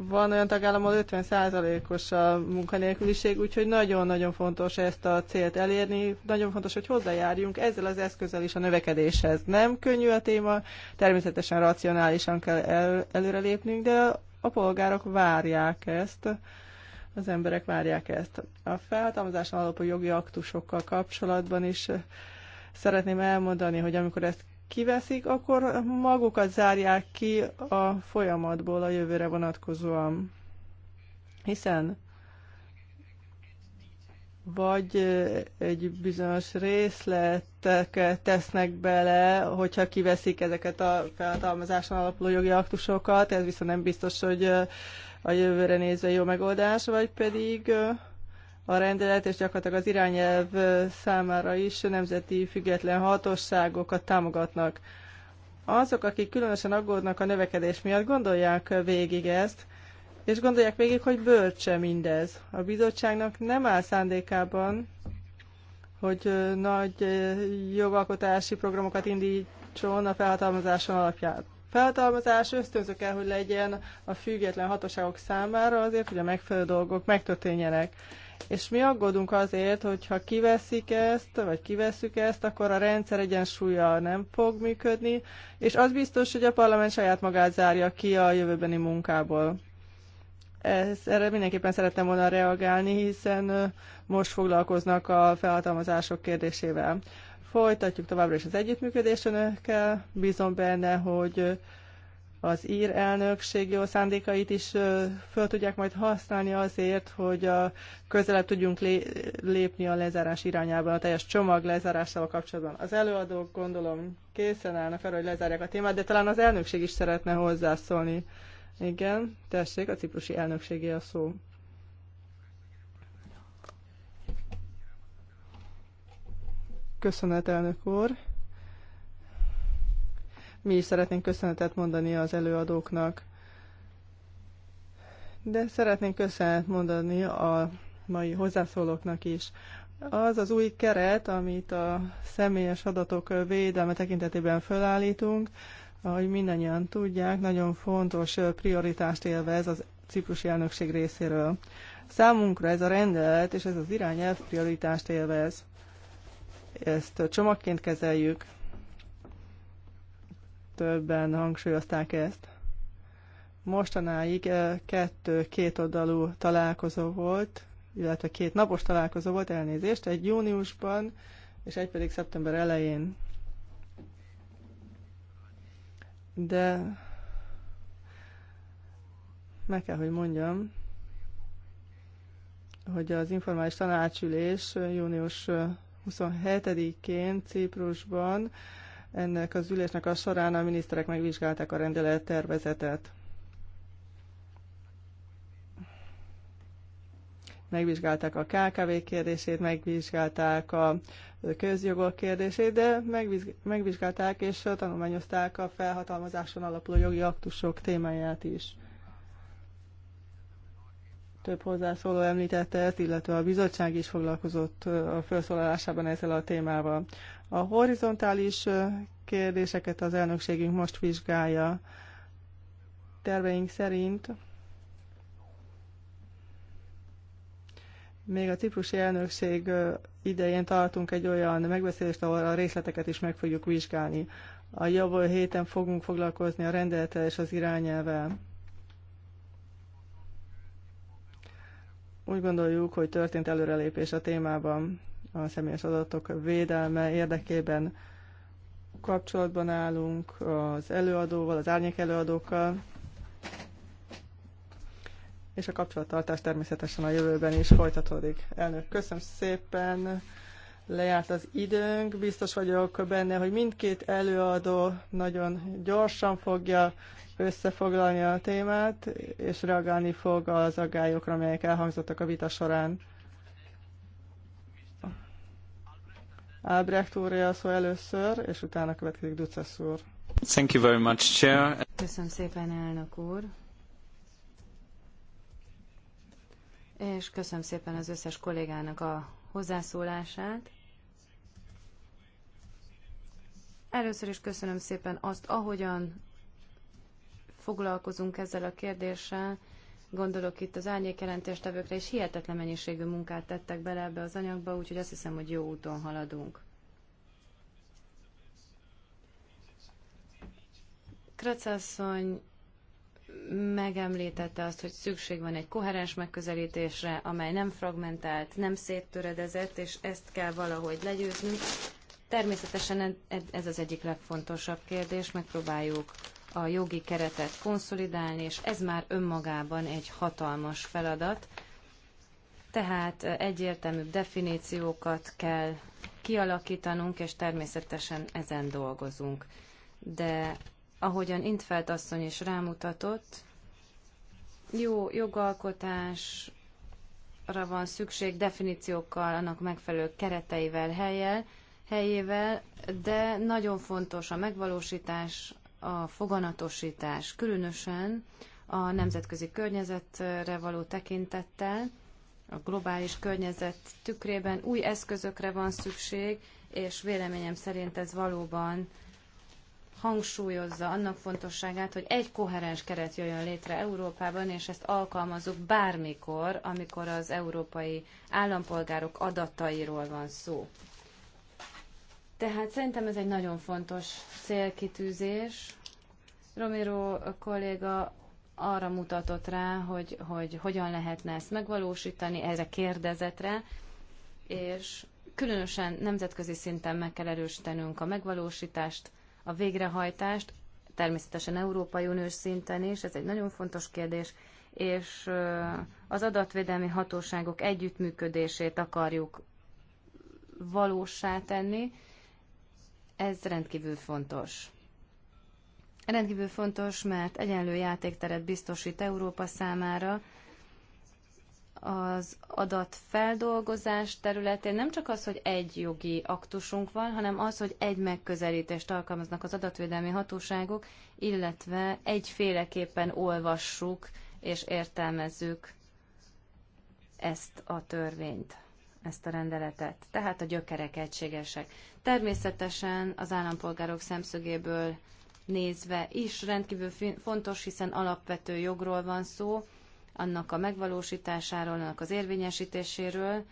Van olyan tagállam, ahol 50%-os a munkanélküliség, úgyhogy nagyon-nagyon fontos ezt a célt elérni, nagyon fontos, hogy hozzájárjunk ezzel az eszközzel is a növekedéshez. Nem könnyű a téma, természetesen racionálisan kell el, előrelépnünk, de a polgárok várják ezt, az emberek várják ezt. A felhatalmazáson alapú jogi aktusokkal kapcsolatban is eh, szeretném elmondani, hogy amikor ezt kiveszik, akkor magukat zárják ki a folyamatból a jövőre vonatkozóan. Hiszen vagy egy bizonyos részleteket tesznek bele, hogyha kiveszik ezeket a felhatalmazáson alapuló jogi aktusokat, ez viszont nem biztos, hogy a jövőre nézve jó megoldás, vagy pedig a rendelet és gyakorlatilag az irányelv számára is nemzeti független hatóságokat támogatnak. Azok, akik különösen aggódnak a növekedés miatt, gondolják végig ezt, és gondolják végig, hogy bölcse mindez. A bizottságnak nem áll szándékában, hogy nagy jogalkotási programokat indítson a felhatalmazáson alapján. Felhatalmazás ösztönző kell, hogy legyen a független hatóságok számára azért, hogy a megfelelő dolgok megtörténjenek és mi aggódunk azért, hogy ha kiveszik ezt, vagy kivesszük ezt, akkor a rendszer egyensúlya nem fog működni, és az biztos, hogy a parlament saját magát zárja ki a jövőbeni munkából. Ez, erre mindenképpen szerettem volna reagálni, hiszen most foglalkoznak a felhatalmazások kérdésével. Folytatjuk továbbra is az együttműködést önökkel. Bízom benne, hogy az ír elnökség jó szándékait is föl tudják majd használni azért, hogy a közelebb tudjunk lépni a lezárás irányában, a teljes csomag lezárásával kapcsolatban. Az előadók gondolom készen állnak arra, hogy lezárják a témát, de talán az elnökség is szeretne hozzászólni. Igen, tessék, a ciprusi elnökségé a szó. Köszönet, elnök úr! Mi is szeretnénk köszönetet mondani az előadóknak. De szeretnénk köszönet mondani a mai hozzászólóknak is. Az az új keret, amit a személyes adatok védelme tekintetében fölállítunk, ahogy mindannyian tudják, nagyon fontos prioritást élvez az ciprusi elnökség részéről. Számunkra ez a rendelet és ez az irányelv prioritást élvez. Ezt csomagként kezeljük, többen hangsúlyozták ezt. Mostanáig eh, kettő kétoldalú találkozó volt, illetve két napos találkozó volt, elnézést, egy júniusban, és egy pedig szeptember elején. De meg kell, hogy mondjam, hogy az informális tanácsülés június 27-én eh, Ciprusban ennek az ülésnek a során a miniszterek megvizsgálták a rendelet tervezetet. megvizsgálták a KKV kérdését, megvizsgálták a közjogok kérdését, de megvizsgálták és tanulmányozták a felhatalmazáson alapuló jogi aktusok témáját is. Több hozzászóló említette ezt, illetve a bizottság is foglalkozott a felszólalásában ezzel a témával. A horizontális kérdéseket az elnökségünk most vizsgálja. Terveink szerint még a ciprusi elnökség idején tartunk egy olyan megbeszélést, ahol a részleteket is meg fogjuk vizsgálni. A jövő héten fogunk foglalkozni a rendelete és az irányelvel. Úgy gondoljuk, hogy történt előrelépés a témában a személyes adatok védelme érdekében kapcsolatban állunk az előadóval, az árnyék előadókkal, és a kapcsolattartás természetesen a jövőben is folytatódik. Elnök, köszönöm szépen! lejárt az időnk. Biztos vagyok benne, hogy mindkét előadó nagyon gyorsan fogja összefoglalni a témát, és reagálni fog az aggályokra, amelyek elhangzottak a vita során. Albrecht úr a szó először, és utána következik Ducasz úr. Thank you very much, Chair. Köszönöm szépen, elnök úr. És köszönöm szépen az összes kollégának a hozzászólását. Először is köszönöm szépen azt, ahogyan foglalkozunk ezzel a kérdéssel, gondolok itt az árnyékjelentéstevőkre, és hihetetlen mennyiségű munkát tettek bele ebbe az anyagba, úgyhogy azt hiszem, hogy jó úton haladunk. Kracasszony megemlítette azt, hogy szükség van egy koherens megközelítésre, amely nem fragmentált, nem széttöredezett, és ezt kell valahogy legyőznünk. Természetesen ez az egyik legfontosabb kérdés, megpróbáljuk a jogi keretet konszolidálni, és ez már önmagában egy hatalmas feladat. Tehát egyértelműbb definíciókat kell kialakítanunk, és természetesen ezen dolgozunk. De ahogyan Intfelt asszony is rámutatott, jó jogalkotásra van szükség definíciókkal, annak megfelelő kereteivel, helyel, helyével, de nagyon fontos a megvalósítás, a foganatosítás, különösen a nemzetközi környezetre való tekintettel, a globális környezet tükrében új eszközökre van szükség, és véleményem szerint ez valóban hangsúlyozza annak fontosságát, hogy egy koherens keret jöjjön létre Európában, és ezt alkalmazunk bármikor, amikor az európai állampolgárok adatairól van szó. Tehát szerintem ez egy nagyon fontos célkitűzés. Romero kolléga arra mutatott rá, hogy, hogy hogyan lehetne ezt megvalósítani, erre kérdezetre, és különösen nemzetközi szinten meg kell erősítenünk a megvalósítást, a végrehajtást, természetesen Európai Uniós szinten is, ez egy nagyon fontos kérdés, és az adatvédelmi hatóságok együttműködését akarjuk valósá tenni, ez rendkívül fontos. Rendkívül fontos, mert egyenlő játékteret biztosít Európa számára, az adatfeldolgozás területén nem csak az, hogy egy jogi aktusunk van, hanem az, hogy egy megközelítést alkalmaznak az adatvédelmi hatóságok, illetve egyféleképpen olvassuk és értelmezzük ezt a törvényt ezt a rendeletet. Tehát a gyökerek egységesek. Természetesen az állampolgárok szemszögéből nézve is rendkívül fontos, hiszen alapvető jogról van szó, annak a megvalósításáról, annak az érvényesítéséről,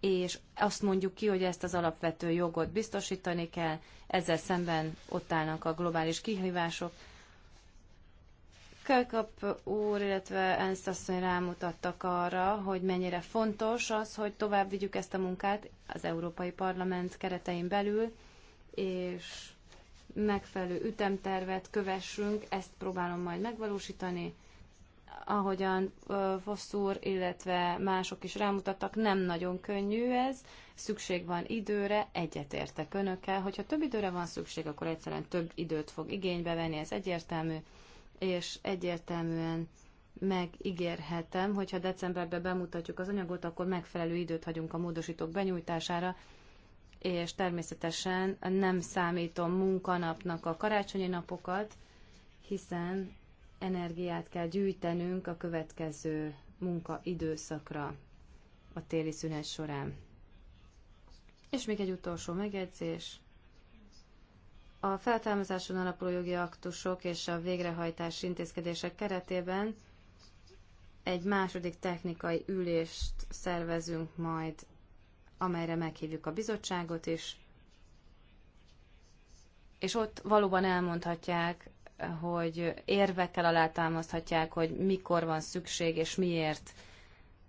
és azt mondjuk ki, hogy ezt az alapvető jogot biztosítani kell, ezzel szemben ott állnak a globális kihívások, Kölköp úr, illetve Ernst asszony rámutattak arra, hogy mennyire fontos az, hogy tovább vigyük ezt a munkát az Európai Parlament keretein belül, és megfelelő ütemtervet kövessünk, ezt próbálom majd megvalósítani. Ahogyan úr, illetve mások is rámutattak, nem nagyon könnyű ez, szükség van időre, egyetértek önökkel, hogyha több időre van szükség, akkor egyszerűen több időt fog igénybe venni, ez egyértelmű, és egyértelműen megígérhetem, hogyha decemberben bemutatjuk az anyagot, akkor megfelelő időt hagyunk a módosítók benyújtására, és természetesen nem számítom munkanapnak a karácsonyi napokat, hiszen energiát kell gyűjtenünk a következő munkaidőszakra a téli szünet során. És még egy utolsó megjegyzés. A feltámazáson alapuló jogi aktusok és a végrehajtási intézkedések keretében egy második technikai ülést szervezünk majd, amelyre meghívjuk a bizottságot is, és ott valóban elmondhatják, hogy érvekkel alátámaszthatják, hogy mikor van szükség és miért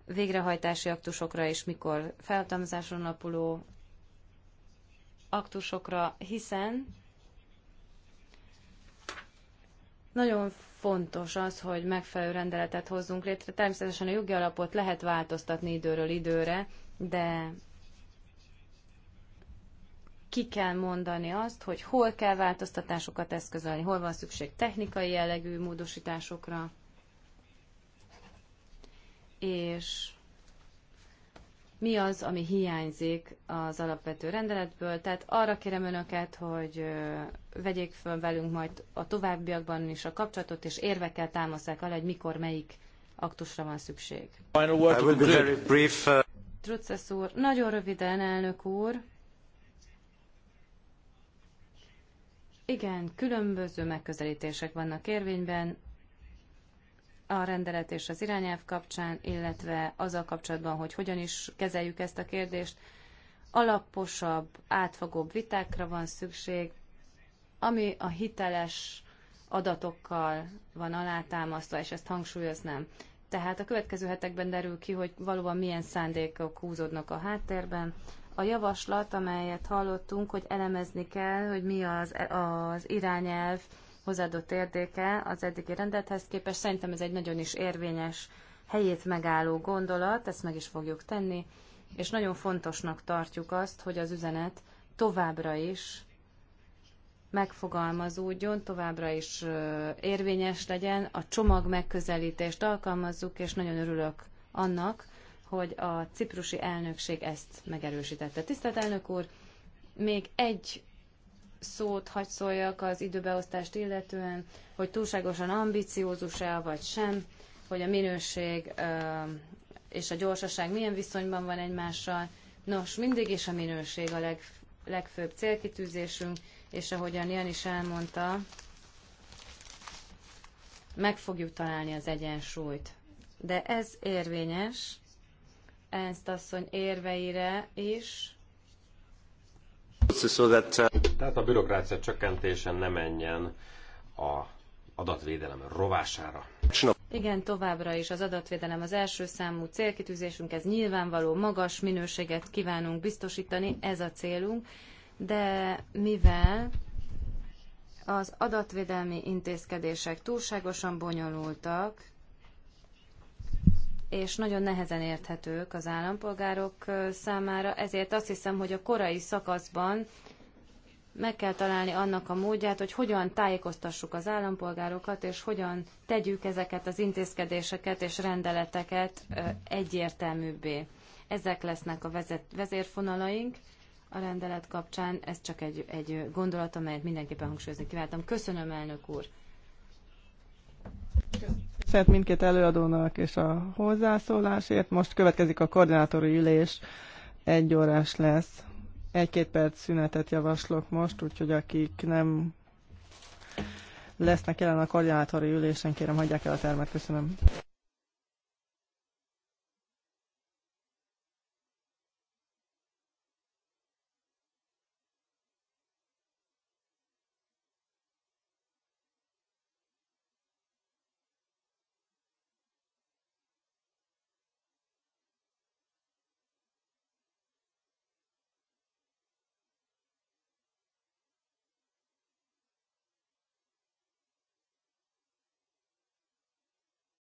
végrehajtási aktusokra és mikor feltámazáson alapuló aktusokra, hiszen Nagyon fontos az, hogy megfelelő rendeletet hozzunk létre. Természetesen a jogi alapot lehet változtatni időről időre, de ki kell mondani azt, hogy hol kell változtatásokat eszközölni, hol van szükség technikai jellegű módosításokra, és mi az, ami hiányzik az alapvető rendeletből. Tehát arra kérem önöket, hogy vegyék föl velünk majd a továbbiakban is a kapcsolatot, és érvekkel támaszák alá, hogy mikor melyik aktusra van szükség. Uh, Trucesz úr, nagyon röviden, elnök úr. Igen, különböző megközelítések vannak érvényben, a rendelet és az irányelv kapcsán, illetve azzal kapcsolatban, hogy hogyan is kezeljük ezt a kérdést. Alaposabb, átfogóbb vitákra van szükség, ami a hiteles adatokkal van alátámasztva, és ezt hangsúlyoznám. Tehát a következő hetekben derül ki, hogy valóban milyen szándékok húzódnak a háttérben. A javaslat, amelyet hallottunk, hogy elemezni kell, hogy mi az, az irányelv hozzáadott értéke az eddigi rendethez képest. Szerintem ez egy nagyon is érvényes, helyét megálló gondolat, ezt meg is fogjuk tenni, és nagyon fontosnak tartjuk azt, hogy az üzenet továbbra is megfogalmazódjon, továbbra is érvényes legyen, a csomag megközelítést alkalmazzuk, és nagyon örülök annak, hogy a ciprusi elnökség ezt megerősítette. Tisztelt elnök úr, még egy szót hagy szóljak az időbeosztást illetően, hogy túlságosan ambiciózus-e vagy sem, hogy a minőség és a gyorsaság milyen viszonyban van egymással. Nos, mindig is a minőség a leg, legfőbb célkitűzésünk, és ahogyan Jan is elmondta, meg fogjuk találni az egyensúlyt. De ez érvényes, Ernst asszony érveire is. So that, uh tehát a bürokrácia csökkentése ne menjen a adatvédelem rovására. Igen, továbbra is az adatvédelem az első számú célkitűzésünk, ez nyilvánvaló, magas minőséget kívánunk biztosítani, ez a célunk, de mivel az adatvédelmi intézkedések túlságosan bonyolultak, és nagyon nehezen érthetők az állampolgárok számára, ezért azt hiszem, hogy a korai szakaszban meg kell találni annak a módját, hogy hogyan tájékoztassuk az állampolgárokat, és hogyan tegyük ezeket az intézkedéseket és rendeleteket egyértelműbbé. Ezek lesznek a vezet, vezérfonalaink a rendelet kapcsán. Ez csak egy, egy gondolat, amelyet mindenképpen hangsúlyozni kívántam. Köszönöm, elnök úr! Köszönöm mindkét előadónak és a hozzászólásért. Most következik a koordinátori ülés. Egy órás lesz. Egy-két perc szünetet javaslok most, úgyhogy akik nem lesznek jelen a koordinátori ülésen, kérem hagyják el a termet. Köszönöm.